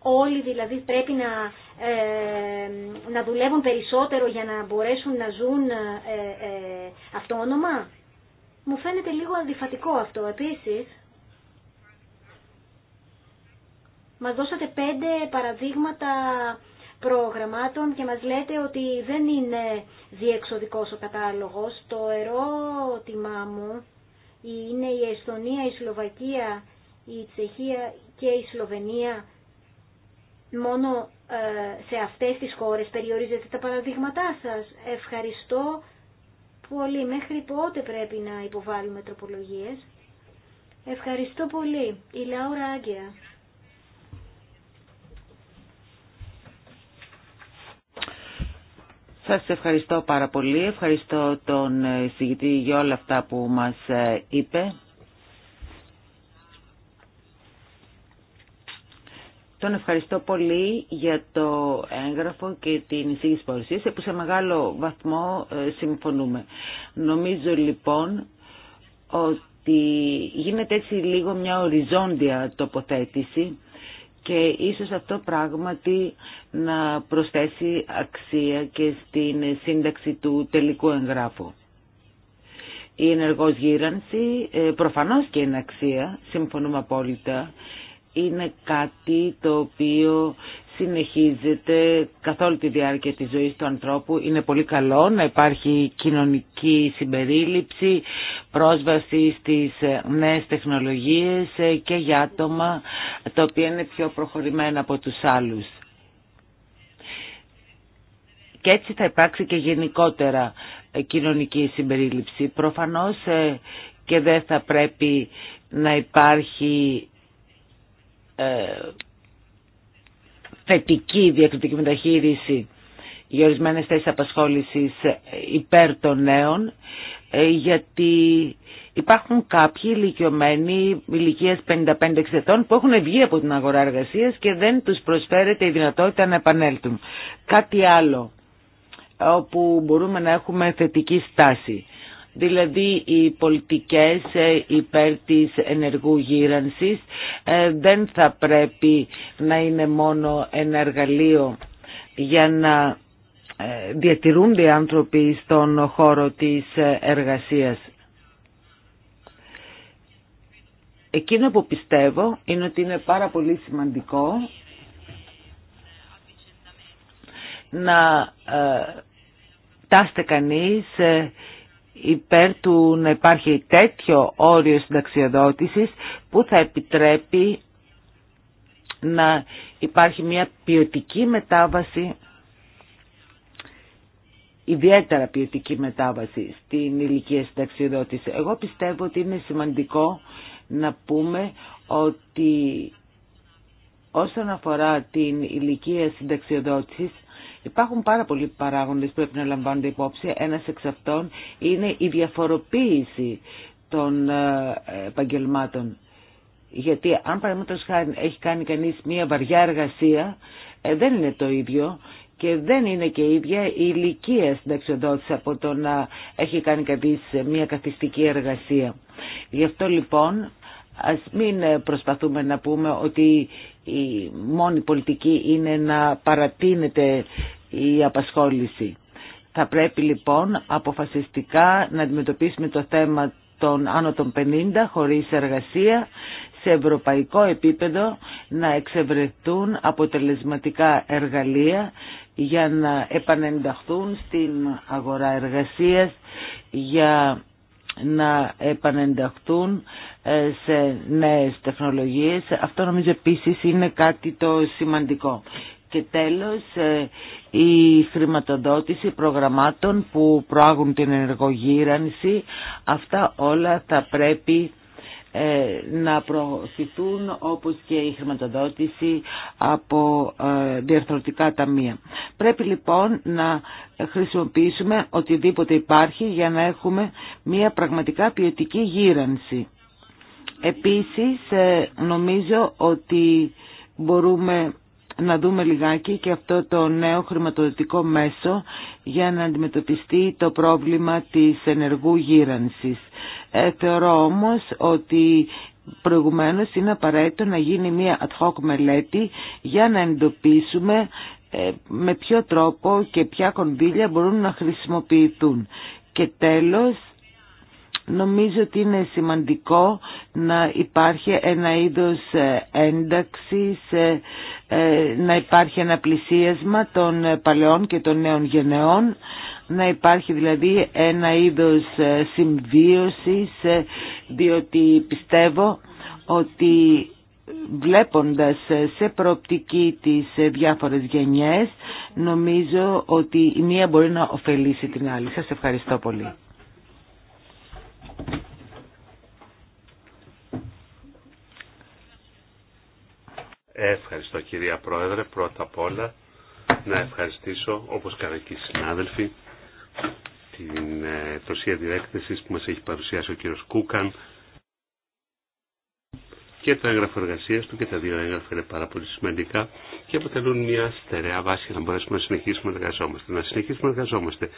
Όλοι δηλαδή πρέπει να, ε, να δουλεύουν περισσότερο για να μπορέσουν να ζουν ε, ε, αυτόνομα. Μου φαίνεται λίγο αντιφατικό αυτό επίσης. Μας δώσατε πέντε παραδείγματα προγραμμάτων και μας λέτε ότι δεν είναι διεξοδικός ο κατάλογος. Το ερώτημά μου είναι η Εστονία, η Σλοβακία, η Τσεχία και η Σλοβενία μόνο ε, σε αυτές τις χώρες περιορίζετε τα παραδείγματά σας. Ευχαριστώ πολύ. Μέχρι πότε πρέπει να υποβάλουμε τροπολογίες. Ευχαριστώ πολύ. Η Λάουρα Άγκαια. Σας ευχαριστώ πάρα πολύ. Ευχαριστώ τον ε, συγητή για όλα αυτά που μας ε, είπε. Τον ευχαριστώ πολύ για το έγγραφο και την εισήγηση παρουσίας, που σε μεγάλο βαθμό ε, συμφωνούμε. Νομίζω λοιπόν ότι γίνεται έτσι λίγο μια οριζόντια τοποθέτηση και ίσως αυτό πράγματι να προσθέσει αξία και στην σύνταξη του τελικού εγγράφου. Η ενεργός γύρανση ε, προφανώς και είναι αξία, συμφωνούμε απόλυτα, είναι κάτι το οποίο συνεχίζεται καθ' όλη τη διάρκεια της ζωής του ανθρώπου. Είναι πολύ καλό να υπάρχει κοινωνική συμπερίληψη, πρόσβαση στις νέες τεχνολογίες και για άτομα τα οποία είναι πιο προχωρημένα από τους άλλους. Και έτσι θα υπάρξει και γενικότερα κοινωνική συμπερίληψη. Προφανώς ε, και δεν θα πρέπει να υπάρχει ε, θετική διακριτική μεταχείριση για ορισμένες θέσεις απασχόλησης υπέρ των νέων, ε, γιατί υπάρχουν κάποιοι ηλικιωμένοι ηλικία 55-60 ετών που έχουν βγει από την αγορά εργασίας και δεν τους προσφέρεται η δυνατότητα να επανέλθουν. Κάτι άλλο όπου μπορούμε να έχουμε θετική στάση δηλαδή οι πολιτικές ε, υπέρ της ενεργού γύρανσης ε, δεν θα πρέπει να είναι μόνο ένα εργαλείο για να ε, διατηρούνται οι άνθρωποι στον χώρο της εργασίας. Εκείνο που πιστεύω είναι ότι είναι πάρα πολύ σημαντικό να τάστε κανείς υπέρ του να υπάρχει τέτοιο όριο συνταξιοδότησης που θα επιτρέπει να υπάρχει μια ποιοτική μετάβαση ιδιαίτερα ποιοτική μετάβαση στην ηλικία συνταξιοδότηση. Εγώ πιστεύω ότι είναι σημαντικό να πούμε ότι όσον αφορά την ηλικία συνταξιοδότησης Υπάρχουν πάρα πολλοί παράγοντες που πρέπει να λαμβάνονται υπόψη. Ένας εξ αυτών είναι η διαφοροποίηση των ε, επαγγελμάτων. Γιατί αν παραδείγματο χάρη έχει κάνει κανείς μια βαριά εργασία, ε, δεν είναι το ίδιο και δεν είναι και ίδια η ηλικία αξιοδότηση από το να έχει κάνει κανείς μια καθιστική εργασία. Γι' αυτό λοιπόν Ας μην ε, προσπαθούμε να πούμε ότι η μόνη πολιτική είναι να παρατείνεται η απασχόληση. Θα πρέπει λοιπόν αποφασιστικά να αντιμετωπίσουμε το θέμα των άνω των 50 χωρίς εργασία σε ευρωπαϊκό επίπεδο να εξευρεθούν αποτελεσματικά εργαλεία για να επανενταχθούν στην αγορά εργασίας, για να επανενταχθούν ε, σε νέες τεχνολογίες. Αυτό νομίζω επίσης είναι κάτι το σημαντικό. Και τέλος, ε, η χρηματοδότηση προγραμμάτων που προάγουν την ενεργογύρανση, αυτά όλα θα πρέπει ε, να προωθηθούν όπως και η χρηματοδότηση από ε, διαρθρωτικά ταμεία. Πρέπει λοιπόν να χρησιμοποιήσουμε οτιδήποτε υπάρχει για να έχουμε μια πραγματικά ποιοτική γύρανση. Επίσης ε, νομίζω ότι μπορούμε να δούμε λιγάκι και αυτό το νέο χρηματοδοτικό μέσο για να αντιμετωπιστεί το πρόβλημα της ενεργού γύρανσης. Ε, θεωρώ όμως ότι προηγουμένως είναι απαραίτητο να γίνει μια ad hoc μελέτη για να εντοπίσουμε ε, με ποιο τρόπο και ποια κονδύλια μπορούν να χρησιμοποιηθούν. Και τέλος, νομίζω ότι είναι σημαντικό να υπάρχει ένα είδος ε, ένταξης, να υπάρχει ένα πλησίασμα των παλαιών και των νέων γενεών να υπάρχει δηλαδή ένα είδος ε, συμβίωσης ε, διότι πιστεύω ότι βλέποντας ε, σε προοπτική τις διάφορες γενιές νομίζω ότι η μία μπορεί να ωφελήσει την άλλη. Σας ευχαριστώ πολύ. Ευχαριστώ κυρία Πρόεδρε. Πρώτα απ' όλα να ευχαριστήσω όπως καρακοί συνάδελφοι την, ε, τοσία σχέδιο που μας έχει παρουσιάσει ο κύριος Κούκαν και το έγγραφο εργασία του και τα δύο έγγραφα είναι πάρα πολύ σημαντικά και αποτελούν μια στερεά βάση για να μπορέσουμε να συνεχίσουμε να εργαζόμαστε. Να συνεχίσουμε να εργαζόμαστε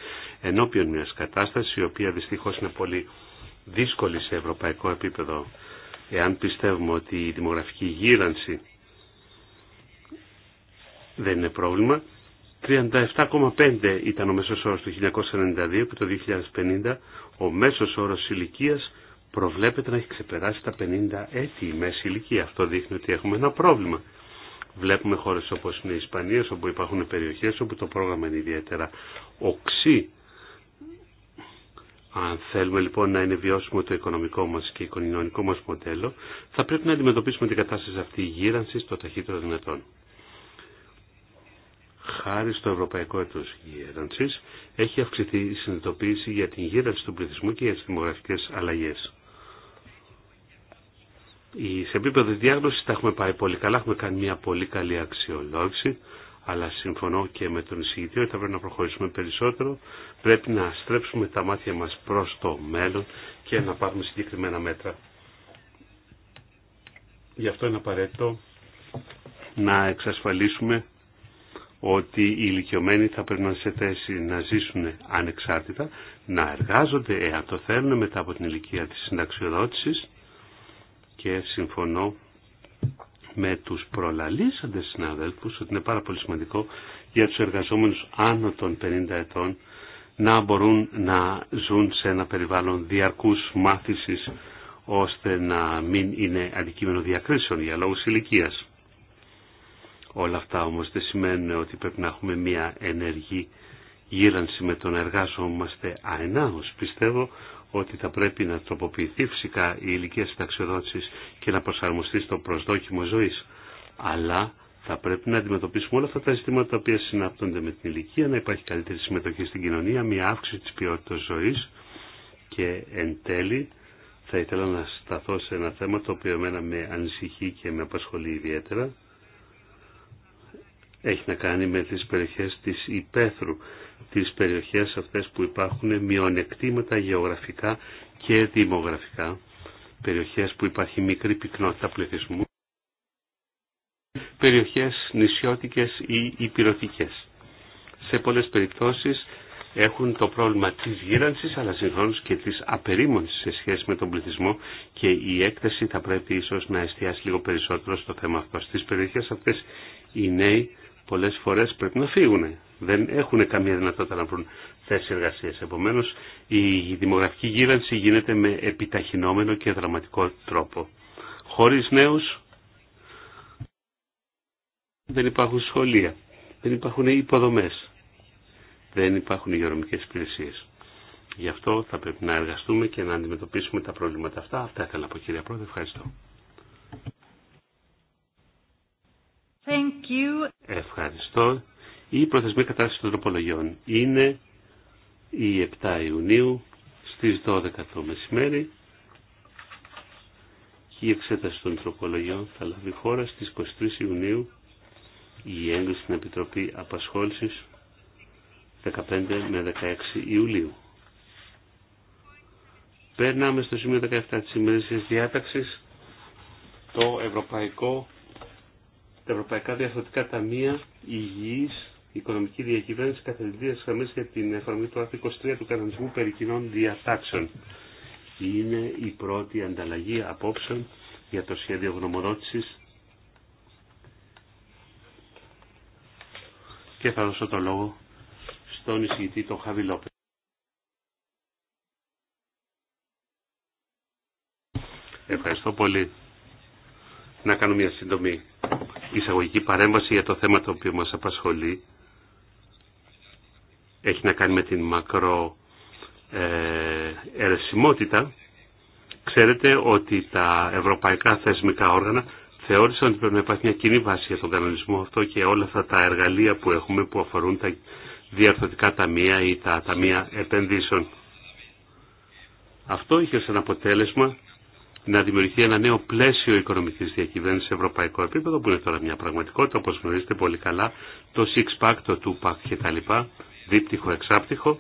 ενώπιον μια κατάσταση η οποία δυστυχώ είναι πολύ δύσκολη σε ευρωπαϊκό επίπεδο. Εάν πιστεύουμε ότι η δημογραφική γύρανση δεν είναι πρόβλημα, 37,5 ήταν ο μέσος όρος του 1992 και το 2050 ο μέσος όρος ηλικίας προβλέπεται να έχει ξεπεράσει τα 50 έτη η μέση ηλικία. Αυτό δείχνει ότι έχουμε ένα πρόβλημα. Βλέπουμε χώρες όπως είναι η Ισπανία, όπου υπάρχουν περιοχές όπου το πρόγραμμα είναι ιδιαίτερα οξύ. Αν θέλουμε λοιπόν να είναι βιώσιμο το οικονομικό μας και οικονομικό μας μοντέλο, θα πρέπει να αντιμετωπίσουμε την κατάσταση αυτή γύρανσης στο ταχύτερο δυνατόν χάρη στο Ευρωπαϊκό Έτος Γέρανσης, έχει αυξηθεί η συνειδητοποίηση για την γύρανση του πληθυσμού και για τις δημογραφικές αλλαγές. Σε επίπεδο διάγνωση τα έχουμε πάει πολύ καλά, έχουμε κάνει μια πολύ καλή αξιολόγηση, αλλά συμφωνώ και με τον εισηγητή ότι θα πρέπει να προχωρήσουμε περισσότερο. Πρέπει να στρέψουμε τα μάτια μας προς το μέλλον και να πάρουμε συγκεκριμένα μέτρα. Γι' αυτό είναι απαραίτητο να εξασφαλίσουμε ότι οι ηλικιωμένοι θα πρέπει να σε θέση να ζήσουν ανεξάρτητα, να εργάζονται εάν το θέλουν μετά από την ηλικία της συνταξιοδότησης και συμφωνώ με τους προλαλήσαντες συναδέλφους ότι είναι πάρα πολύ σημαντικό για τους εργαζόμενους άνω των 50 ετών να μπορούν να ζουν σε ένα περιβάλλον διαρκούς μάθησης ώστε να μην είναι αντικείμενο διακρίσεων για λόγους ηλικίας. Όλα αυτά όμως δεν σημαίνουν ότι πρέπει να έχουμε μια ενεργή γύρανση με τον εργάζομαστε αενάγως. Πιστεύω ότι θα πρέπει να τροποποιηθεί φυσικά η ηλικία συνταξιοδότησης και να προσαρμοστεί στο προσδόκιμο ζωής. Αλλά θα πρέπει να αντιμετωπίσουμε όλα αυτά τα ζητήματα τα οποία συνάπτονται με την ηλικία, να υπάρχει καλύτερη συμμετοχή στην κοινωνία, μια αύξηση της ποιότητας ζωής και εν τέλει θα ήθελα να σταθώ σε ένα θέμα το οποίο εμένα με ανησυχεί και με απασχολεί ιδιαίτερα έχει να κάνει με τις περιοχές της υπαίθρου, τις περιοχές αυτές που υπάρχουν μειονεκτήματα γεωγραφικά και δημογραφικά, περιοχές που υπάρχει μικρή πυκνότητα πληθυσμού, περιοχές νησιώτικες ή υπηρετικές. Σε πολλές περιπτώσεις έχουν το πρόβλημα της γύρανσης αλλά συγχρόνως και της απερίμονης σε σχέση με τον πληθυσμό και η έκθεση θα πρέπει ίσως να εστιάσει λίγο περισσότερο στο θέμα αυτό. Στις περιοχές αυτές οι νέοι πολλές φορές πρέπει να φύγουν. Δεν έχουν καμία δυνατότητα να βρουν θέση εργασίας. Επομένως, η δημογραφική γύρανση γίνεται με επιταχυνόμενο και δραματικό τρόπο. Χωρίς νέους δεν υπάρχουν σχολεία, δεν υπάρχουν υποδομές, δεν υπάρχουν υγειονομικές υπηρεσίε. Γι' αυτό θα πρέπει να εργαστούμε και να αντιμετωπίσουμε τα προβλήματα αυτά. Αυτά ήθελα από κυρία Πρόεδρε. Ευχαριστώ. Thank you. Ευχαριστώ. Η προθεσμία κατάσταση των τροπολογιών είναι η 7 Ιουνίου στις 12 το μεσημέρι και η εξέταση των τροπολογιών θα λάβει χώρα στις 23 Ιουνίου η έγκριση στην Επιτροπή Απασχόλησης 15 με 16 Ιουλίου. Περνάμε στο σημείο 17 της ημερήσιας διάταξης το Ευρωπαϊκό τα ευρωπαϊκά Διαφορετικά ταμεία υγιής, οικονομική διακυβέρνηση, Καθεδρία γραμμές για την εφαρμογή του άρθρου 23 του κανονισμού περί κοινών διατάξεων. Είναι η πρώτη ανταλλαγή απόψεων για το σχέδιο γνωμοδότηση. και θα δώσω το λόγο στον εισηγητή τον Χάβι Λόπε. Ευχαριστώ πολύ να κάνω μια σύντομη εισαγωγική παρέμβαση για το θέμα το οποίο μας απασχολεί. Έχει να κάνει με την μακρό ερεσιμότητα. Ξέρετε ότι τα ευρωπαϊκά θεσμικά όργανα θεώρησαν ότι πρέπει να υπάρχει μια κοινή βάση για τον κανονισμό αυτό και όλα αυτά τα εργαλεία που έχουμε που αφορούν τα διαρθωτικά ταμεία ή τα ταμεία επενδύσεων. Αυτό είχε σαν αποτέλεσμα να δημιουργηθεί ένα νέο πλαίσιο οικονομική διακυβέρνηση σε ευρωπαϊκό επίπεδο που είναι τώρα μια πραγματικότητα όπω γνωρίζετε πολύ καλά το six pack, το two pack κτλ δίπτυχο, εξάπτυχο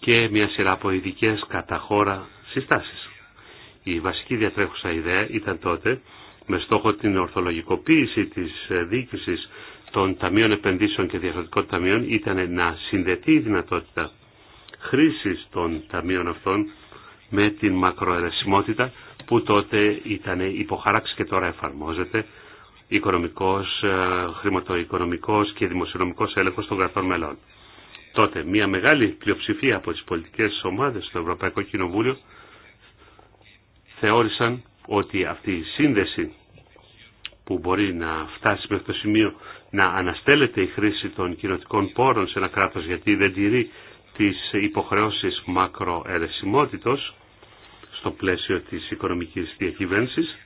και μια σειρά από ειδικέ κατά χώρα συστάσει. Η βασική διατρέχουσα ιδέα ήταν τότε με στόχο την ορθολογικοποίηση τη ε, διοίκηση των Ταμείων Επενδύσεων και διαχωριστικών Ταμείων ήταν να συνδεθεί η δυνατότητα χρήση των Ταμείων αυτών με την μακροαιρεσιμότητα που τότε ήταν υποχάραξη και τώρα εφαρμόζεται οικονομικός, ε, χρηματοοικονομικός και δημοσιονομικός έλεγχος των κρατών μελών. Τότε μια μεγάλη πλειοψηφία από τις πολιτικές ομάδες στο Ευρωπαϊκό Κοινοβούλιο θεώρησαν ότι αυτή η σύνδεση που μπορεί να φτάσει μέχρι το σημείο να αναστέλλεται η χρήση των κοινοτικών πόρων σε ένα κράτος γιατί δεν τηρεί τις υποχρεώσεις μακροαιρεσιμότητος στο πλαίσιο της οικονομικής διακυβέρνησης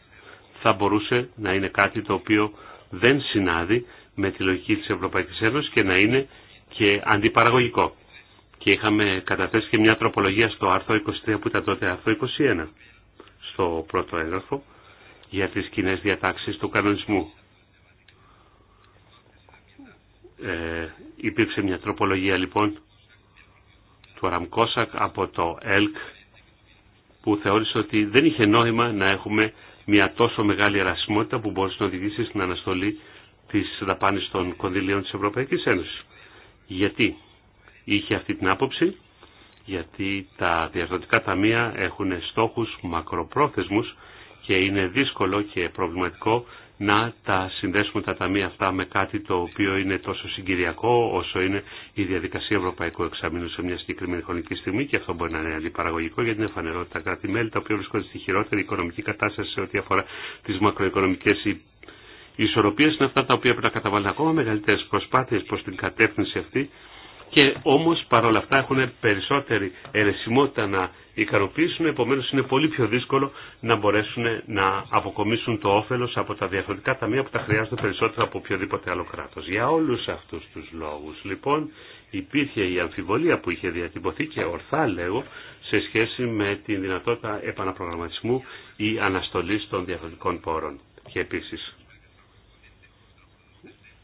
θα μπορούσε να είναι κάτι το οποίο δεν συνάδει με τη λογική της Ευρωπαϊκής Ένωσης και να είναι και αντιπαραγωγικό. Και είχαμε καταθέσει και μια τροπολογία στο άρθρο 23 που ήταν τότε άρθρο 21 στο πρώτο έγγραφο για τις κοινέ διατάξεις του κανονισμού. Ε, υπήρξε μια τροπολογία λοιπόν του Αραμκόσακ από το ΕΛΚ που θεώρησε ότι δεν είχε νόημα να έχουμε μια τόσο μεγάλη ερασιμότητα που μπορούσε να οδηγήσει στην αναστολή της δαπάνης των κονδυλίων της Ευρωπαϊκής Ένωσης. Γιατί είχε αυτή την άποψη, γιατί τα διαρθρωτικά ταμεία έχουν στόχους μακροπρόθεσμους και είναι δύσκολο και προβληματικό να τα συνδέσουμε τα ταμεία αυτά με κάτι το οποίο είναι τόσο συγκυριακό όσο είναι η διαδικασία Ευρωπαϊκού Εξαμήνου σε μια συγκεκριμένη χρονική στιγμή και αυτό μπορεί να είναι αντιπαραγωγικό γιατί είναι φανερό κράτη-μέλη τα οποία βρίσκονται στη χειρότερη οικονομική κατάσταση σε ό,τι αφορά τι μακροοικονομικέ ισορροπίε είναι αυτά τα οποία πρέπει να καταβάλουν ακόμα μεγαλύτερε προσπάθειε προ την κατεύθυνση αυτή και όμω παρόλα αυτά έχουν περισσότερη ερεσιμότητα να ικανοποιήσουν, επομένω είναι πολύ πιο δύσκολο να μπορέσουν να αποκομίσουν το όφελο από τα διαφορετικά ταμεία που τα χρειάζονται περισσότερο από οποιοδήποτε άλλο κράτο. Για όλου αυτού του λόγου, λοιπόν υπήρχε η αμφιβολία που είχε διατυπωθεί και ορθά λέγω σε σχέση με τη δυνατότητα επαναπρογραμματισμού ή αναστολή των διαφορετικών πόρων. Και επίση,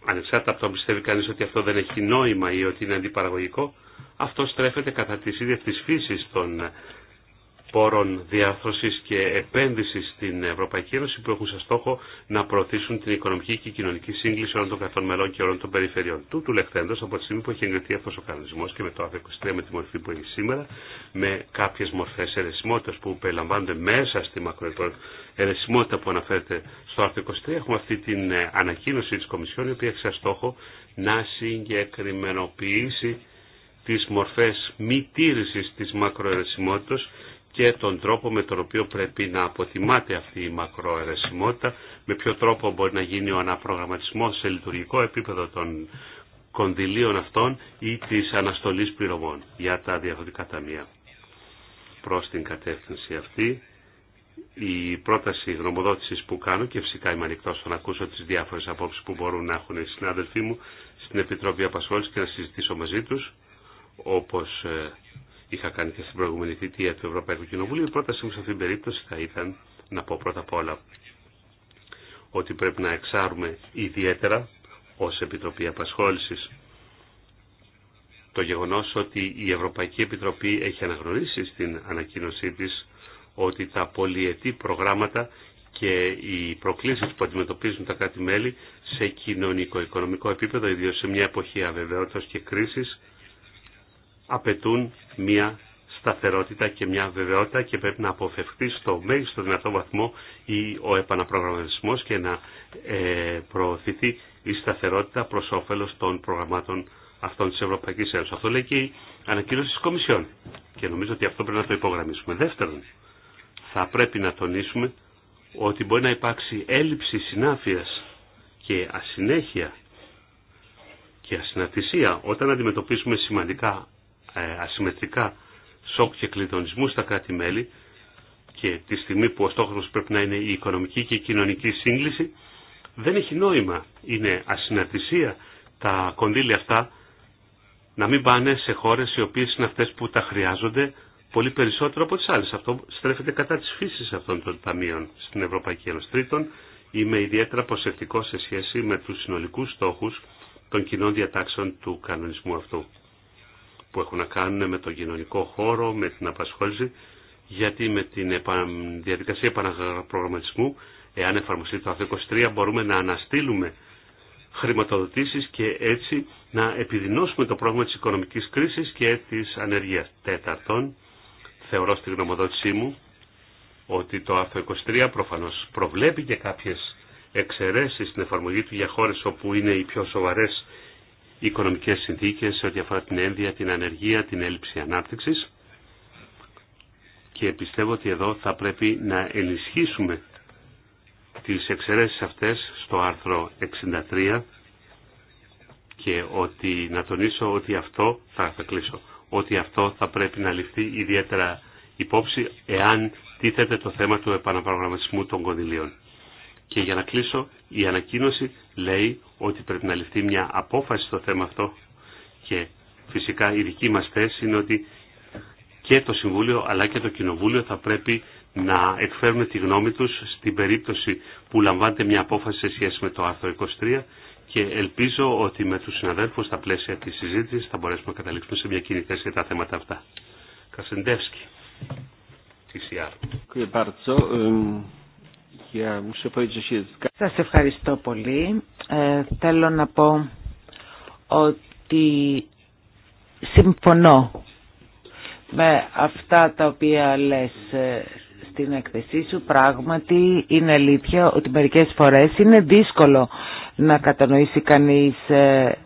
ανεξάρτητα από το αν πιστεύει κανεί ότι αυτό δεν έχει νόημα ή ότι είναι αντιπαραγωγικό, αυτό στρέφεται κατά τη ίδια τη φύση των πόρων διάρθρωσης και επένδυση στην Ευρωπαϊκή Ένωση που έχουν σαν στόχο να προωθήσουν την οικονομική και κοινωνική σύγκληση όλων των καθών μελών και όλων των περιφερειών. του λεχθέντο από τη στιγμή που έχει εγκριθεί αυτό ο κανονισμός και με το ΑΒ23 με τη μορφή που έχει σήμερα, με κάποιες μορφές αιρεσιμότητας που περιλαμβάνονται μέσα στη μακροεκονομική ερεσιμότητα που αναφέρεται στο άρθρο 23, έχουμε αυτή την ε, ανακοίνωση της Κομισιόν η οποία έχει σαν στόχο να συγκεκριμενοποιήσει τις μορφές μη τήρησης της και τον τρόπο με τον οποίο πρέπει να αποτιμάται αυτή η μακροαιρεσιμότητα, με ποιο τρόπο μπορεί να γίνει ο αναπρογραμματισμός σε λειτουργικό επίπεδο των κονδυλίων αυτών ή της αναστολής πληρωμών για τα διαφορετικά ταμεία. Προς την κατεύθυνση αυτή, η πρόταση γνωμοδότησης που κάνω και φυσικά είμαι ανοιχτός να ακούσω τις διάφορες απόψεις που μπορούν να έχουν οι συνάδελφοί μου στην Επιτροπή Απασχόληση και να συζητήσω μαζί τους, όπως ε, είχα κάνει και στην προηγούμενη θητεία του Ευρωπαϊκού Κοινοβουλίου. Η πρότασή μου σε αυτήν την περίπτωση θα ήταν να πω πρώτα απ' όλα ότι πρέπει να εξάρουμε ιδιαίτερα ως Επιτροπή Απασχόλησης το γεγονός ότι η Ευρωπαϊκή Επιτροπή έχει αναγνωρίσει στην ανακοίνωσή της ότι τα πολυετή προγράμματα και οι προκλήσεις που αντιμετωπίζουν τα κράτη-μέλη σε κοινωνικό-οικονομικό επίπεδο, ιδίως σε μια εποχή αβεβαιότητας και κρίσης, απαιτούν μια σταθερότητα και μια βεβαιότητα και πρέπει να αποφευχθεί στο μέγιστο δυνατό βαθμό ή ο επαναπρογραμματισμός και να ε, προωθηθεί η σταθερότητα προς όφελος των προγραμμάτων αυτών της Ευρωπαϊκής Ένωσης. Αυτό λέει και η ανακοίνωση της Κομισιόν και νομίζω ότι αυτό πρέπει να το υπογραμμίσουμε. Δεύτερον, θα πρέπει να τονίσουμε ότι μπορεί να υπάρξει έλλειψη συνάφειας και ασυνέχεια και ασυναρτησία όταν αντιμετωπίσουμε σημαντικά ε, ασυμμετρικά σοκ και κλειδονισμού στα κράτη-μέλη και τη στιγμή που ο στόχος πρέπει να είναι η οικονομική και η κοινωνική σύγκληση, δεν έχει νόημα. Είναι ασυναρτησία τα κονδύλια αυτά να μην πάνε σε χώρες οι οποίες είναι αυτές που τα χρειάζονται πολύ περισσότερο από τις άλλες. Αυτό στρέφεται κατά της φύσης αυτών των ταμείων στην Ευρωπαϊκή Ένωση. Τρίτον, είμαι ιδιαίτερα προσεκτικό σε σχέση με τους συνολικούς στόχους των κοινών διατάξεων του κανονισμού αυτού που έχουν να κάνουν με τον κοινωνικό χώρο, με την απασχόληση, γιατί με την διαδικασία επαναπρογραμματισμού, εάν εφαρμοστεί το άρθρο 23, μπορούμε να αναστείλουμε χρηματοδοτήσεις και έτσι να επιδεινώσουμε το πρόβλημα της οικονομικής κρίσης και της ανεργίας. Τέταρτον, θεωρώ στη γνωμοδότησή μου ότι το άρθρο 23 προφανώς προβλέπει και κάποιες εξαιρέσεις στην εφαρμογή του για χώρες όπου είναι οι πιο σοβαρές οικονομικές συνθήκες σε ό,τι αφορά την ένδια, την ανεργία, την έλλειψη ανάπτυξης και πιστεύω ότι εδώ θα πρέπει να ενισχύσουμε τις εξαιρέσεις αυτές στο άρθρο 63 και ότι, να τονίσω ότι αυτό θα, θα ότι αυτό θα πρέπει να ληφθεί ιδιαίτερα υπόψη εάν τίθεται το θέμα του επαναπρογραμματισμού των κονδυλίων. Και για να κλείσω, η ανακοίνωση λέει ότι πρέπει να ληφθεί μια απόφαση στο θέμα αυτό και φυσικά η δική μας θέση είναι ότι και το Συμβούλιο αλλά και το Κοινοβούλιο θα πρέπει να εκφέρουν τη γνώμη τους στην περίπτωση που λαμβάνεται μια απόφαση σε σχέση με το άρθρο 23 και ελπίζω ότι με τους συναδέλφους στα πλαίσια της συζήτησης θα μπορέσουμε να καταλήξουμε σε μια κοινή θέση για τα θέματα αυτά. Κασεντεύσκη, TCR. Σας ευχαριστώ πολύ. Ε, θέλω να πω ότι συμφωνώ με αυτά τα οποία λες ε, στην εκθεσή σου. Πράγματι είναι αλήθεια ότι μερικές φορές είναι δύσκολο να κατανοήσει κανείς ε,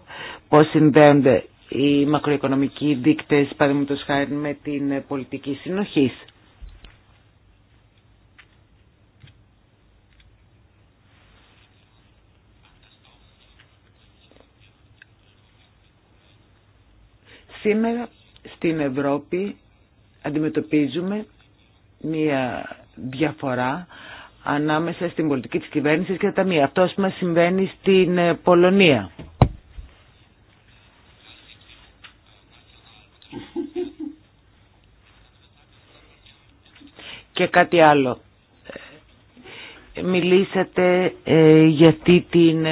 πώς συνδέονται οι μακροοικονομικοί δείκτες, παραδείγματος χάρη με την πολιτική συνοχής. Σήμερα στην Ευρώπη αντιμετωπίζουμε μία διαφορά ανάμεσα στην πολιτική της κυβέρνησης και τα ταμεία. Αυτό μας συμβαίνει στην ε, Πολωνία. Και κάτι άλλο. Ε, μιλήσατε ε, για αυτή την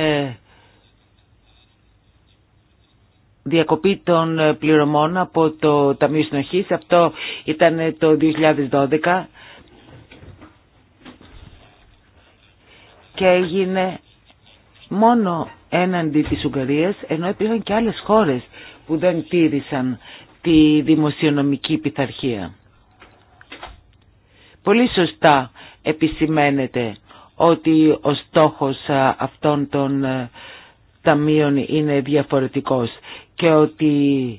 διακοπή των ε, πληρωμών από το Ταμείο Συνοχής. Αυτό ήταν ε, το 2012 και έγινε μόνο έναντι της Ουγγαρίας, ενώ υπήρχαν και άλλες χώρες που δεν τήρησαν τη δημοσιονομική πειθαρχία. Πολύ σωστά επισημαίνεται ότι ο στόχος ε, αυτών των ταμείων είναι διαφορετικός και ότι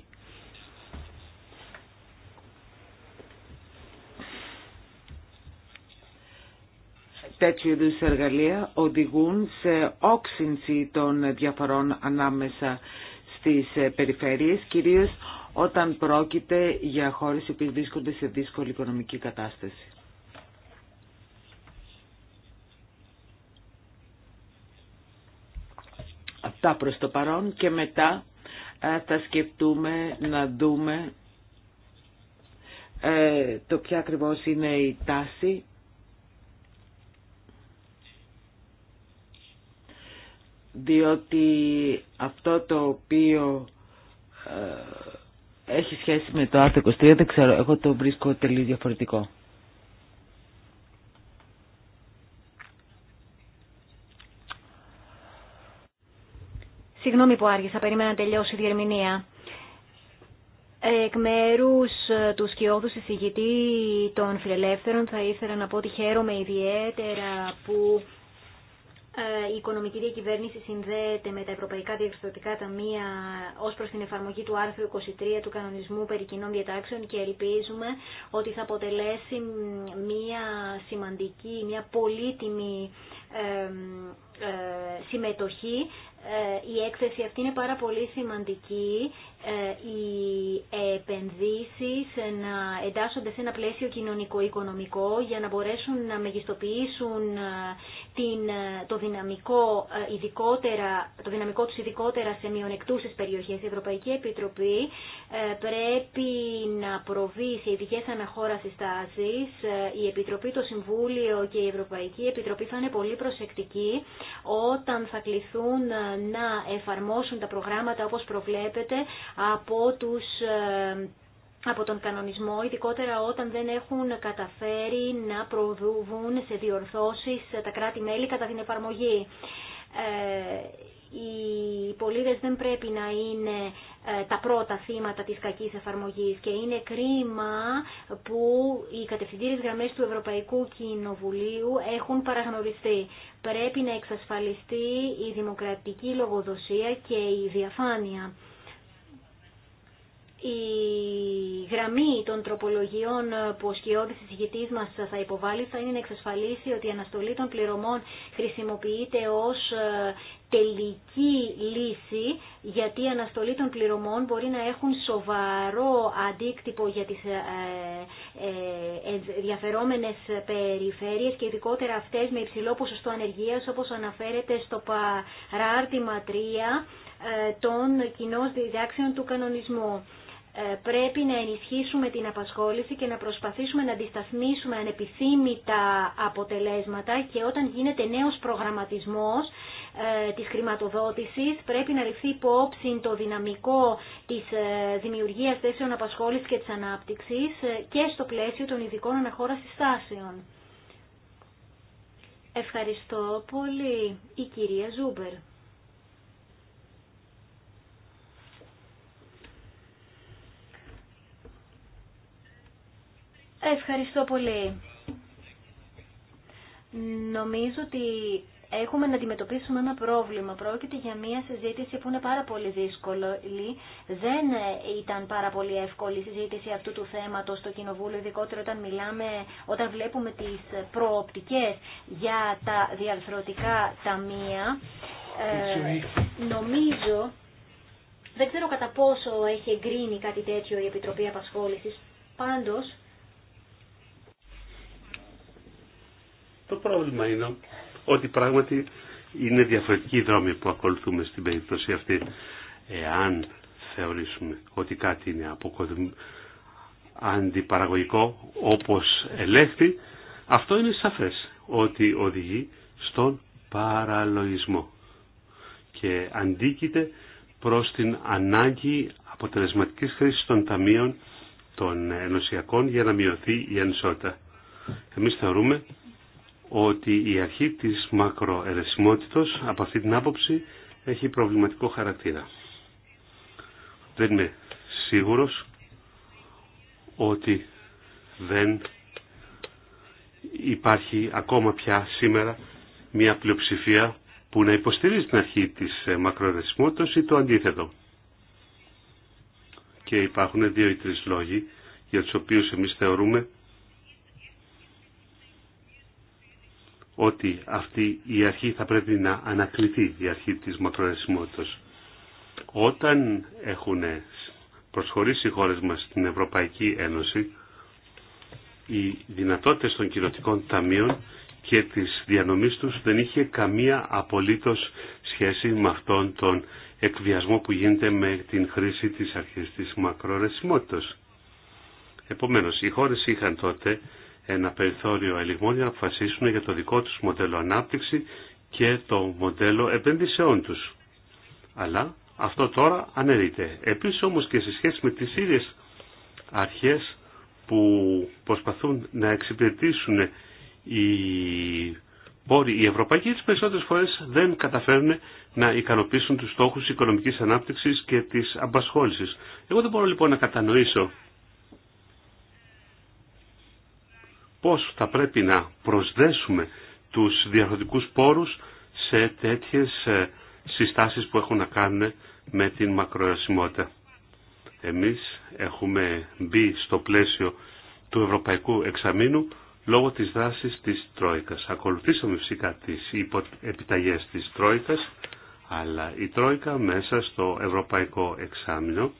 τέτοιου είδου εργαλεία οδηγούν σε όξυνση των διαφορών ανάμεσα στις ε, περιφέρειες, κυρίως όταν πρόκειται για χώρες που βρίσκονται σε δύσκολη οικονομική κατάσταση. Αυτά προς το παρόν και μετά θα σκεφτούμε να δούμε ε, το ποια ακριβώς είναι η τάση διότι αυτό το οποίο ε, έχει σχέση με το άρθρο 23 δεν ξέρω, εγώ το βρίσκω τελείως διαφορετικό. Συγγνώμη που άργησα, περίμενα να τελειώσει η διερμηνία. Εκ μέρου ε, του σκιώδου συζητητή των φιλελεύθερων θα ήθελα να πω ότι χαίρομαι ιδιαίτερα που ε, η οικονομική διακυβέρνηση συνδέεται με τα Ευρωπαϊκά Διευθυντικά Ταμεία ως προς την εφαρμογή του άρθρου 23 του κανονισμού περί κοινών διατάξεων και ελπίζουμε ότι θα αποτελέσει μια σημαντική, μια πολύτιμη ε, συμμετοχή ε, η έκθεση αυτή είναι πάρα πολύ σημαντική. Ε, οι επενδύσεις να εντάσσονται σε ένα πλαίσιο κοινωνικό-οικονομικό για να μπορέσουν να μεγιστοποιήσουν ε, την, το, δυναμικό, ειδικότερα, το δυναμικό τους ειδικότερα σε μειονεκτούσες περιοχές. Η Ευρωπαϊκή Επιτροπή πρέπει να προβεί σε ειδικέ αναχώρασεις στάσεις Η Επιτροπή, το Συμβούλιο και η Ευρωπαϊκή Επιτροπή θα είναι πολύ προσεκτικοί όταν θα κληθούν να εφαρμόσουν τα προγράμματα όπως προβλέπεται από τους ε, από τον κανονισμό, ειδικότερα όταν δεν έχουν καταφέρει να προδούβουν σε διορθώσεις τα κράτη-μέλη κατά την εφαρμογή. Ε, οι πολίτες δεν πρέπει να είναι ε, τα πρώτα θύματα της κακής εφαρμογής και είναι κρίμα που οι κατευθυντήριες γραμμές του Ευρωπαϊκού Κοινοβουλίου έχουν παραγνωριστεί. Πρέπει να εξασφαλιστεί η δημοκρατική λογοδοσία και η διαφάνεια. Η γραμμή των τροπολογιών που ο σκιώδης εισηγητής μας θα υποβάλει θα είναι να εξασφαλίσει ότι η αναστολή των πληρωμών χρησιμοποιείται ως ε, τελική λύση γιατί η αναστολή των πληρωμών μπορεί να έχουν σοβαρό αντίκτυπο για τις ε, ε, ενδιαφερόμενες περιφέρειες και ειδικότερα αυτές με υψηλό ποσοστό ανεργίας όπως αναφέρεται στο παράρτημα 3 ε, των κοινών διδάξεων του κανονισμού. Ε, πρέπει να ενισχύσουμε την απασχόληση και να προσπαθήσουμε να αντισταθμίσουμε ανεπιθύμητα αποτελέσματα και όταν γίνεται νέος προγραμματισμός ε, της χρηματοδότησης πρέπει να ληφθεί υπόψη το δυναμικό της ε, δημιουργίας θέσεων απασχόλησης και της ανάπτυξης και στο πλαίσιο των ειδικών αναχώρας συστάσεων. Ευχαριστώ πολύ η κυρία Ζούμπερ. Ευχαριστώ πολύ. Νομίζω ότι έχουμε να αντιμετωπίσουμε ένα πρόβλημα. Πρόκειται για μια συζήτηση που είναι πάρα πολύ δύσκολη. Δεν ήταν πάρα πολύ εύκολη η συζήτηση αυτού του θέματος στο Κοινοβούλιο, ειδικότερα όταν, μιλάμε, όταν βλέπουμε τις προοπτικές για τα διαρθρωτικά ταμεία. Ε, νομίζω, δεν ξέρω κατά πόσο έχει εγκρίνει κάτι τέτοιο η Επιτροπή Απασχόλησης, πάντως Το πρόβλημα είναι ότι πράγματι είναι διαφορετική η δρόμη που ακολουθούμε στην περίπτωση αυτή. Εάν θεωρήσουμε ότι κάτι είναι αντιπαραγωγικό όπως ελέγχθη, αυτό είναι σαφές ότι οδηγεί στον παραλογισμό και αντίκειται προς την ανάγκη αποτελεσματικής χρήσης των ταμείων των ενωσιακών για να μειωθεί η ανισότητα. Εμείς θεωρούμε ότι η αρχή της μακροαιρεσιμότητος από αυτή την άποψη έχει προβληματικό χαρακτήρα. Δεν είμαι σίγουρος ότι δεν υπάρχει ακόμα πια σήμερα μια πλειοψηφία που να υποστηρίζει την αρχή της ε, μακροερεσιμότητος ή το αντίθετο. Και υπάρχουν δύο ή τρεις λόγοι για τους οποίους εμείς θεωρούμε ότι αυτή η αρχή θα πρέπει να ανακληθεί, η αρχή της μοτρονεσιμότητας. Όταν έχουν προσχωρήσει οι χώρες μας στην Ευρωπαϊκή Ένωση, οι δυνατότητες των κοινοτικών ταμείων και της διανομής τους δεν είχε καμία απολύτως σχέση με αυτόν τον εκβιασμό που γίνεται με την χρήση της αρχής της μακρορεσιμότητας. Επομένως, οι χώρες είχαν τότε ένα περιθώριο ελιγμών για να αποφασίσουν για το δικό τους μοντέλο ανάπτυξη και το μοντέλο επενδύσεών τους. Αλλά αυτό τώρα αναιρείται. Επίσης όμως και σε σχέση με τις ίδιες αρχές που προσπαθούν να εξυπηρετήσουν οι πόροι οι ευρωπαϊκοί τις περισσότερες φορές δεν καταφέρνουν να ικανοποιήσουν τους στόχους οικονομικής ανάπτυξης και της απασχόλησης. Εγώ δεν μπορώ λοιπόν να κατανοήσω πώς θα πρέπει να προσδέσουμε τους διαχρονικούς πόρους σε τέτοιες ε, συστάσεις που έχουν να κάνουν με την μακροασιμότητα. Εμείς έχουμε μπει στο πλαίσιο του Ευρωπαϊκού Εξαμήνου λόγω της δράσης της Τρόικας. Ακολουθήσαμε φυσικά τις επιταγές της Τρόικας, αλλά η Τρόικα μέσα στο Ευρωπαϊκό Εξάμεινο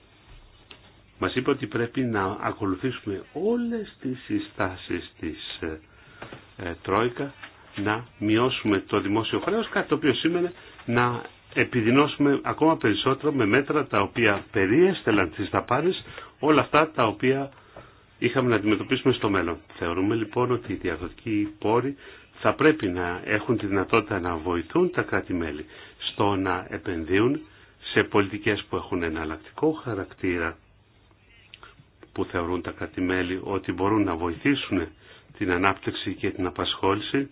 μας είπε ότι πρέπει να ακολουθήσουμε όλες τις συστάσεις της ε, ε, Τρόικα να μειώσουμε το δημόσιο χρέος, κάτι το οποίο σήμαινε να επιδεινώσουμε ακόμα περισσότερο με μέτρα τα οποία περίεστελαν τις δαπάνες, όλα αυτά τα οποία είχαμε να αντιμετωπίσουμε στο μέλλον. Θεωρούμε λοιπόν ότι οι διαδοτικοί πόροι θα πρέπει να έχουν τη δυνατότητα να βοηθούν τα κράτη-μέλη στο να επενδύουν σε πολιτικές που έχουν εναλλακτικό χαρακτήρα που θεωρούν τα κρατημέλη ότι μπορούν να βοηθήσουν την ανάπτυξη και την απασχόληση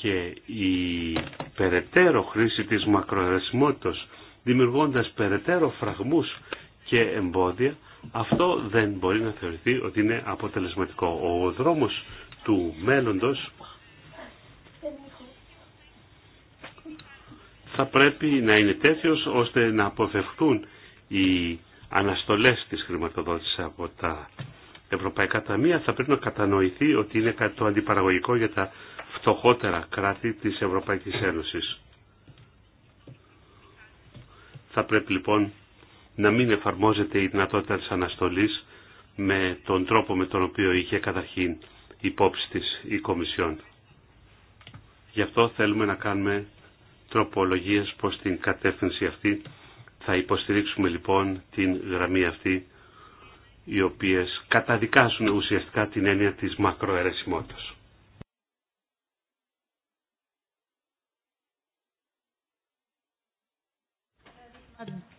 και η περαιτέρω χρήση της μακροερεσιμότητας δημιουργώντας περαιτέρω φραγμούς και εμπόδια, αυτό δεν μπορεί να θεωρηθεί ότι είναι αποτελεσματικό. Ο δρόμος του μέλλοντος θα πρέπει να είναι τέτοιος ώστε να αποφευχθούν οι αναστολές της χρηματοδότησης από τα ευρωπαϊκά ταμεία θα πρέπει να κατανοηθεί ότι είναι κάτι το αντιπαραγωγικό για τα φτωχότερα κράτη της Ευρωπαϊκής Ένωσης. Θα πρέπει λοιπόν να μην εφαρμόζεται η δυνατότητα της αναστολής με τον τρόπο με τον οποίο είχε καταρχήν υπόψη της η Κομισιόν. Γι' αυτό θέλουμε να κάνουμε τροπολογίες προς την κατεύθυνση αυτή θα υποστηρίξουμε λοιπόν την γραμμή αυτή οι οποίες καταδικάσουν ουσιαστικά την έννοια της μακροαιρεσιμότητας.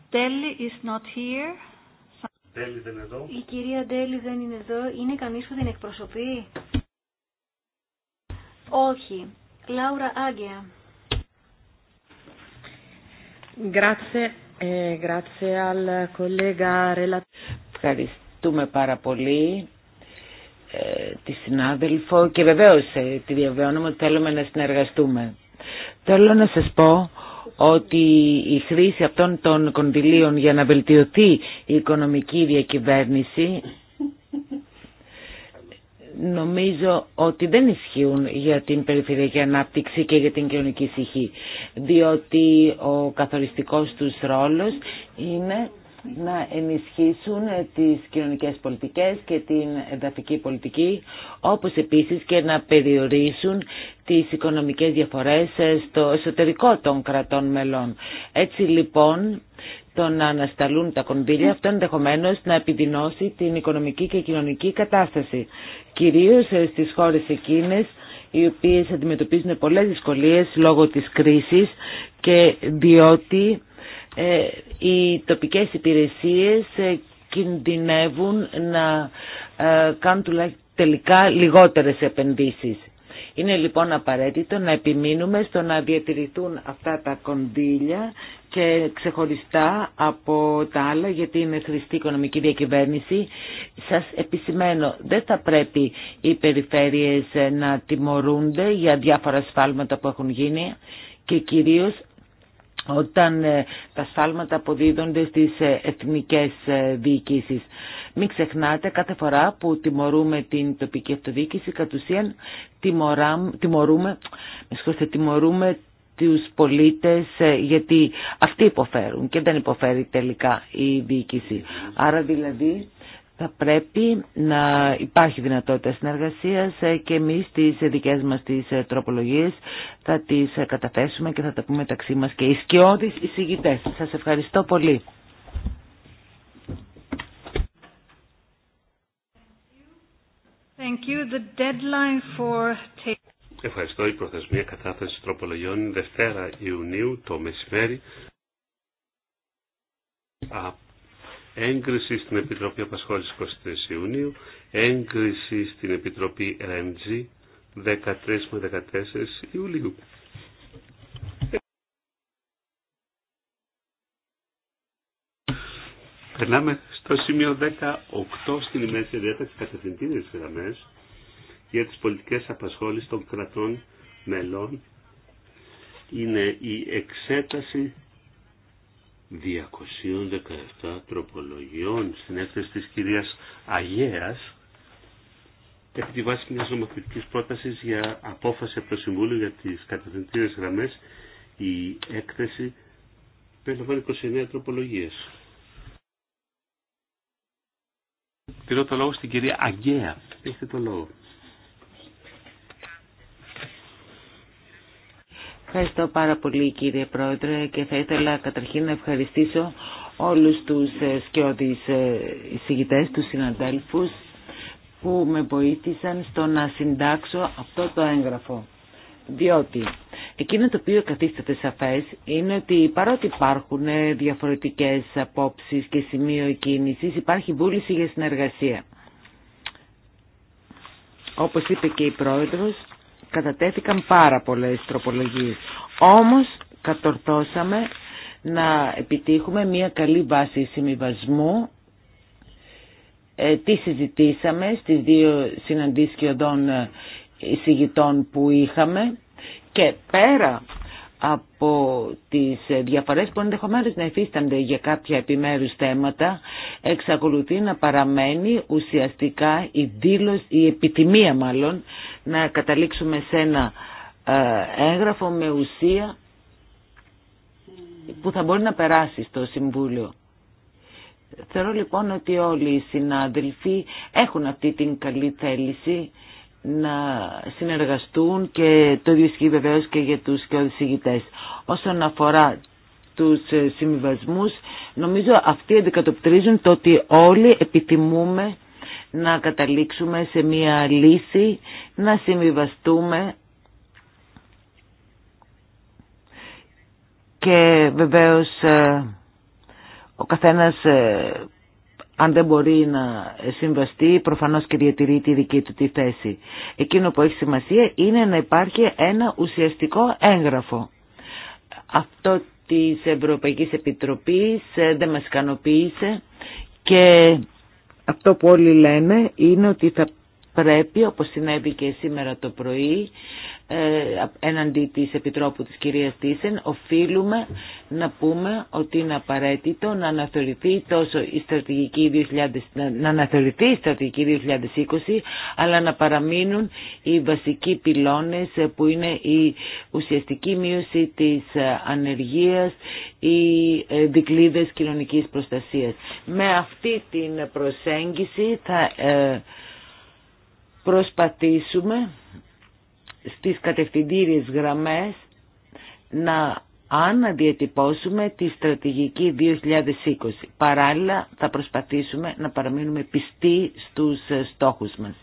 δεν είναι Η κυρία Ντέλη δεν είναι εδώ. Είναι κανείς που την εκπροσωπεί. Όχι. Λάουρα Άγγεα. Grazie ε, Ευχαριστούμε πάρα πολύ ε, τη συνάδελφο και βεβαίως ε, τη διαβεβαιώνουμε ότι θέλουμε να συνεργαστούμε. Θέλω να σας πω ότι η χρήση αυτών των κονδυλίων για να βελτιωθεί η οικονομική διακυβέρνηση νομίζω ότι δεν ισχύουν για την περιφερειακή ανάπτυξη και για την κοινωνική ψυχή, διότι ο καθοριστικός τους ρόλος είναι να ενισχύσουν τις κοινωνικές πολιτικές και την εδαφική πολιτική, όπως επίσης και να περιορίσουν τις οικονομικές διαφορές στο εσωτερικό των κρατών μελών. Έτσι λοιπόν το να ανασταλούν τα κονδύλια, αυτό ενδεχομένω να επιδεινώσει την οικονομική και κοινωνική κατάσταση. Κυρίω ε, στι χώρε εκείνε, οι οποίε αντιμετωπίζουν πολλέ δυσκολίε λόγω τη κρίση και διότι ε, οι τοπικές υπηρεσίες ε, κινδυνεύουν να κάνουν τελικά λιγότερες επενδύσεις. Είναι λοιπόν απαραίτητο να επιμείνουμε στο να διατηρηθούν αυτά τα κονδύλια και ξεχωριστά από τα άλλα γιατί είναι χρηστή οικονομική διακυβέρνηση. Σας επισημαίνω, δεν θα πρέπει οι περιφέρειες να τιμωρούνται για διάφορα σφάλματα που έχουν γίνει και κυρίως όταν ε, τα σφάλματα αποδίδονται στις ε, εθνικές ε, διοικήσεις. Μην ξεχνάτε κάθε φορά που τιμωρούμε την τοπική αυτοδιοίκηση, κατ' ουσίαν τιμωρούμε, με τιμωρούμε τους πολίτες ε, γιατί αυτοί υποφέρουν και δεν υποφέρει τελικά η διοίκηση. Άρα δηλαδή θα πρέπει να υπάρχει δυνατότητα συνεργασίας ε, και εμείς τις δικές μας τις ε, τροπολογίες θα τις καταθέσουμε και θα τα πούμε μεταξύ μας και οι σκιώδεις εισηγητές. Σας ευχαριστώ πολύ. Ευχαριστώ. Η προθεσμία κατάθεση τροπολογιών είναι Δευτέρα Ιουνίου το μεσημέρι. Α, έγκριση στην Επιτροπή Απασχόληση 23 Ιουνίου, έγκριση στην Επιτροπή RMG 13 με 14 Ιουλίου. Περνάμε το σημείο 18 στην ημέρια διάταξη κατευθυντήριες γραμμές για τις πολιτικές απασχόλεις των κρατών μελών είναι η εξέταση 217 τροπολογιών στην έκθεση της κυρίας Αγέας επί τη βάση μιας νομοθετικής πρότασης για απόφαση από το Συμβούλιο για τις κατευθυντήριες γραμμές η έκθεση περιλαμβάνει 29 τροπολογίες. Πήρω το λόγο στην κυρία Αγκαία. Έχετε το λόγο. Ευχαριστώ πάρα πολύ κύριε Πρόεδρε και θα ήθελα καταρχήν να ευχαριστήσω όλους τους ε, σκιώδεις ε, εισηγητές, τους συναντέλφους που με βοήθησαν στο να συντάξω αυτό το έγγραφο. Διότι Εκείνο το οποίο καθίσταται σαφές είναι ότι παρότι υπάρχουν ε, διαφορετικές απόψεις και σημείο κίνησης, υπάρχει βούληση για συνεργασία. Όπως είπε και η Πρόεδρος, κατατέθηκαν πάρα πολλές τροπολογίες. Όμως κατορθώσαμε να επιτύχουμε μια καλή βάση συμβιβασμού. Ε, τι συζητήσαμε στις δύο συναντήσεις και οδών ε, εισηγητών που είχαμε και πέρα από τις διαφορές που ενδεχομένω να υφίστανται για κάποια επιμέρους θέματα, εξακολουθεί να παραμένει ουσιαστικά η δήλωση, η επιτιμία μάλλον, να καταλήξουμε σε ένα ε, έγγραφο με ουσία που θα μπορεί να περάσει στο Συμβούλιο. Θεωρώ λοιπόν ότι όλοι οι συνάδελφοι έχουν αυτή την καλή θέληση να συνεργαστούν και το ίδιο ισχύει βεβαίω και για τους και Όσον αφορά τους ε, συμβιβασμούς, νομίζω αυτοί αντικατοπτρίζουν το ότι όλοι επιθυμούμε να καταλήξουμε σε μία λύση, να συμβιβαστούμε και βεβαίως ε, ο καθένας ε, αν δεν μπορεί να συμβαστεί, προφανώς και διατηρεί τη δική του τη θέση. Εκείνο που έχει σημασία είναι να υπάρχει ένα ουσιαστικό έγγραφο. Αυτό της Ευρωπαϊκής Επιτροπής ε, δεν μας ικανοποίησε και αυτό που όλοι λένε είναι ότι θα πρέπει, όπως συνέβη και σήμερα το πρωί, εναντί της Επιτρόπου της κυρίας Τίσεν, οφείλουμε να πούμε ότι είναι απαραίτητο να αναθεωρηθεί τόσο η στρατηγική 2000, να αναθεωρηθεί η στρατηγική 2020, αλλά να παραμείνουν οι βασικοί πυλώνες που είναι η ουσιαστική μείωση της ανεργίας, οι ε, δικλείδες κοινωνικής προστασίας. Με αυτή την προσέγγιση θα ε, προσπαθήσουμε στις κατευθυντήριες γραμμές να αναδιατυπώσουμε τη στρατηγική 2020. Παράλληλα θα προσπαθήσουμε να παραμείνουμε πιστοί στους στόχους μας.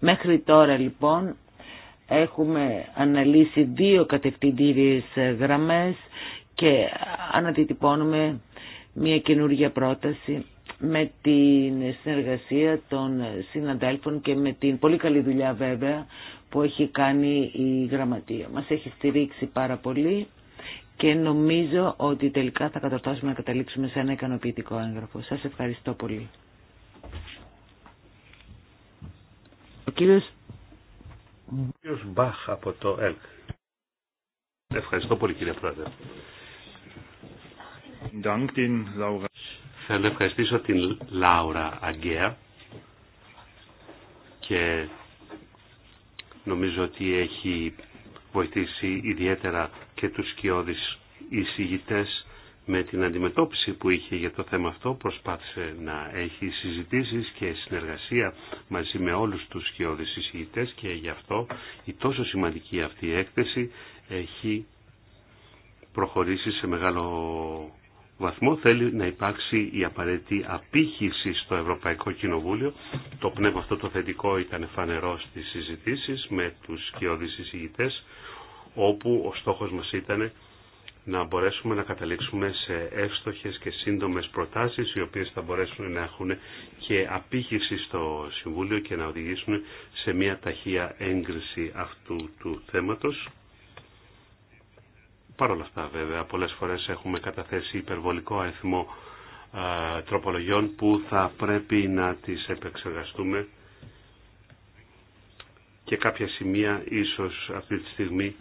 Μέχρι τώρα λοιπόν έχουμε αναλύσει δύο κατευθυντήριες γραμμές και αναδιατυπώνουμε μια καινούργια πρόταση με την συνεργασία των συναντέλφων και με την πολύ καλή δουλειά βέβαια που έχει κάνει η γραμματεία. Μας έχει στηρίξει πάρα πολύ και νομίζω ότι τελικά θα καταρτάσουμε να καταλήξουμε σε ένα ικανοποιητικό έγγραφο. Σας ευχαριστώ πολύ. Ο κύριος, ο από το Ευχαριστώ πολύ κύριε Πρόεδρε. Θέλω να ευχαριστήσω την Λάουρα Αγκαία και νομίζω ότι έχει βοηθήσει ιδιαίτερα και τους σκιώδεις εισηγητές με την αντιμετώπιση που είχε για το θέμα αυτό προσπάθησε να έχει συζητήσεις και συνεργασία μαζί με όλους τους σκιώδεις εισηγητές και γι' αυτό η τόσο σημαντική αυτή έκθεση έχει προχωρήσει σε μεγάλο βαθμό θέλει να υπάρξει η απαραίτητη απήχηση στο Ευρωπαϊκό Κοινοβούλιο. Το πνεύμα αυτό το θετικό ήταν φανερό στις συζητήσεις με τους κοιόδης εισηγητές, όπου ο στόχος μας ήταν να μπορέσουμε να καταλήξουμε σε εύστοχες και σύντομες προτάσεις οι οποίες θα μπορέσουν να έχουν και απήχηση στο Συμβούλιο και να οδηγήσουν σε μια ταχεία έγκριση αυτού του θέματος. Παρ' όλα αυτά βέβαια πολλές φορές έχουμε καταθέσει υπερβολικό αριθμό τροπολογιών που θα πρέπει να τις επεξεργαστούμε και κάποια σημεία ίσως αυτή τη στιγμή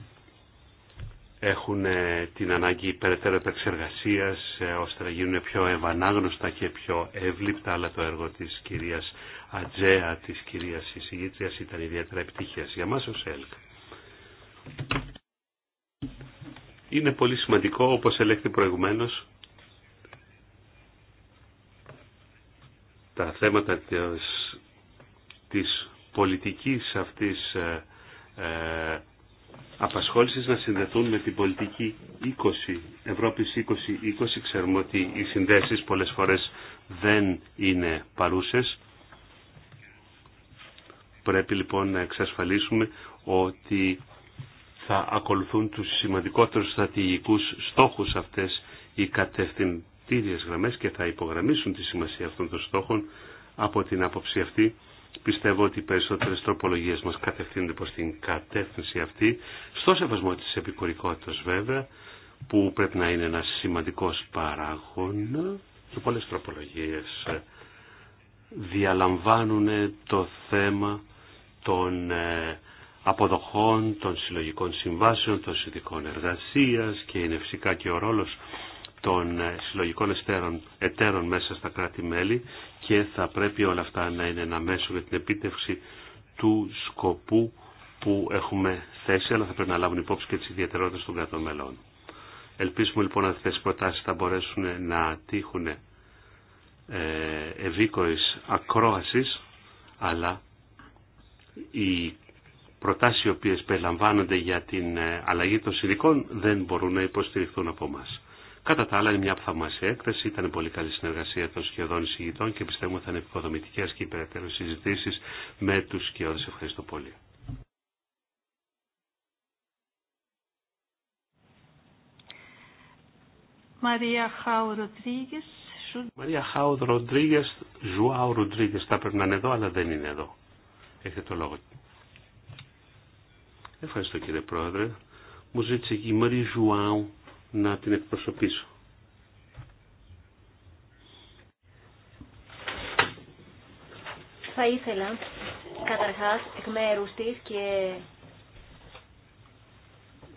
έχουν ε, την ανάγκη περαιτέρω επεξεργασίας ε, ώστε να γίνουν πιο ευανάγνωστα και πιο εύληπτα αλλά το έργο της κυρίας Ατζέα, της κυρίας εισηγήτριας ήταν ιδιαίτερα επιτυχίας για μας ως ΕΛΚ. Είναι πολύ σημαντικό, όπως ελέγχθη προηγουμένως, τα θέματα της, της πολιτικής αυτής ε, ε απασχόλησης να συνδεθούν με την πολιτική 20, Ευρώπης 2020. Ξέρουμε ότι οι συνδέσεις πολλές φορές δεν είναι παρούσες. Πρέπει λοιπόν να εξασφαλίσουμε ότι θα ακολουθούν τους σημαντικότερους στρατηγικούς στόχους αυτές οι κατευθυντήριες γραμμές και θα υπογραμμίσουν τη σημασία αυτών των στόχων από την άποψη αυτή. Πιστεύω ότι οι περισσότερες τροπολογίες μας κατευθύνονται προς την κατεύθυνση αυτή, στο σεβασμό της επικουρικότητας βέβαια, που πρέπει να είναι ένας σημαντικός παράγωνα και πολλές τροπολογίες ε, διαλαμβάνουν το θέμα των ε, αποδοχών, των συλλογικών συμβάσεων, των συνδικών εργασίας και είναι φυσικά και ο ρόλος των συλλογικών εστέρων, εταίρων μέσα στα κράτη-μέλη και θα πρέπει όλα αυτά να είναι ένα μέσο για την επίτευξη του σκοπού που έχουμε θέσει, αλλά θα πρέπει να λάβουν υπόψη και τις ιδιαιτερότητες των κρατών μελών. Ελπίζουμε λοιπόν ότι αυτές οι προτάσεις θα μπορέσουν να τύχουν ε, ευήκοης ακρόασης, αλλά η προτάσεις οι οποίες περιλαμβάνονται για την ε, αλλαγή των συνδικών δεν μπορούν να υποστηριχθούν από εμά. Κατά τα άλλα είναι μια θαυμάσια έκθεση, ήταν πολύ καλή συνεργασία των σχεδόν εισηγητών και πιστεύουμε θα είναι υποδομητικέ και υπεραιτέρω συζητήσει με του σχεδόν Ευχαριστώ πολύ. Μαρία Χάου Ροντρίγες. Χάου Ζουάου Ροντρίγες θα πρέπει να είναι εδώ αλλά δεν είναι εδώ. Έχετε το λόγο. Ευχαριστώ κύριε Πρόεδρε. Μου ζήτησε η Μαρή Ζουάου να την εκπροσωπήσω. Θα ήθελα καταρχάς εκ μέρους της και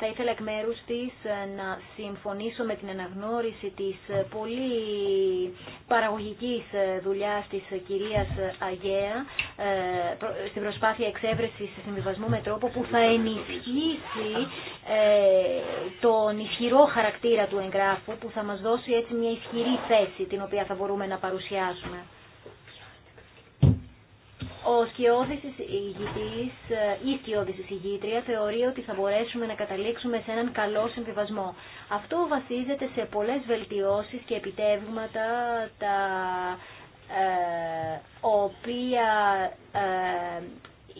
θα ήθελα εκ μέρου τη ε, να συμφωνήσω με την αναγνώριση της ε, πολύ παραγωγικής ε, δουλειά της κυρίας Αγέα στην προσπάθεια εξέβρεσης συμβιβασμού με τρόπο που θα ενισχύσει τον ισχυρό χαρακτήρα του εγγράφου που θα μας δώσει έτσι μια ισχυρή θέση την οποία θα μπορούμε να παρουσιάσουμε. Ο σκιώδης εισηγητής ή ε, σκιώδης εισηγήτρια θεωρεί ότι θα μπορέσουμε να καταλήξουμε σε έναν καλό συμβιβασμό. Αυτό βασίζεται σε πολλές βελτιώσεις και επιτεύγματα τα ε, οποία ε,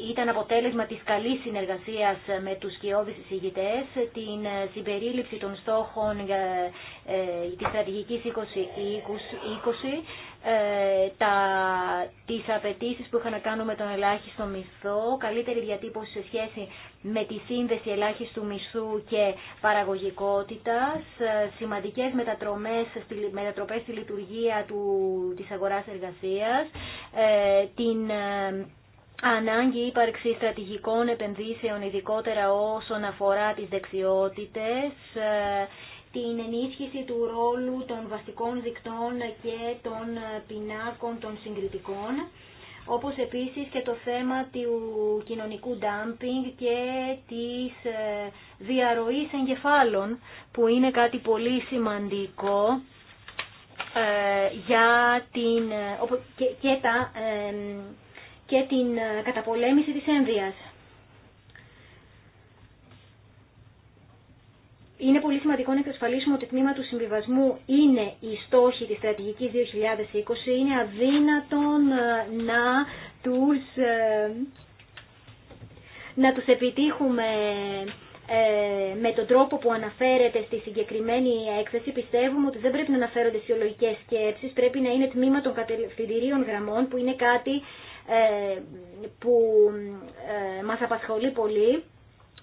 ήταν αποτέλεσμα της καλής συνεργασίας με τους κοιόδης εισηγητές, την συμπερίληψη των στόχων ε, της στρατηγικής 2020, 20, ε, τα, τις απαιτήσεις που είχαν να κάνουν με τον ελάχιστο μισθό, καλύτερη διατύπωση σε σχέση με τη σύνδεση ελάχιστου μισθού και παραγωγικότητας, ε, σημαντικές μετατρομές, μετατροπές στη λειτουργία του, της αγοράς εργασίας, την ανάγκη ύπαρξη στρατηγικών επενδύσεων, ειδικότερα όσον αφορά τις δεξιότητες, ε, την ενίσχυση του ρόλου των βασικών δικτών και των ε, πινάκων των συγκριτικών, όπως επίσης και το θέμα του κοινωνικού ντάμπινγκ και της ε, διαρροής εγκεφάλων, που είναι κάτι πολύ σημαντικό για την... και τα και την ε, καταπολέμηση της ένδυας. Είναι πολύ σημαντικό να εξασφαλίσουμε ότι το τμήμα του συμβιβασμού είναι η στόχη της στρατηγικής 2020. Είναι αδύνατον ε, να τους, ε, να τους επιτύχουμε με τον τρόπο που αναφέρεται στη συγκεκριμένη έκθεση πιστεύουμε ότι δεν πρέπει να αναφέρονται σιολογικές σκέψεις, πρέπει να είναι τμήμα των κατευθυντηρίων γραμμών που είναι κάτι ε, που ε, μας απασχολεί πολύ.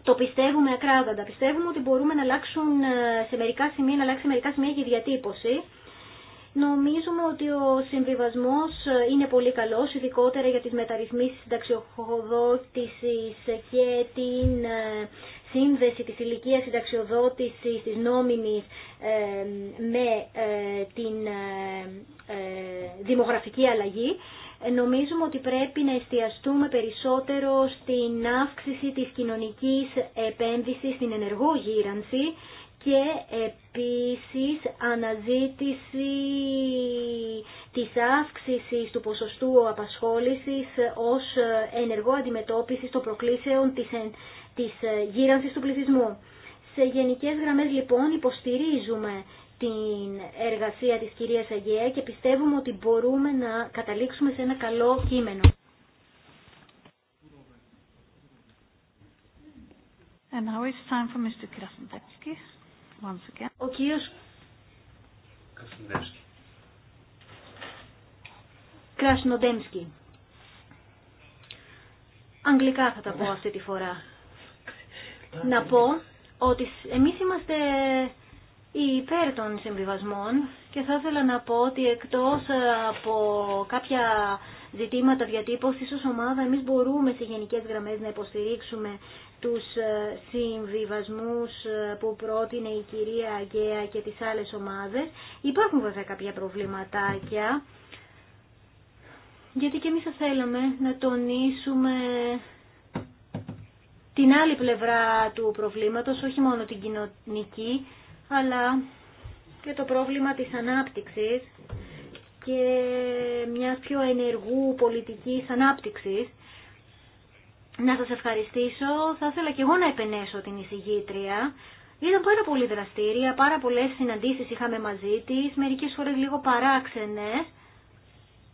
Το πιστεύουμε ακράδαντα. Πιστεύουμε ότι μπορούμε να αλλάξουν ε, σε μερικά σημεία, να αλλάξει μερικά σημεία και διατύπωση. Νομίζουμε ότι ο συμβιβασμός είναι πολύ καλός, ειδικότερα για τις μεταρρυθμίσεις συνταξιοδότησης και την σύνδεση της ηλικίας συνταξιοδότησης της νόμιμης με την δημογραφική αλλαγή. Ε, νομίζουμε ότι πρέπει να εστιαστούμε περισσότερο στην αύξηση της κοινωνικής επένδυσης, στην ενεργό γύρανση και επίσης αναζήτηση της αύξησης του ποσοστού απασχόλησης ως ενεργό αντιμετώπιση των προκλήσεων της, της γύρανσης του πληθυσμού. Σε γενικές γραμμές λοιπόν υποστηρίζουμε την εργασία της κυρίας Αγία και πιστεύουμε ότι μπορούμε να καταλήξουμε σε ένα καλό κείμενο. And now it's time for Mr. Once Ο κύριος Κρασνοντέμσκι. Αγγλικά θα τα πω ναι. αυτή τη φορά. να πω ότι εμείς είμαστε υπέρ των συμβιβασμών και θα ήθελα να πω ότι εκτός ε, από κάποια ζητήματα διατύπωσης ως ομάδα εμείς μπορούμε σε γενικές γραμμές να υποστηρίξουμε τους ε, συμβιβασμούς ε, που πρότεινε η κυρία Αγκαία και τις άλλες ομάδες. Υπάρχουν βέβαια κάποια προβληματάκια, γιατί και εμείς θα θέλαμε να τονίσουμε την άλλη πλευρά του προβλήματος, όχι μόνο την κοινωνική, αλλά και το πρόβλημα της ανάπτυξης και μιας πιο ενεργού πολιτικής ανάπτυξης. Να σας ευχαριστήσω. Θα ήθελα και εγώ να επενέσω την εισηγήτρια. Ήταν πάρα πολύ δραστήρια, πάρα πολλές συναντήσεις είχαμε μαζί της, μερικές φορές λίγο παράξενες,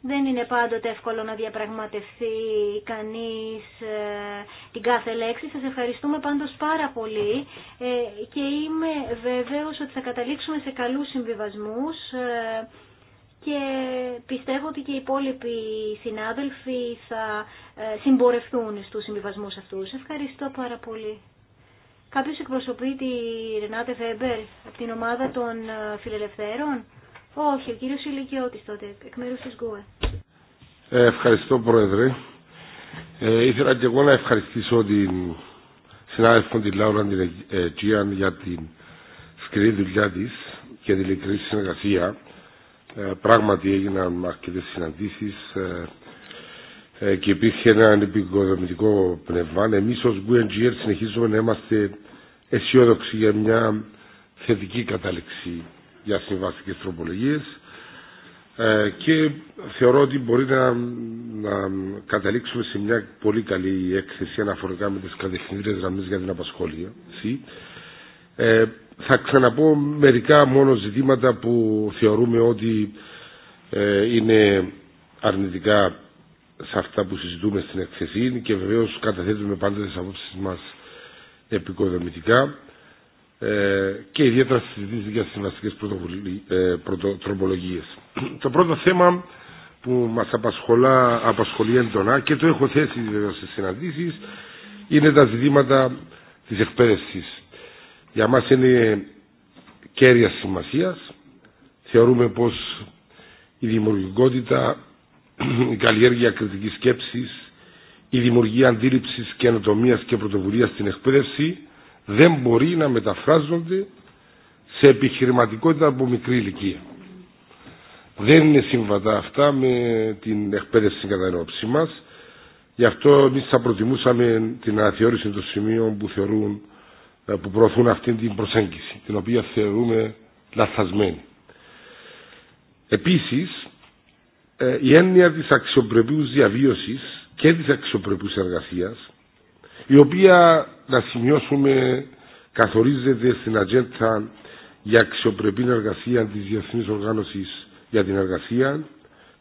δεν είναι πάντοτε εύκολο να διαπραγματευτεί κανείς ε, την κάθε λέξη. Σας ευχαριστούμε πάντως πάρα πολύ ε, και είμαι βέβαιος ότι θα καταλήξουμε σε καλούς συμβιβασμούς ε, και πιστεύω ότι και οι υπόλοιποι συνάδελφοι θα συμπορευτούν στους συμβιβασμούς αυτούς. Ευχαριστώ πάρα πολύ. Κάποιος εκπροσωπεί τη Ρενάτε Βέμπερ από την ομάδα των φιλελευθέρων. Όχι, ο κύριος Ηλικιώτης τότε, εκ μέρους της Ε, ευχαριστώ Πρόεδρε. Ε, ήθελα και εγώ να ευχαριστήσω την συνάδελφο την Λάουρα την Αιτζίαν ε, για την σκληρή δουλειά τη και την ειλικρινή συνεργασία. Ε, πράγματι έγιναν αρκετέ συναντήσει και υπήρχε ένα ανεπικοδομητικό πνεύμα. Εμεί ω GNGR συνεχίζουμε να είμαστε αισιόδοξοι για μια θετική κατάληξη για συμβαστικές τροπολογίες ε, και θεωρώ ότι μπορεί να, να καταλήξουμε σε μια πολύ καλή έκθεση αναφορικά με τις κατευθυντήρες γραμμές για την απασχόληση. Ε, θα ξαναπώ μερικά μόνο ζητήματα που θεωρούμε ότι ε, είναι αρνητικά σε αυτά που συζητούμε στην εκθεσή και βεβαίως καταθέτουμε πάντα τις απόψεις μας επικοδομητικά. Ε, και ιδιαίτερα στι συζητήσει για ε, τροπολογίε. Το πρώτο θέμα που μα απασχολεί έντονα και το έχω θέσει βέβαια στι είναι τα ζητήματα τη εκπαίδευση. Για μα είναι κέρια σημασία. Θεωρούμε πω η δημιουργικότητα, η καλλιέργεια κριτική σκέψη, η δημιουργία αντίληψη και και πρωτοβουλία στην εκπαίδευση δεν μπορεί να μεταφράζονται σε επιχειρηματικότητα από μικρή ηλικία. Δεν είναι συμβατά αυτά με την εκπαίδευση κατά ενόψη μα. Γι' αυτό εμεί θα προτιμούσαμε την αναθεώρηση των σημείων που, θεωρούν, ε, που προωθούν αυτή την προσέγγιση, την οποία θεωρούμε λαθασμένη. Επίσης, ε, η έννοια της αξιοπρεπούς διαβίωσης και της αξιοπρεπούς εργασίας, η οποία να σημειώσουμε καθορίζεται στην ατζέντα για αξιοπρεπή εργασία τη Διεθνή Οργάνωση για την Εργασία,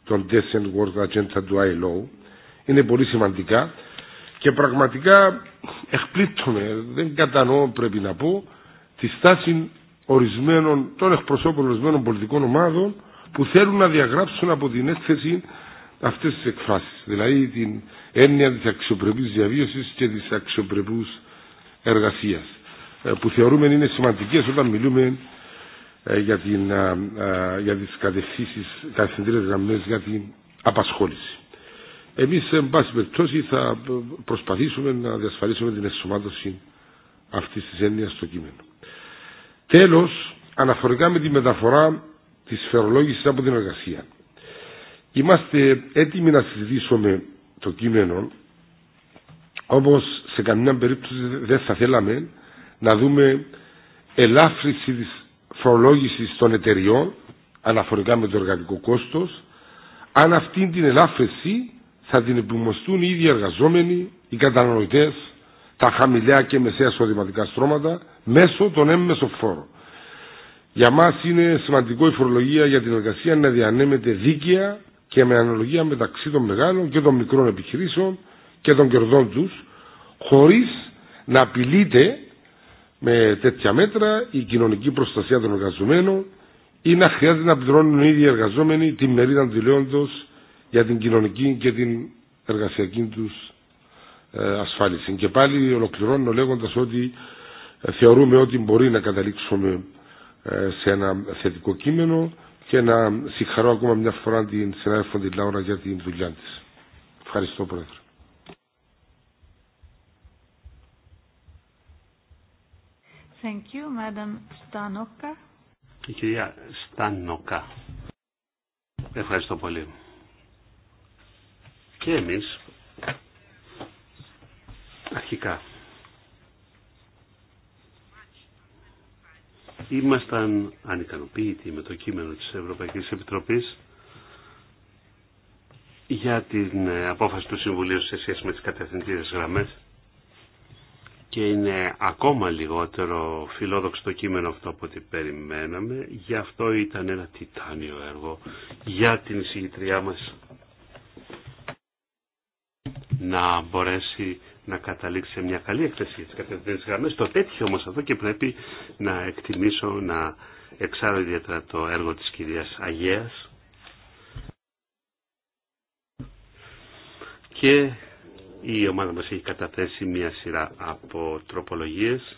των Decent World Agenda του ILO. Είναι πολύ σημαντικά και πραγματικά εκπλήττωνε, δεν κατανοώ πρέπει να πω, τη στάση ορισμένων, των εκπροσώπων ορισμένων πολιτικών ομάδων που θέλουν να διαγράψουν από την έκθεση αυτέ τι εκφράσει. Δηλαδή την έννοια της αξιοπρεπής διαβίωσης και της αξιοπρεπούς εργασίας ε, που θεωρούμε είναι σημαντικές όταν μιλούμε ε, για, την, ε, για τις κατευθύνσεις, καθυντήρες γραμμές για την απασχόληση. Εμείς, εν πάση περιπτώσει, θα προσπαθήσουμε να διασφαλίσουμε την εσωμάτωση αυτής της έννοιας στο κείμενο. Τέλος, αναφορικά με τη μεταφορά της φερολόγησης από την εργασία. Είμαστε έτοιμοι να συζητήσουμε το κείμενο, όμως σε καμία περίπτωση δεν θα θέλαμε να δούμε ελάφρυνση της φορολόγηση των εταιριών αναφορικά με το εργατικό κόστος αν αυτήν την ελάφρυνση θα την επιμοστούν οι ίδιοι εργαζόμενοι, οι καταναλωτές, τα χαμηλά και μεσαία εισοδηματικά στρώματα μέσω των έμμεσων φόρων. Για μα είναι σημαντικό η φορολογία για την εργασία να διανέμεται δίκαια και με αναλογία μεταξύ των μεγάλων και των μικρών επιχειρήσεων και των κερδών του, χωρίς να απειλείται με τέτοια μέτρα η κοινωνική προστασία των εργαζομένων ή να χρειάζεται να πληρώνουν οι ίδιοι οι εργαζόμενοι τη μερίδα δηλώνοντος για την κοινωνική και την εργασιακή τους ε, ασφάλιση. Και πάλι ολοκληρώνω λέγοντας ότι ε, θεωρούμε ότι μπορεί να καταλήξουμε ε, σε ένα θετικό κείμενο και να συγχαρώ ακόμα μια φορά την συνάδελφο τη Λάουρα για την δουλειά της. Ευχαριστώ Πρόεδρε. Thank you, Madam Stanoka. Η κυρία Στανοκα. Ευχαριστώ πολύ. Και εμείς αρχικά ήμασταν ανικανοποιητοί με το κείμενο της Ευρωπαϊκής Επιτροπής για την ε, απόφαση του Συμβουλίου σε σχέση με τις κατευθυντήρες γραμμές και είναι ακόμα λιγότερο φιλόδοξο το κείμενο αυτό από ό,τι περιμέναμε. Γι' αυτό ήταν ένα τιτάνιο έργο για την εισηγητριά μας να μπορέσει να καταλήξει μια καλή εκθέση για τις γραμμές. Το τέτοιο όμως αυτό και πρέπει να εκτιμήσω, να εξάρω ιδιαίτερα το έργο της κυρίας Αγίας. Και η ομάδα μας έχει καταθέσει μια σειρά από τροπολογίες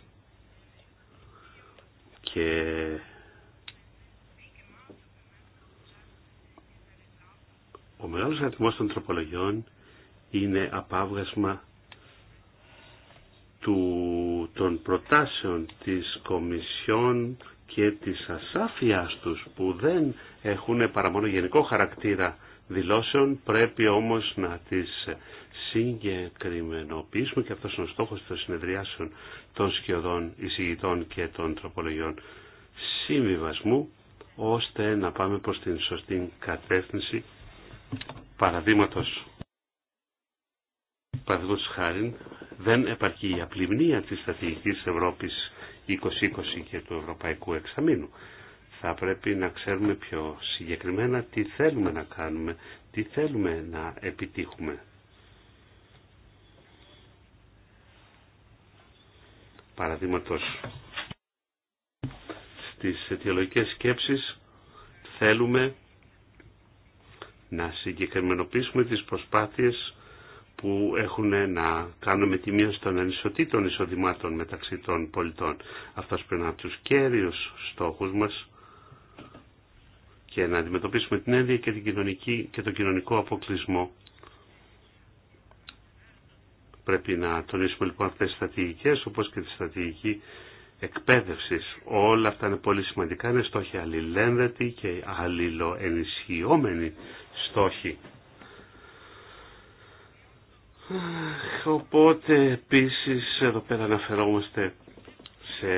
και ο μεγάλος αριθμός των τροπολογιών είναι απάβγασμα του, των προτάσεων της Κομισιόν και της ασάφειάς τους που δεν έχουν παρά μόνο γενικό χαρακτήρα δηλώσεων πρέπει όμως να τις συγκεκριμενοποιήσουμε και αυτός είναι ο στόχος των συνεδριάσεων των σκιωδών εισηγητών και των τροπολογιών συμβιβασμού ώστε να πάμε προς την σωστή κατεύθυνση παραδείγματος παραδείγματος χάρη δεν επαρκεί η απλημνία της στρατηγικής Ευρώπης 2020 και του Ευρωπαϊκού Εξαμήνου. Θα πρέπει να ξέρουμε πιο συγκεκριμένα τι θέλουμε να κάνουμε, τι θέλουμε να επιτύχουμε. Παραδείγματος στις αιτιολογικές σκέψεις θέλουμε να συγκεκριμενοποιήσουμε τις προσπάθειες που έχουν να κάνουν με τη μείωση των ανισοτήτων εισοδημάτων μεταξύ των πολιτών. Αυτός πρέπει να είναι τους κέριους στόχους μας και να αντιμετωπίσουμε την ένδυα και, και τον κοινωνικό αποκλεισμό Πρέπει να τονίσουμε λοιπόν αυτές τις στρατηγικές όπως και τη στρατηγική εκπαίδευση. Όλα αυτά είναι πολύ σημαντικά, είναι στόχοι αλληλένδετοι και αλληλοενισχυόμενοι στόχοι. Οπότε επίσης εδώ πέρα αναφερόμαστε σε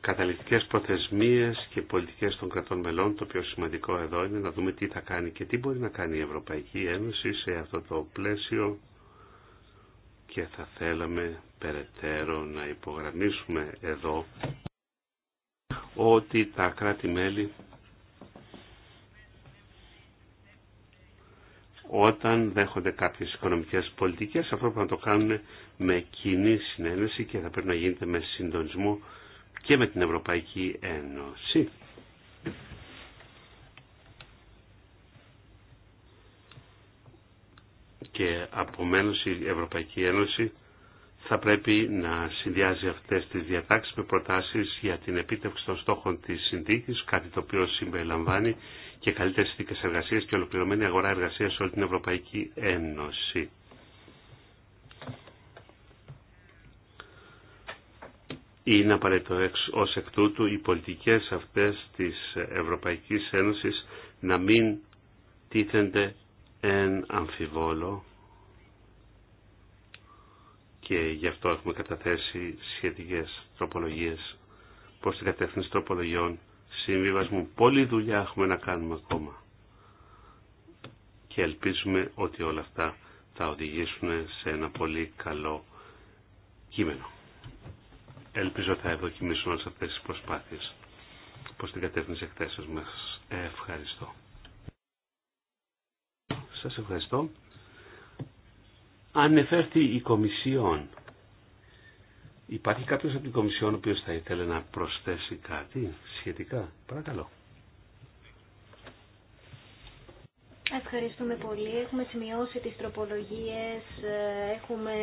καταληκτικές προθεσμίες και πολιτικές των κρατών μελών. Το πιο σημαντικό εδώ είναι να δούμε τι θα κάνει και τι μπορεί να κάνει η Ευρωπαϊκή Ένωση σε αυτό το πλαίσιο και θα θέλαμε περαιτέρω να υπογραμμίσουμε εδώ ότι τα κράτη-μέλη όταν δέχονται κάποιες οικονομικές πολιτικές αυτό πρέπει να το κάνουν με κοινή συνένεση και θα πρέπει να γίνεται με συντονισμό και με την Ευρωπαϊκή Ένωση. και απομένως η Ευρωπαϊκή Ένωση θα πρέπει να συνδυάζει αυτές τις διατάξεις με προτάσεις για την επίτευξη των στόχων της συνθήκης, κάτι το οποίο συμπεριλαμβάνει και καλύτερε συνθήκε εργασία και ολοκληρωμένη αγορά εργασίας σε όλη την Ευρωπαϊκή Ένωση. Είναι απαραίτητο ω εκ τούτου οι πολιτικές αυτές τη Ευρωπαϊκής Ένωσης να μην τίθενται εν αμφιβόλο και γι' αυτό έχουμε καταθέσει σχετικές τροπολογίες προς την κατεύθυνση τροπολογιών συμβιβασμού. Πολλή δουλειά έχουμε να κάνουμε ακόμα και ελπίζουμε ότι όλα αυτά θα οδηγήσουν σε ένα πολύ καλό κείμενο. Ελπίζω θα ευδοκιμήσουν όλες αυτές τις προσπάθειες προς την κατεύθυνση εκθέσεως μας. Ευχαριστώ. Σας ευχαριστώ. Ανεφέρθη η Κομισιόν. Υπάρχει κάποιος από την Κομισιόν ο οποίος θα ήθελε να προσθέσει κάτι σχετικά. Παρακαλώ. Ευχαριστούμε πολύ. Έχουμε σημειώσει τις τροπολογίες, έχουμε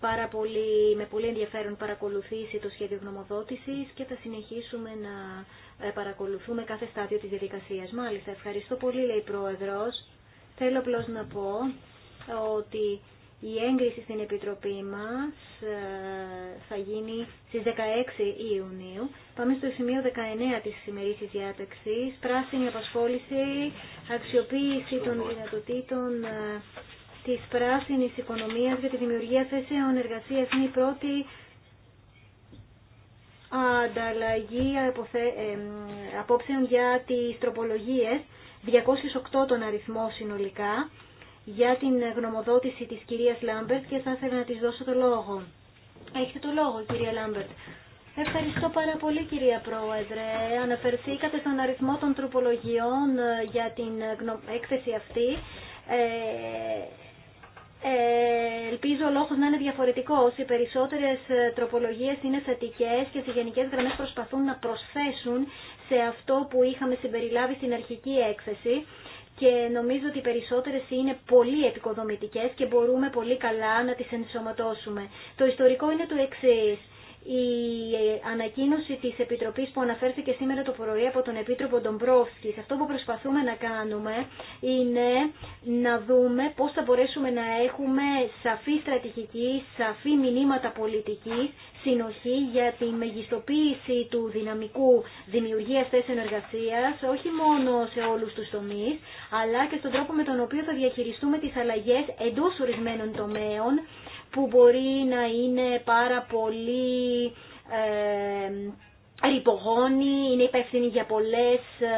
πάρα πολύ, με πολύ ενδιαφέρον παρακολουθήσει το σχέδιο γνωμοδότησης και θα συνεχίσουμε να παρακολουθούμε κάθε στάδιο της διαδικασίας. Μάλιστα, ευχαριστώ πολύ, λέει η Πρόεδρος. Θέλω απλώ να πω ότι η έγκριση στην Επιτροπή μας ε, θα γίνει στις 16 Ιουνίου. Πάμε στο σημείο 19 της σημερινής διάταξης. Πράσινη απασχόληση, αξιοποίηση των δυνατοτήτων ε, της πράσινης οικονομίας για τη δημιουργία θέσεων εργασίας είναι η πρώτη ανταλλαγή ε, απόψεων για τις τροπολογίες 208 τον αριθμό συνολικά για την γνωμοδότηση της κυρίας Λάμπερτ και θα ήθελα να της δώσω το λόγο. Έχετε το λόγο κυρία Λάμπερτ. Ευχαριστώ πάρα πολύ κυρία Πρόεδρε. Αναφερθήκατε στον αριθμό των τροπολογιών ε, για την ε, έκθεση αυτή. Ε, ε, ελπίζω ο λόγος να είναι διαφορετικός. Οι περισσότερες τροπολογίες είναι θετικές και οι γενικές γραμμές προσπαθούν να προσθέσουν σε αυτό που είχαμε συμπεριλάβει στην αρχική έκθεση και νομίζω ότι οι περισσότερες είναι πολύ επικοδομητικές και μπορούμε πολύ καλά να τις ενσωματώσουμε. Το ιστορικό είναι το εξής η ανακοίνωση της Επιτροπής που αναφέρθηκε σήμερα το πρωί από τον Επίτροπο Ντομπρόφσκης. Αυτό που προσπαθούμε να κάνουμε είναι να δούμε πώς θα μπορέσουμε να έχουμε σαφή στρατηγική, σαφή μηνύματα πολιτική, συνοχή για τη μεγιστοποίηση του δυναμικού δημιουργίας θέσεων εργασίας, όχι μόνο σε όλους τους τομείς, αλλά και στον τρόπο με τον οποίο θα διαχειριστούμε τις αλλαγές εντός ορισμένων τομέων, που μπορεί να είναι πάρα πολύ ε, ρηπογόνη, είναι υπεύθυνη για πολλές ε,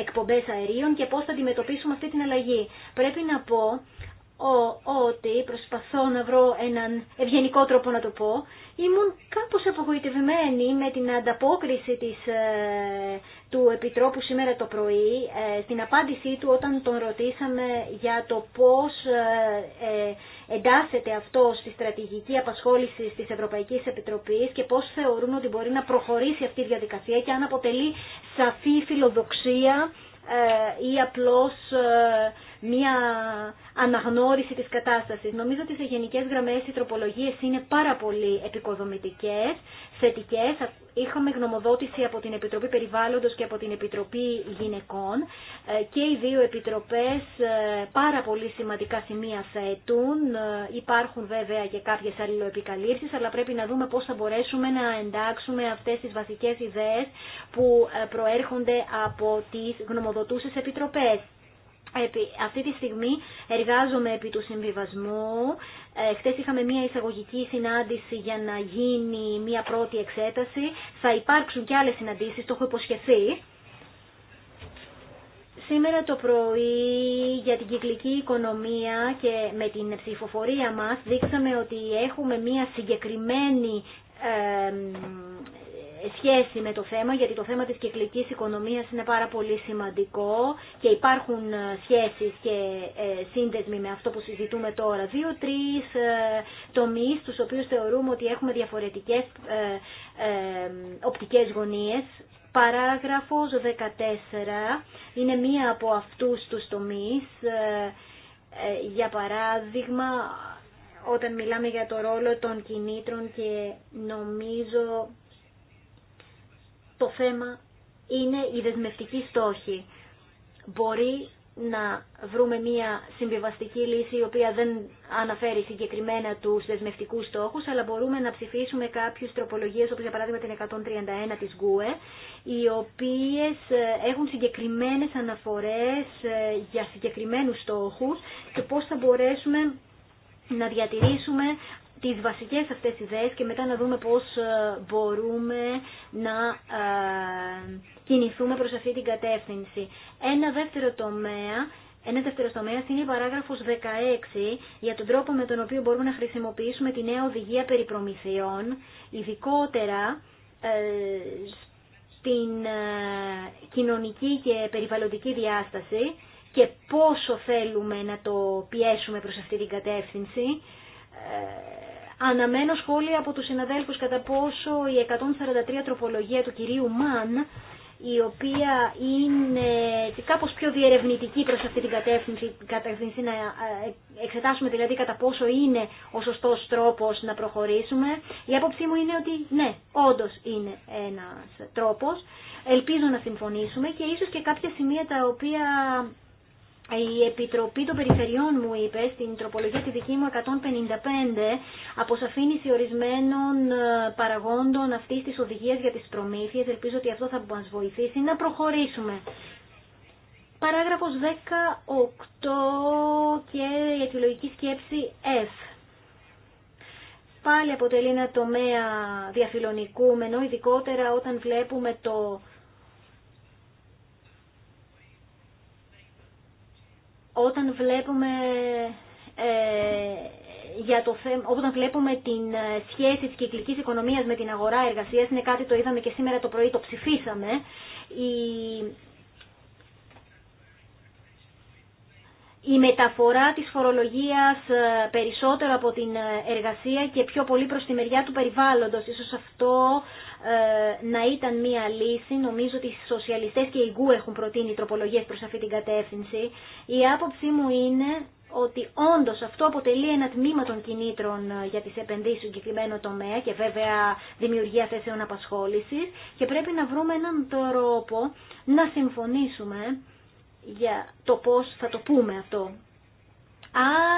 εκπομπές αερίων και πώς θα αντιμετωπίσουμε αυτή την αλλαγή. Πρέπει να πω ότι προσπαθώ να βρω έναν ευγενικό τρόπο να το πω, ήμουν κάπως απογοητευμένη με την ανταπόκριση της, ε, του Επιτρόπου σήμερα το πρωί ε, στην απάντησή του όταν τον ρωτήσαμε για το πώς εντάσσεται αυτό στη στρατηγική απασχόληση τη Ευρωπαϊκή Επιτροπή και πώς θεωρούν ότι μπορεί να προχωρήσει αυτή η διαδικασία και αν αποτελεί σαφή φιλοδοξία ε, ή απλώς ε, μια αναγνώριση της κατάστασης. Νομίζω ότι σε γενικές γραμμές οι τροπολογίες είναι πάρα πολύ επικοδομητικές, θετικές. Είχαμε γνωμοδότηση από την Επιτροπή Περιβάλλοντος και από την Επιτροπή Γυναικών ε, και οι δύο επιτροπές ε, πάρα πολύ σημαντικά σημεία θέτουν. Ε, υπάρχουν βέβαια και κάποιες αλληλοεπικαλύψεις, αλλά πρέπει να δούμε πώς θα μπορέσουμε να εντάξουμε αυτές τις βασικές ιδέες που προέρχονται από τις γνωμοδοτούσες επιτροπές αυτή τη στιγμή εργάζομαι επί του συμβιβασμού. Ε, χτες είχαμε μια εισαγωγική συνάντηση για να γίνει μια πρώτη εξέταση. Θα υπάρξουν και άλλες συναντήσεις, το έχω υποσχεθεί. Σήμερα το πρωί για την κυκλική οικονομία και με την ψηφοφορία μας δείξαμε ότι έχουμε μια συγκεκριμένη ε, σχέση με το θέμα, γιατί το θέμα της κυκλικής οικονομίας είναι πάρα πολύ σημαντικό και υπάρχουν ε, σχέσεις και ε, σύνδεσμοι με αυτό που συζητούμε τώρα. Δύο-τρεις ε, τομείς, τους οποίους θεωρούμε ότι έχουμε διαφορετικές οπτικές γωνίες. Παράγραφος 14 είναι μία από αυτούς τους τομείς. Για παράδειγμα, όταν μιλάμε για το ρόλο των κινήτρων και νομίζω το θέμα είναι η δεσμευτική στόχοι. Μπορεί να βρούμε μια συμβιβαστική λύση η οποία δεν αναφέρει συγκεκριμένα τους δεσμευτικούς στόχους αλλά μπορούμε να ψηφίσουμε κάποιους τροπολογίες όπως για παράδειγμα την 131 της ΓΚΟΕ οι οποίες ε, έχουν συγκεκριμένες αναφορές ε, για συγκεκριμένους στόχους και πώς θα μπορέσουμε να διατηρήσουμε τις βασικές αυτές ιδέες και μετά να δούμε πώς ε, μπορούμε να ε, κινηθούμε προς αυτή την κατεύθυνση. Ένα δεύτερο τομέα ένα δεύτερο τομέα είναι η παράγραφος 16 για τον τρόπο με τον οποίο μπορούμε να χρησιμοποιήσουμε τη νέα οδηγία περί προμηθειών, ειδικότερα ε, στην κοινωνική και περιβαλλοντική διάσταση και πόσο θέλουμε να το πιέσουμε προς αυτή την κατεύθυνση. Αναμένω σχόλια από τους συναδέλφους κατά πόσο η 143 τροπολογία του κυρίου Μαν η οποία είναι κάπως πιο διερευνητική προς αυτή την κατεύθυνση, κατεύθυνση να ε, εξετάσουμε δηλαδή κατά πόσο είναι ο σωστός τρόπος να προχωρήσουμε. Η άποψή μου είναι ότι ναι, όντως είναι ένας τρόπος. Ελπίζω να συμφωνήσουμε και ίσως και κάποια σημεία τα οποία η Επιτροπή των Περιφερειών μου είπε στην τροπολογία τη δική μου 155 αποσαφήνιση ορισμένων ε, παραγόντων αυτής της οδηγίας για τις προμήθειες. Ελπίζω ότι αυτό θα μας βοηθήσει να προχωρήσουμε. Παράγραφος 18 και η αιτιολογική σκέψη F πάλι αποτελεί ένα τομέα διαφιλονικού, ενώ ειδικότερα όταν βλέπουμε το όταν βλέπουμε ε, για το όταν βλέπουμε την ε, σχέση της κυκλικής οικονομίας με την αγορά εργασίας, είναι κάτι το είδαμε και σήμερα το πρωί, το ψηφίσαμε, η, η μεταφορά της φορολογίας ε, περισσότερο από την εργασία και πιο πολύ προς τη μεριά του περιβάλλοντος. Ίσως αυτό ε, να ήταν μία λύση. Νομίζω ότι οι σοσιαλιστές και οι γκου έχουν προτείνει τροπολογίες προς αυτή την κατεύθυνση. Η άποψή μου είναι ότι όντως αυτό αποτελεί ένα τμήμα των κινήτρων ε, για τις επενδύσεις του συγκεκριμένο τομέα και βέβαια δημιουργία θέσεων απασχόλησης και πρέπει να βρούμε έναν τρόπο να συμφωνήσουμε για το πώς θα το πούμε αυτό.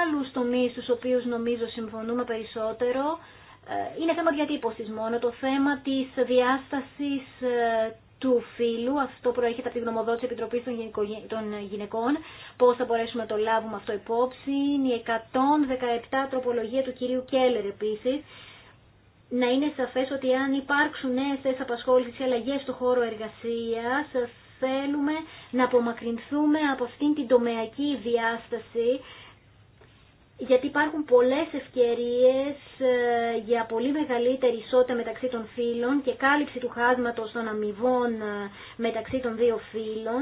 Άλλους τομείς στους οποίους νομίζω συμφωνούμε περισσότερο ε, είναι θέμα διατύπωση μόνο. Το θέμα της διάστασης ε, του φύλου, αυτό προέρχεται από τη γνωμοδότηση Επιτροπής των Γυναικών, πώ θα μπορέσουμε να το λάβουμε αυτό υπόψη, η 117 τροπολογία του κυρίου Κέλλερ επίση, να είναι σαφέ ότι αν υπάρξουν νέε θέσει απασχόληση ή αλλαγές στο χώρο εργασίας, θέλουμε να απομακρυνθούμε από αυτήν την τομεακή διάσταση γιατί υπάρχουν πολλές ευκαιρίες ε, για πολύ μεγαλύτερη ισότητα μεταξύ των φύλων και κάλυψη του χάσματος των αμοιβών ε, μεταξύ των δύο φύλων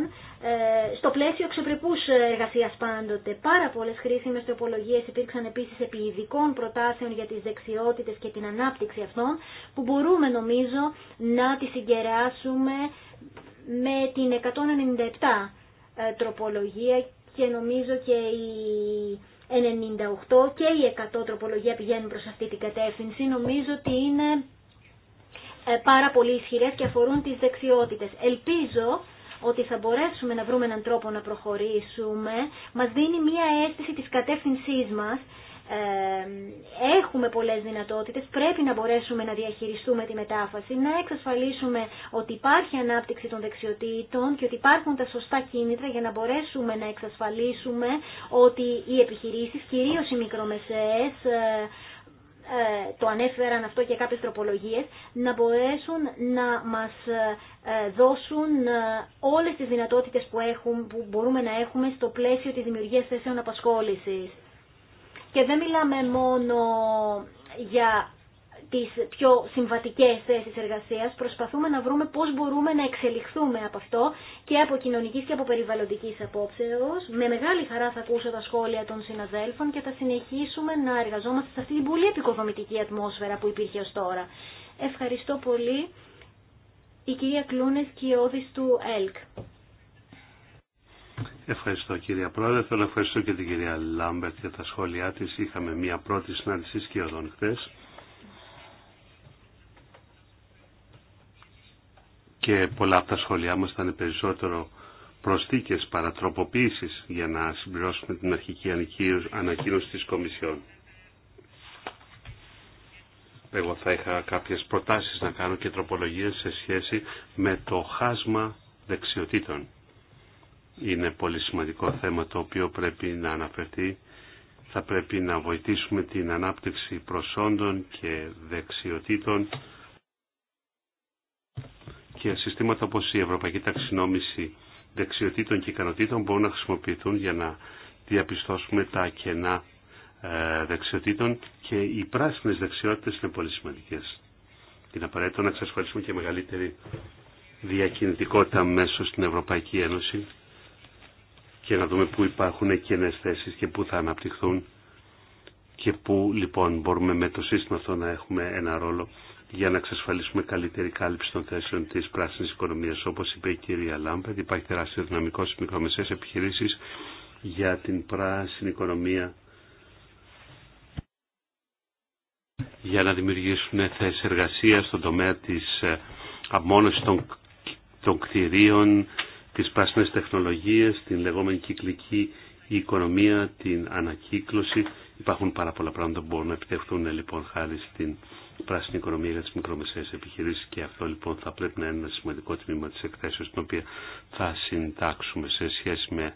ε, στο πλαίσιο εξωπρεπούς εργασίας πάντοτε. Πάρα πολλές χρήσιμες τροπολογίες υπήρξαν επίσης επί ειδικών προτάσεων για τις δεξιότητες και την ανάπτυξη αυτών που μπορούμε νομίζω να τις συγκεράσουμε με την 197 τροπολογία και νομίζω και η 98 και η 100 τροπολογία πηγαίνουν προς αυτή την κατεύθυνση. Νομίζω ότι είναι ε, πάρα πολύ ισχυρές και αφορούν τις δεξιότητες. Ελπίζω ότι θα μπορέσουμε να βρούμε έναν τρόπο να προχωρήσουμε. Μας δίνει μία αίσθηση της κατεύθυνσής μας έχουμε πολλές δυνατότητες, πρέπει να μπορέσουμε να διαχειριστούμε τη μετάφαση, να εξασφαλίσουμε ότι υπάρχει ανάπτυξη των δεξιοτήτων και ότι υπάρχουν τα σωστά κίνητρα για να μπορέσουμε να εξασφαλίσουμε ότι οι επιχειρήσεις, κυρίως οι μικρομεσαίες, ε, ε, το ανέφεραν αυτό και κάποιες τροπολογίες, να μπορέσουν να μας ε, δώσουν όλες τις δυνατότητες που, που μπορούμε να έχουμε στο πλαίσιο της δημιουργίας θέσεων απασχόλησης. Και δεν μιλάμε μόνο για τις πιο συμβατικές θέσεις εργασίας, προσπαθούμε να βρούμε πώς μπορούμε να εξελιχθούμε από αυτό και από κοινωνικής και από περιβαλλοντικής απόψεως. Με μεγάλη χαρά θα ακούσω τα σχόλια των συναδέλφων και θα συνεχίσουμε να εργαζόμαστε σε αυτή την πολύ επικοδομητική ατμόσφαιρα που υπήρχε ως τώρα. Ευχαριστώ πολύ. Η κυρία Κλούνες και η του ΕΛΚ. Ευχαριστώ κυρία Πρόεδρε. Θέλω να ευχαριστώ και την κυρία Λάμπερτ για τα σχόλιά της. Είχαμε μια πρώτη συνάντηση σκιωδών χθες. Και πολλά από τα σχόλιά μας ήταν περισσότερο προστίκες παρατροποποίησης για να συμπληρώσουμε την αρχική ανακοίνωση της Κομισιόν. Εγώ θα είχα κάποιες προτάσεις να κάνω και τροπολογίες σε σχέση με το χάσμα δεξιοτήτων είναι πολύ σημαντικό θέμα το οποίο πρέπει να αναφερθεί. Θα πρέπει να βοηθήσουμε την ανάπτυξη προσόντων και δεξιοτήτων και συστήματα όπως η Ευρωπαϊκή Ταξινόμηση Δεξιοτήτων και Ικανοτήτων μπορούν να χρησιμοποιηθούν για να διαπιστώσουμε τα κενά ε, δεξιοτήτων και οι πράσινες δεξιότητες είναι πολύ σημαντικές. Είναι απαραίτητο να εξασφαλίσουμε και μεγαλύτερη διακινητικότητα μέσω στην Ευρωπαϊκή Ένωση και να δούμε πού υπάρχουν κενέ θέσει και πού θα αναπτυχθούν και πού λοιπόν μπορούμε με το σύστημα αυτό να έχουμε ένα ρόλο για να εξασφαλίσουμε καλύτερη κάλυψη των θέσεων τη πράσινη οικονομία. Όπω είπε η κυρία Λάμπερτ, υπάρχει τεράστιο δυναμικό στι μικρομεσαίε επιχειρήσει για την πράσινη οικονομία για να δημιουργήσουν θέσει εργασία στον τομέα τη ε, απομόνωση των κτηρίων, τις πράσινες τεχνολογίες, την λεγόμενη κυκλική οικονομία, την ανακύκλωση. Υπάρχουν πάρα πολλά πράγματα που μπορούν να επιτευχθούν λοιπόν χάρη στην πράσινη οικονομία για τις μικρομεσαίες επιχειρήσεις και αυτό λοιπόν θα πρέπει να είναι ένα σημαντικό τμήμα της εκθέσεως την οποία θα συντάξουμε σε σχέση με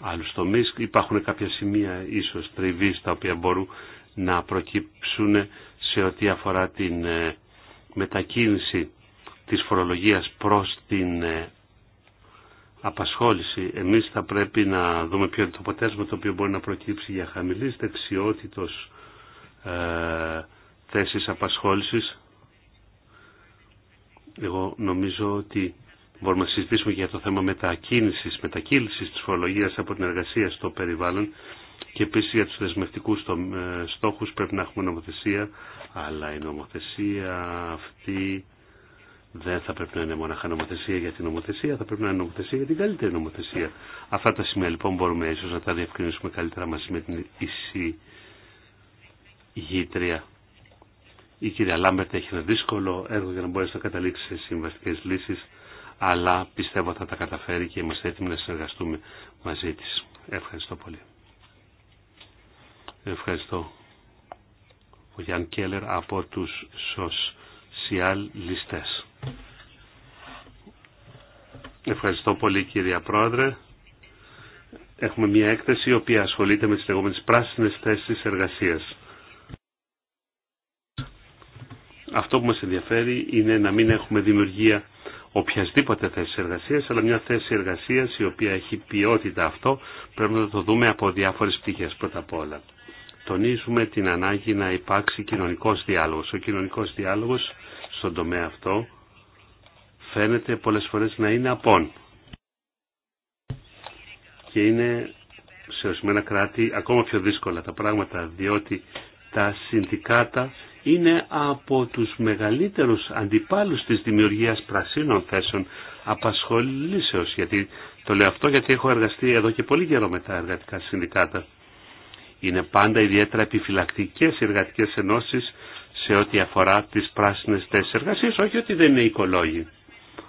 άλλους τομείς. Υπάρχουν κάποια σημεία ίσως τριβής τα οποία μπορούν να προκύψουν σε ό,τι αφορά την ε, μετακίνηση της φορολογίας προς την ε, απασχόληση. Εμείς θα πρέπει να δούμε ποιο είναι το αποτέλεσμα το οποίο μπορεί να προκύψει για χαμηλής δεξιότητος ε, θέσεις απασχόλησης. Εγώ νομίζω ότι μπορούμε να συζητήσουμε για το θέμα μετακίνησης, μετακύληση της φορολογίας από την εργασία στο περιβάλλον και επίσης για τους δεσμευτικούς ε, στόχους πρέπει να έχουμε νομοθεσία, αλλά η νομοθεσία αυτή δεν θα πρέπει να είναι μοναχα νομοθεσία για την νομοθεσία, θα πρέπει να είναι νομοθεσία για την καλύτερη νομοθεσία. Αυτά τα σημεία λοιπόν μπορούμε ίσως να τα διευκρινίσουμε καλύτερα μαζί με την εισηγήτρια. Η κυρία Λάμπερτ έχει ένα δύσκολο έργο για να μπορέσει να καταλήξει σε συμβαστικέ λύσει, αλλά πιστεύω θα τα καταφέρει και είμαστε έτοιμοι να συνεργαστούμε μαζί τη. Ευχαριστώ πολύ. Ευχαριστώ. Ο Γιάνν από λιστές. Ευχαριστώ πολύ κύριε Πρόεδρε. Έχουμε μια έκθεση η οποία ασχολείται με τις λεγόμενες πράσινες θέσεις εργασίας. Αυτό που μας ενδιαφέρει είναι να μην έχουμε δημιουργία οποιασδήποτε θέση εργασίας, αλλά μια θέση εργασίας η οποία έχει ποιότητα αυτό, πρέπει να το δούμε από διάφορες πτυχές πρώτα απ' όλα. Τονίζουμε την ανάγκη να υπάρξει κοινωνικός διάλογος. Ο κοινωνικός διάλογος στον τομέα αυτό φαίνεται πολλές φορές να είναι απόν. Και είναι σε ορισμένα κράτη ακόμα πιο δύσκολα τα πράγματα, διότι τα συνδικάτα είναι από τους μεγαλύτερους αντιπάλους της δημιουργίας πρασίνων θέσεων απασχολήσεως. Γιατί, το λέω αυτό γιατί έχω εργαστεί εδώ και πολύ καιρό με τα εργατικά συνδικάτα. Είναι πάντα ιδιαίτερα επιφυλακτικές εργατικές ενώσεις σε ό,τι αφορά τις πράσινες θέσει εργασίας, όχι ότι δεν είναι οικολόγοι.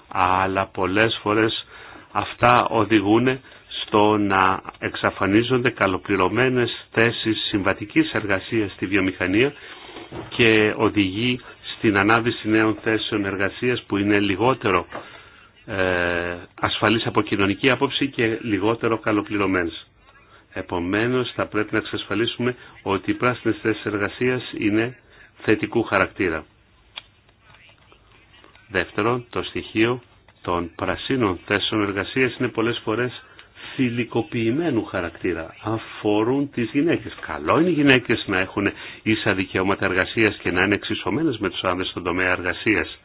Αλλά πολλές φορές αυτά οδηγούν στο να εξαφανίζονται καλοπληρωμένες θέσεις συμβατικής εργασίας στη βιομηχανία και οδηγεί στην ανάδυση νέων θέσεων εργασίας που είναι λιγότερο ε, ασφαλής από κοινωνική άποψη και λιγότερο καλοπληρωμένες. Επομένως θα πρέπει να εξασφαλίσουμε ότι οι πράσινες θέσεις εργασίας είναι θετικού χαρακτήρα. Δεύτερον, το στοιχείο των πρασίνων θέσεων εργασίας είναι πολλές φορές θηλυκοποιημένου χαρακτήρα. Αφορούν τις γυναίκες. Καλό είναι οι γυναίκες να έχουν ίσα δικαιώματα εργασίας και να είναι εξισωμένες με τους άνδρες στον τομέα εργασίας.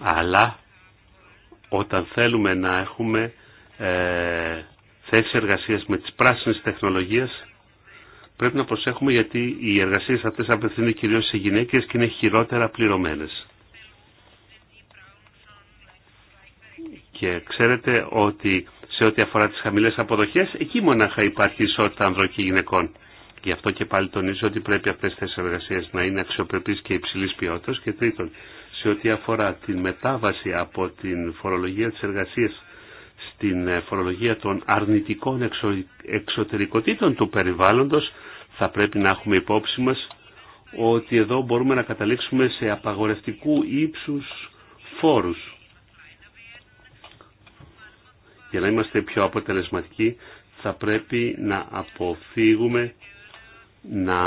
Αλλά όταν θέλουμε να έχουμε ε, θέσεις εργασίας με τις πράσινες τεχνολογίες πρέπει να προσέχουμε γιατί οι εργασίε αυτέ απευθύνονται κυρίω σε γυναίκε και είναι χειρότερα πληρωμένε. Και ξέρετε ότι σε ό,τι αφορά τις χαμηλές αποδοχές, εκεί μονάχα υπάρχει ισότητα ανδρών και γυναικών. Γι' αυτό και πάλι τονίζω ότι πρέπει αυτές τις εργασίες να είναι αξιοπρεπείς και υψηλής ποιότητας. Και τρίτον, σε ό,τι αφορά την μετάβαση από την φορολογία της εργασίας στην ε, φορολογία των αρνητικών εξωτερικοτήτων του περιβάλλοντος, θα πρέπει να έχουμε υπόψη μας ότι εδώ μπορούμε να καταλήξουμε σε απαγορευτικού ύψους φόρους. Για να είμαστε πιο αποτελεσματικοί θα πρέπει να αποφύγουμε να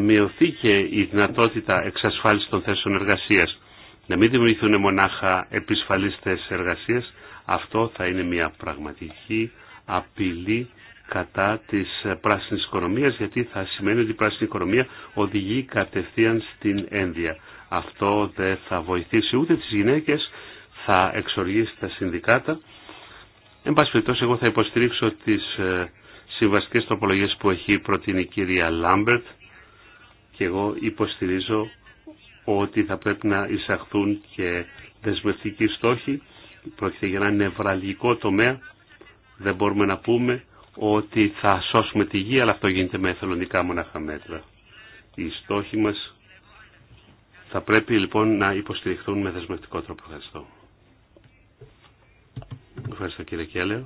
μειωθεί και η δυνατότητα εξασφάλιση των θέσεων εργασίας. Να μην δημιουργηθούν μονάχα επισφαλείς θέσεις εργασίας, αυτό θα είναι μια πραγματική απειλή κατά της πράσινης οικονομίας γιατί θα σημαίνει ότι η πράσινη οικονομία οδηγεί κατευθείαν στην ένδια. Αυτό δεν θα βοηθήσει ούτε τις γυναίκες, θα εξοργήσει τα συνδικάτα. Εν πάση περιπτώσει εγώ θα υποστηρίξω τις ε, συμβαστικές τοπολογίες που έχει προτείνει η κυρία Λάμπερτ και εγώ υποστηρίζω ότι θα πρέπει να εισαχθούν και δεσμευτικοί στόχοι πρόκειται για ένα νευραλγικό τομέα. Δεν μπορούμε να πούμε ότι θα σώσουμε τη γη, αλλά αυτό γίνεται με εθελοντικά μονάχα μέτρα. Οι στόχοι μας θα πρέπει λοιπόν να υποστηριχθούν με δεσμευτικό τρόπο. Ευχαριστώ. Ευχαριστώ κύριε Κέλλερ.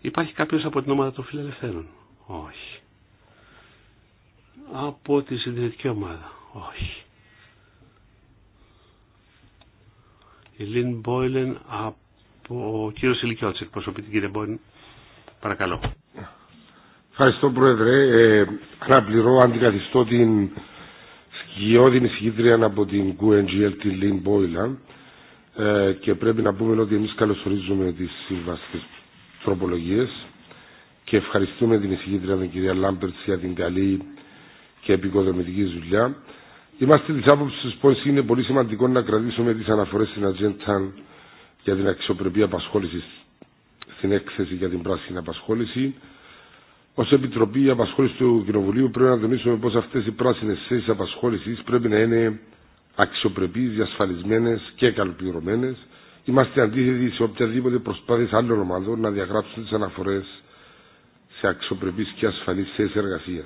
Υπάρχει κάποιος από την ομάδα των φιλελευθέρων. Όχι. Από τη συντηρητική ομάδα. Όχι. Η Λίν Μπόιλεν από ο κύριος Ηλικιώτης εκπροσωπεί την κύριε Μπόιλεν. Παρακαλώ. Ευχαριστώ Πρόεδρε. Ε, αναπληρώ, αντικαθιστώ την σκιώδη εισηγήτρια από την QNGL, την Λίν Μπόιλεν. και πρέπει να πούμε ότι εμείς καλωσορίζουμε τις συμβαστικές τροπολογίες και ευχαριστούμε την εισηγήτρια την κυρία Λάμπερτς για την καλή και επικοδομητική δουλειά. Είμαστε τη άποψη πω είναι πολύ σημαντικό να κρατήσουμε τι αναφορέ στην ατζέντα για την αξιοπρεπή απασχόληση στην έκθεση για την πράσινη απασχόληση. Ω Επιτροπή Απασχόληση του Κοινοβουλίου πρέπει να τονίσουμε πω αυτέ οι πράσινε θέσει απασχόληση πρέπει να είναι αξιοπρεπεί, διασφαλισμένε και καλοπληρωμένε. Είμαστε αντίθετοι σε οποιαδήποτε προσπάθεια άλλων ομάδων να διαγράψουν τι αναφορέ σε αξιοπρεπεί και ασφαλεί θέσει εργασία.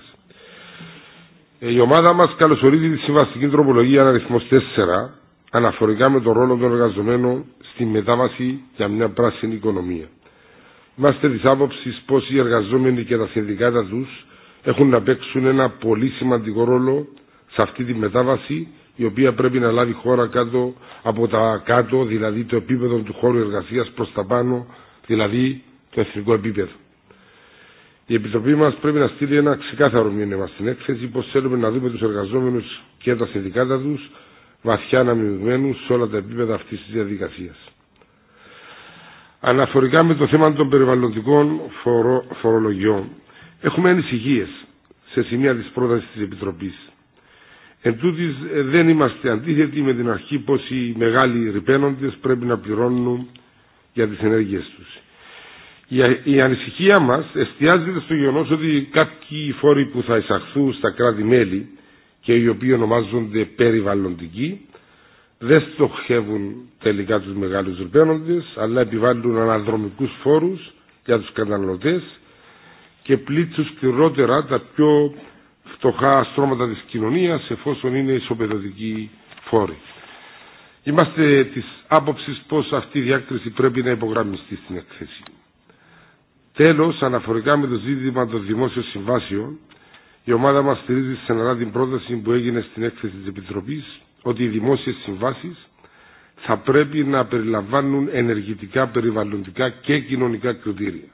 Ε, η ομάδα μα καλωσορίζει τη συμβαστική τροπολογία αριθμό 4 αναφορικά με τον ρόλο των εργαζομένων στη μετάβαση για μια πράσινη οικονομία. Είμαστε τη άποψη πω οι εργαζόμενοι και τα συνδικάτα του έχουν να παίξουν ένα πολύ σημαντικό ρόλο σε αυτή τη μετάβαση η οποία πρέπει να λάβει χώρα κάτω από τα κάτω, δηλαδή το επίπεδο του χώρου εργασίας προς τα πάνω, δηλαδή το εθνικό επίπεδο. Η Επιτροπή μα πρέπει να στείλει ένα ξεκάθαρο μήνυμα στην έκθεση πω θέλουμε να δούμε του εργαζόμενου και τα συνδικάτα του βαθιά αναμειγμένου σε όλα τα επίπεδα αυτή τη διαδικασία. Αναφορικά με το θέμα των περιβαλλοντικών φορολογιών, έχουμε ανησυχίε σε σημεία τη πρόταση τη Επιτροπή. Εν τούτης, ε, δεν είμαστε αντίθετοι με την αρχή πω οι μεγάλοι ρηπαίνοντε πρέπει να πληρώνουν για τι ενέργειέ του. Η ανησυχία μας εστιάζεται στο γεγονός ότι κάποιοι φόροι που θα εισαχθούν στα κράτη-μέλη και οι οποίοι ονομάζονται περιβαλλοντικοί δεν στοχεύουν τελικά τους μεγάλους ρηπαίνοντες αλλά επιβάλλουν αναδρομικούς φόρους για τους καταναλωτές και πλήττουν σκληρότερα τα πιο φτωχά στρώματα της κοινωνίας εφόσον είναι ισοπεδωτικοί φόροι. Είμαστε της άποψης πως αυτή η διάκριση πρέπει να υπογραμμιστεί στην εκθέση. Τέλο, αναφορικά με το ζήτημα των δημόσιων συμβάσεων, η ομάδα μα στηρίζει στεναρά την πρόταση που έγινε στην έκθεση τη Επιτροπή ότι οι δημόσιε συμβάσει θα πρέπει να περιλαμβάνουν ενεργητικά, περιβαλλοντικά και κοινωνικά κριτήρια.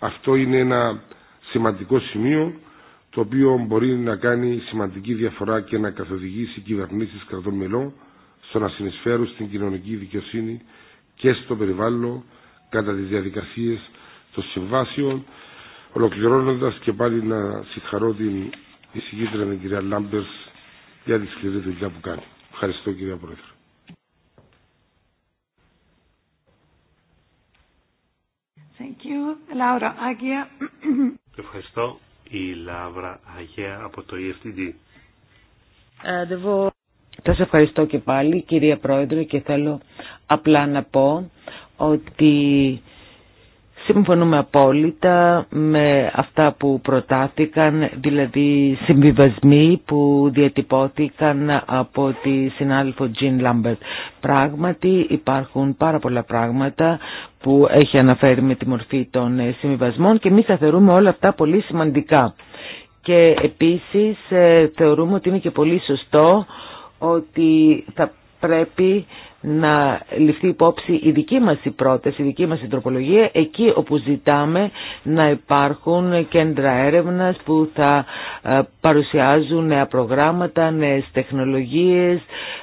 Αυτό είναι ένα σημαντικό σημείο το οποίο μπορεί να κάνει σημαντική διαφορά και να καθοδηγήσει κυβερνήσεις κρατών μελών στο να συνεισφέρουν στην κοινωνική δικαιοσύνη και στο περιβάλλον κατά τις διαδικασίες των συμβάσεων. Ολοκληρώνοντα και πάλι να συγχαρώ την εισηγήτρια την κυρία Λάμπερ για τη σκληρή δουλειά που κάνει. Ευχαριστώ κυρία Πρόεδρε. Thank you. Laura Agia. Ευχαριστώ. Η Λάβρα Αγία από το EFTD. Ε, Σα ευχαριστώ και πάλι κυρία Πρόεδρε και θέλω απλά να πω ότι Συμφωνούμε απόλυτα με αυτά που προτάθηκαν, δηλαδή συμβιβασμοί που διατυπώθηκαν από τη συνάδελφο Τζιν Λάμπερτ. Πράγματι υπάρχουν πάρα πολλά πράγματα που έχει αναφέρει με τη μορφή των συμβιβασμών και εμεί θα θεωρούμε όλα αυτά πολύ σημαντικά. Και επίσης ε, θεωρούμε ότι είναι και πολύ σωστό ότι θα πρέπει να ληφθεί υπόψη η δική μας η πρόταση, η δική μας η τροπολογία, εκεί όπου ζητάμε να υπάρχουν κέντρα έρευνας που θα ε, παρουσιάζουν νέα προγράμματα, νέες τεχνολογίες,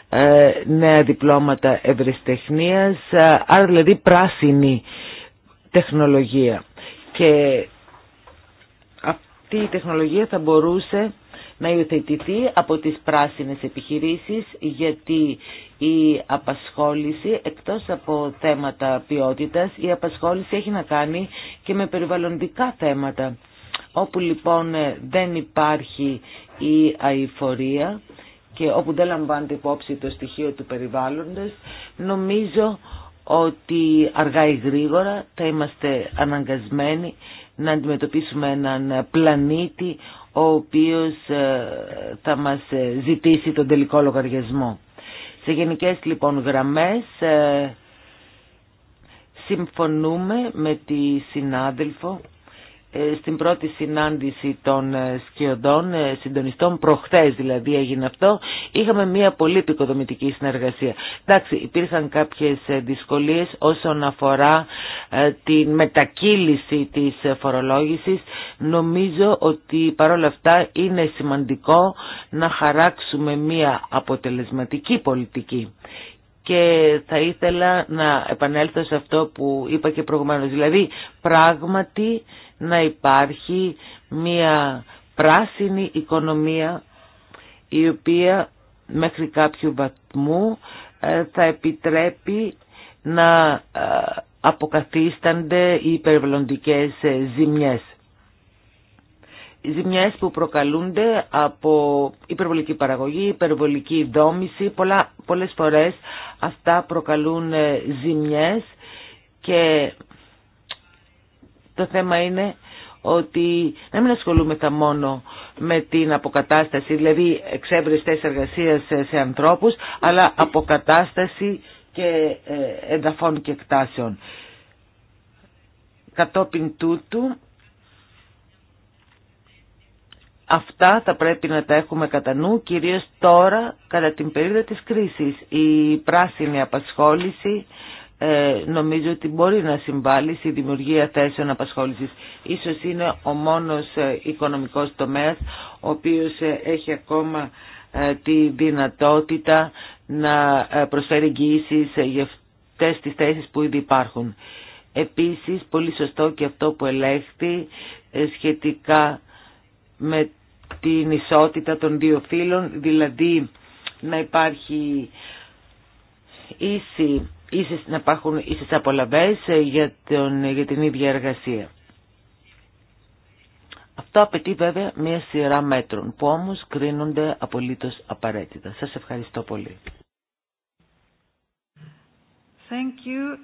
ε, νέα διπλώματα ευρεσιτεχνίας, ε, άρα δηλαδή πράσινη τεχνολογία. Και αυτή η τεχνολογία θα μπορούσε να υιοθετηθεί από τις πράσινες επιχειρήσεις γιατί η απασχόληση εκτός από θέματα ποιότητας η απασχόληση έχει να κάνει και με περιβαλλοντικά θέματα όπου λοιπόν δεν υπάρχει η αηφορία και όπου δεν λαμβάνεται υπόψη το στοιχείο του περιβάλλοντος νομίζω ότι αργά ή γρήγορα θα είμαστε αναγκασμένοι να αντιμετωπίσουμε έναν πλανήτη ο οποίος ε, θα μας ε, ζητήσει τον τελικό λογαριασμό. Σε γενικές λοιπόν γραμμές ε, συμφωνούμε με τη συνάδελφο στην πρώτη συνάντηση των ε, σκιωδών ε, συντονιστών, προχθές δηλαδή έγινε αυτό, είχαμε μια πολύ επικοδομητική συνεργασία. Εντάξει, υπήρχαν κάποιες ε, δυσκολίες όσον αφορά τη μετακύληση της φορολόγησης. Νομίζω ότι παρόλα αυτά είναι σημαντικό να χαράξουμε μια αποτελεσματική πολιτική και θα ήθελα να επανέλθω σε αυτό που είπα και προηγουμένως. Δηλαδή πράγματι να υπάρχει μια πράσινη οικονομία η οποία μέχρι κάποιου βαθμού ε, θα επιτρέπει να ε, αποκαθίστανται οι ε, ζημιές. Οι ζημιές που προκαλούνται από υπερβολική παραγωγή, υπερβολική δόμηση, πολλά, πολλές φορές αυτά προκαλούν ζημιές και το θέμα είναι ότι να μην ασχολούμεθα μόνο με την αποκατάσταση, δηλαδή εξέβρεση εργασίες εργασία σε ανθρώπους, αλλά αποκατάσταση και ενταφών και εκτάσεων. Κατόπιν τούτου, αυτά θα πρέπει να τα έχουμε κατά νου, κυρίως τώρα, κατά την περίοδο της κρίσης. Η πράσινη απασχόληση ε, νομίζω ότι μπορεί να συμβάλλει στη δημιουργία θέσεων απασχόλησης. Ίσως είναι ο μόνος ε, οικονομικός τομέας ο οποίος ε, έχει ακόμα τη δυνατότητα να προσφέρει εγγυήσεις για αυτές τις θέσεις που ήδη υπάρχουν. Επίσης, πολύ σωστό και αυτό που ελέγχθη σχετικά με την ισότητα των δύο φύλων, δηλαδή να υπάρχει ίση ίσες, να υπάρχουν ίσες απολαμβές ε, για, τον, για την ίδια εργασία. Αυτό απαιτεί βέβαια μία σειρά μέτρων που όμως κρίνονται απολύτως απαραίτητα. Σας ευχαριστώ πολύ. Thank you.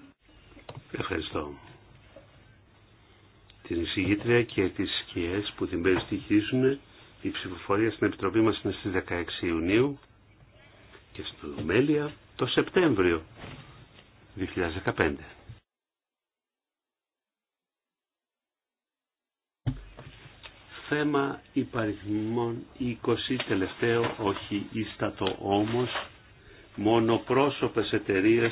Ευχαριστώ. Την εισηγήτρια και τις σκιές που την περιστοιχίζουν η ψηφοφορία στην Επιτροπή μας είναι στις 16 Ιουνίου και στο μέλια το Σεπτέμβριο. 2015. Θέμα υπαριθμών 20 τελευταίο, όχι ίστατο όμως, μονοπρόσωπες εταιρείες,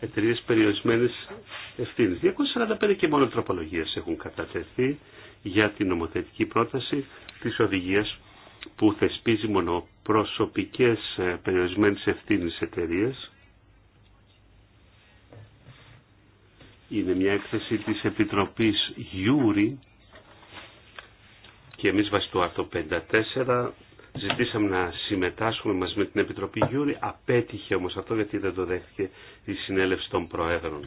εταιρείες περιορισμένες ευθύνες. 245 και μόνο τροπολογίες έχουν κατατεθεί για την νομοθετική πρόταση της οδηγίας που θεσπίζει μονό προσωπικές ε, περιορισμένες ευθύνες εταιρείε. Είναι μια έκθεση της Επιτροπής Γιούρι και εμείς βάσει του 54 ζητήσαμε να συμμετάσχουμε μαζί με την Επιτροπή Γιούρι. Απέτυχε όμως αυτό γιατί δεν το δέχτηκε η συνέλευση των Προέδρων.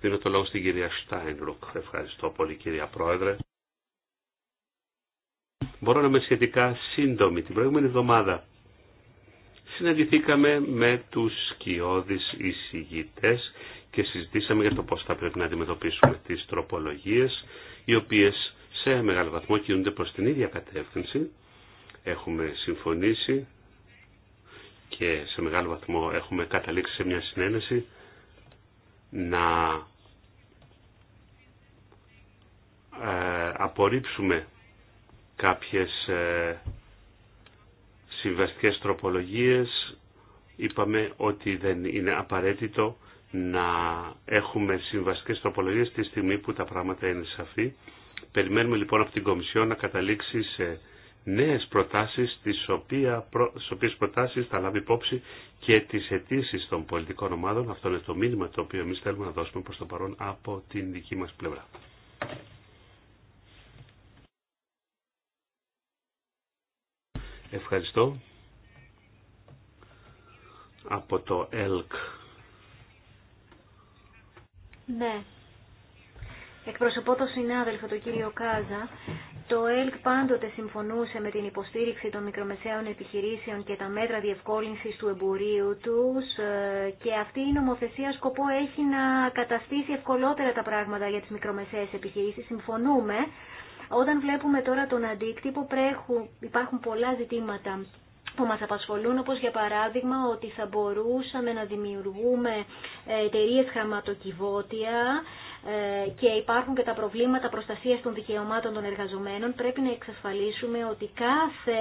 Δίνω το λόγο στην κυρία Στάινρουκ. Ευχαριστώ πολύ κυρία Πρόεδρε. Μπορώ να είμαι σχετικά σύντομη. Την προηγούμενη εβδομάδα συναντηθήκαμε με τους σκιώδεις εισηγητές και συζητήσαμε για το πώς θα πρέπει να αντιμετωπίσουμε τις τροπολογίες, οι οποίες σε μεγάλο βαθμό κινούνται προς την ίδια κατεύθυνση. Έχουμε συμφωνήσει και σε μεγάλο βαθμό έχουμε καταλήξει σε μια συνένεση να ε, απορρίψουμε κάποιες ε, συμβαστικές τροπολογίες. Είπαμε ότι δεν είναι απαραίτητο να έχουμε συμβαστικές τροπολογίες τη στιγμή που τα πράγματα είναι σαφή. Περιμένουμε λοιπόν από την Κομισιόν να καταλήξει σε νέες προτάσεις, τις οποία, τις οποίες προτάσεις θα λάβει υπόψη και τις αιτήσει των πολιτικών ομάδων. Αυτό είναι το μήνυμα το οποίο εμείς θέλουμε να δώσουμε προς το παρόν από την δική μας πλευρά. Ευχαριστώ. Από το ΕΛΚ. Ναι. Εκπροσωπώ τον συνάδελφο, τον κύριο Κάζα. Το ΕΛΚ πάντοτε συμφωνούσε με την υποστήριξη των μικρομεσαίων επιχειρήσεων και τα μέτρα διευκόλυνσης του εμπορίου τους ε, και αυτή η νομοθεσία σκοπό έχει να καταστήσει ευκολότερα τα πράγματα για τις μικρομεσαίες επιχειρήσεις. Συμφωνούμε όταν βλέπουμε τώρα τον αντίκτυπο υπάρχουν πολλά ζητήματα που μας απασχολούν, όπως για παράδειγμα ότι θα μπορούσαμε να δημιουργούμε ε, εταιρείε χαρματοκιβώτια ε, και υπάρχουν και τα προβλήματα προστασίας των δικαιωμάτων των εργαζομένων. Πρέπει να εξασφαλίσουμε ότι κάθε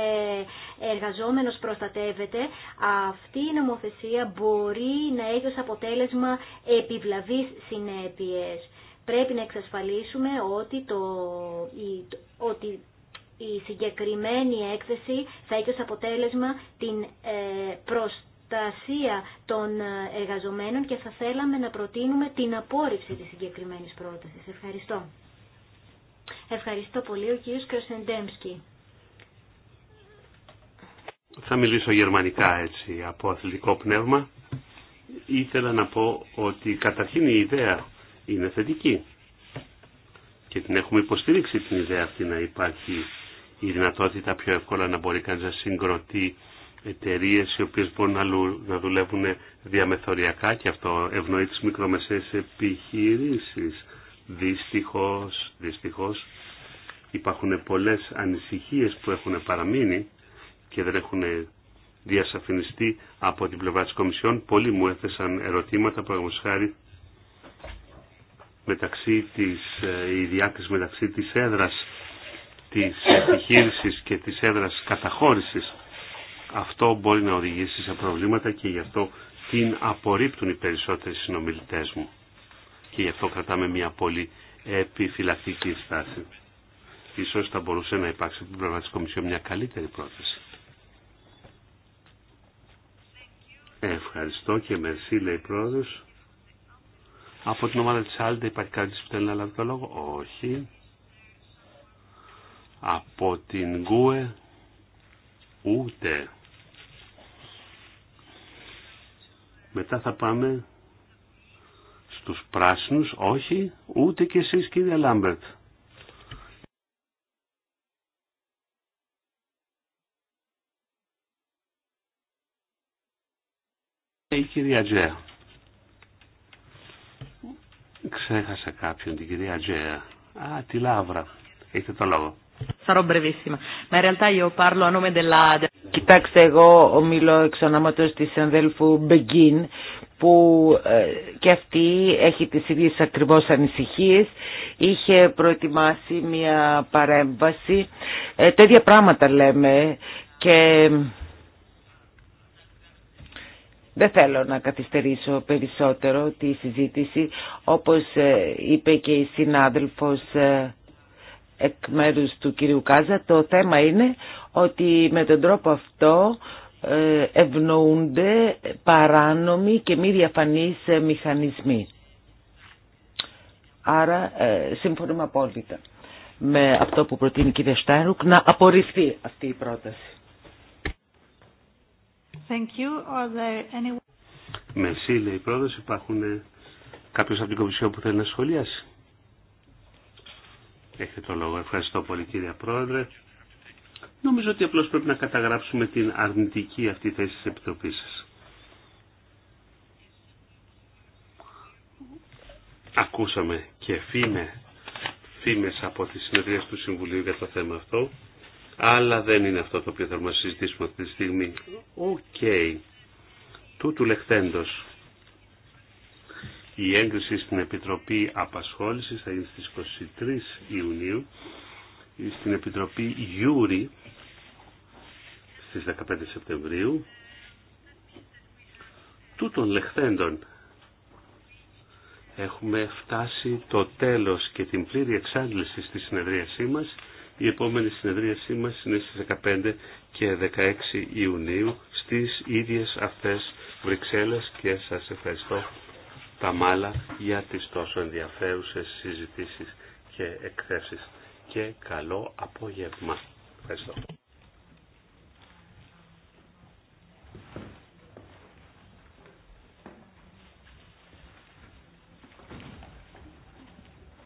εργαζόμενος προστατεύεται. Αυτή η νομοθεσία μπορεί να έχει ως αποτέλεσμα επιβλαβείς συνέπειες. Πρέπει να εξασφαλίσουμε ότι, το, η, ότι η συγκεκριμένη έκθεση θα έχει ως αποτέλεσμα την ε, προστασία των ε, εργαζομένων και θα θέλαμε να προτείνουμε την απόρριψη της συγκεκριμένης πρότασης. Ευχαριστώ. Ευχαριστώ πολύ ο κύριος Κροσεντέμσκι. Θα μιλήσω γερμανικά έτσι από αθλητικό πνεύμα. Ήθελα να πω ότι καταρχήν η ιδέα είναι θετική. Και την έχουμε υποστηρίξει την ιδέα αυτή να υπάρχει η δυνατότητα πιο εύκολα να μπορεί κανείς να συγκροτεί εταιρείε οι οποίες μπορούν να δουλεύουν διαμεθοριακά και αυτό ευνοεί τις μικρομεσαίες επιχειρήσεις. Δυστυχώς, δυστυχώς υπάρχουν πολλές ανησυχίες που έχουν παραμείνει και δεν έχουν διασαφινιστεί από την πλευρά της Κομισιόν. Πολλοί μου έθεσαν ερωτήματα, παραδείγματος χάρη, μεταξύ της, ε, η διάκριση μεταξύ της έδρας της επιχείρησης και της έδρας καταχώρησης. Αυτό μπορεί να οδηγήσει σε προβλήματα και γι' αυτό την απορρίπτουν οι περισσότεροι συνομιλητές μου. Και γι' αυτό κρατάμε μια πολύ επιφυλακτική στάση. Ίσως θα μπορούσε να υπάρξει από την πλευρά της Κομισιόν μια καλύτερη πρόθεση. Ευχαριστώ και μερσή λέει πρόεδρος. Από την ομάδα της Άλντε υπάρχει κάτι που θέλει να λάβει το λόγο. Όχι. Από την Γκούε ούτε. Μετά θα πάμε στους πράσινους. Όχι. Ούτε και εσείς κύριε Λάμπερτ. Η κυρία Τζέα. Ξέχασα κάποιον, την κυρία Τζέα. Α, τη Λαύρα. Έχετε το λόγο. brevissima. Ma in realtà io parlo Κοιτάξτε, εγώ ομιλώ εξ ονόματος της αδέλφου Μπεγκίν, που ε, και αυτή έχει τις ίδιες ακριβώς ανησυχίες. Είχε προετοιμάσει μια παρέμβαση. Ε, τέτοια πράγματα λέμε και δεν θέλω να καθυστερήσω περισσότερο τη συζήτηση. Όπως ε, είπε και η συνάδελφος ε, εκ μέρους του κυρίου Κάζα, το θέμα είναι ότι με τον τρόπο αυτό ε, ευνοούνται παράνομοι και μη διαφανείς μηχανισμοί. Άρα συμφωνούμε απόλυτα με αυτό που προτείνει η κυρία να απορριφθεί αυτή η πρόταση. Thank you. Are there any... Merci, λέει η πρόεδρος. Υπάρχουν κάποιος από την Κομισιόν που θέλει να σχολιάσει. Έχετε το λόγο. Ευχαριστώ πολύ κύριε πρόεδρε. Νομίζω ότι απλώς πρέπει να καταγράψουμε την αρνητική αυτή θέση της Επιτροπής σας. Ακούσαμε και φήμε, φήμες από τις συνεδρίες του Συμβουλίου για το θέμα αυτό αλλά δεν είναι αυτό το οποίο θέλουμε να συζητήσουμε αυτή τη στιγμή. Οκ. Okay. Τούτου λεχθέντος. Η έγκριση στην Επιτροπή Απασχόλησης θα είναι στις 23 Ιουνίου, στην Επιτροπή Γιούρι στις 15 Σεπτεμβρίου, τούτων λεχθέντων έχουμε φτάσει το τέλος και την πλήρη εξάντληση στη συνεδρίασή μας. Η επόμενη συνεδρίασή μας είναι στις 15 και 16 Ιουνίου στις ίδιες αυτές Βρυξέλλες και σας ευχαριστώ τα μάλα για τις τόσο ενδιαφέρουσες συζητήσεις και εκθέσεις και καλό απόγευμα. Ευχαριστώ.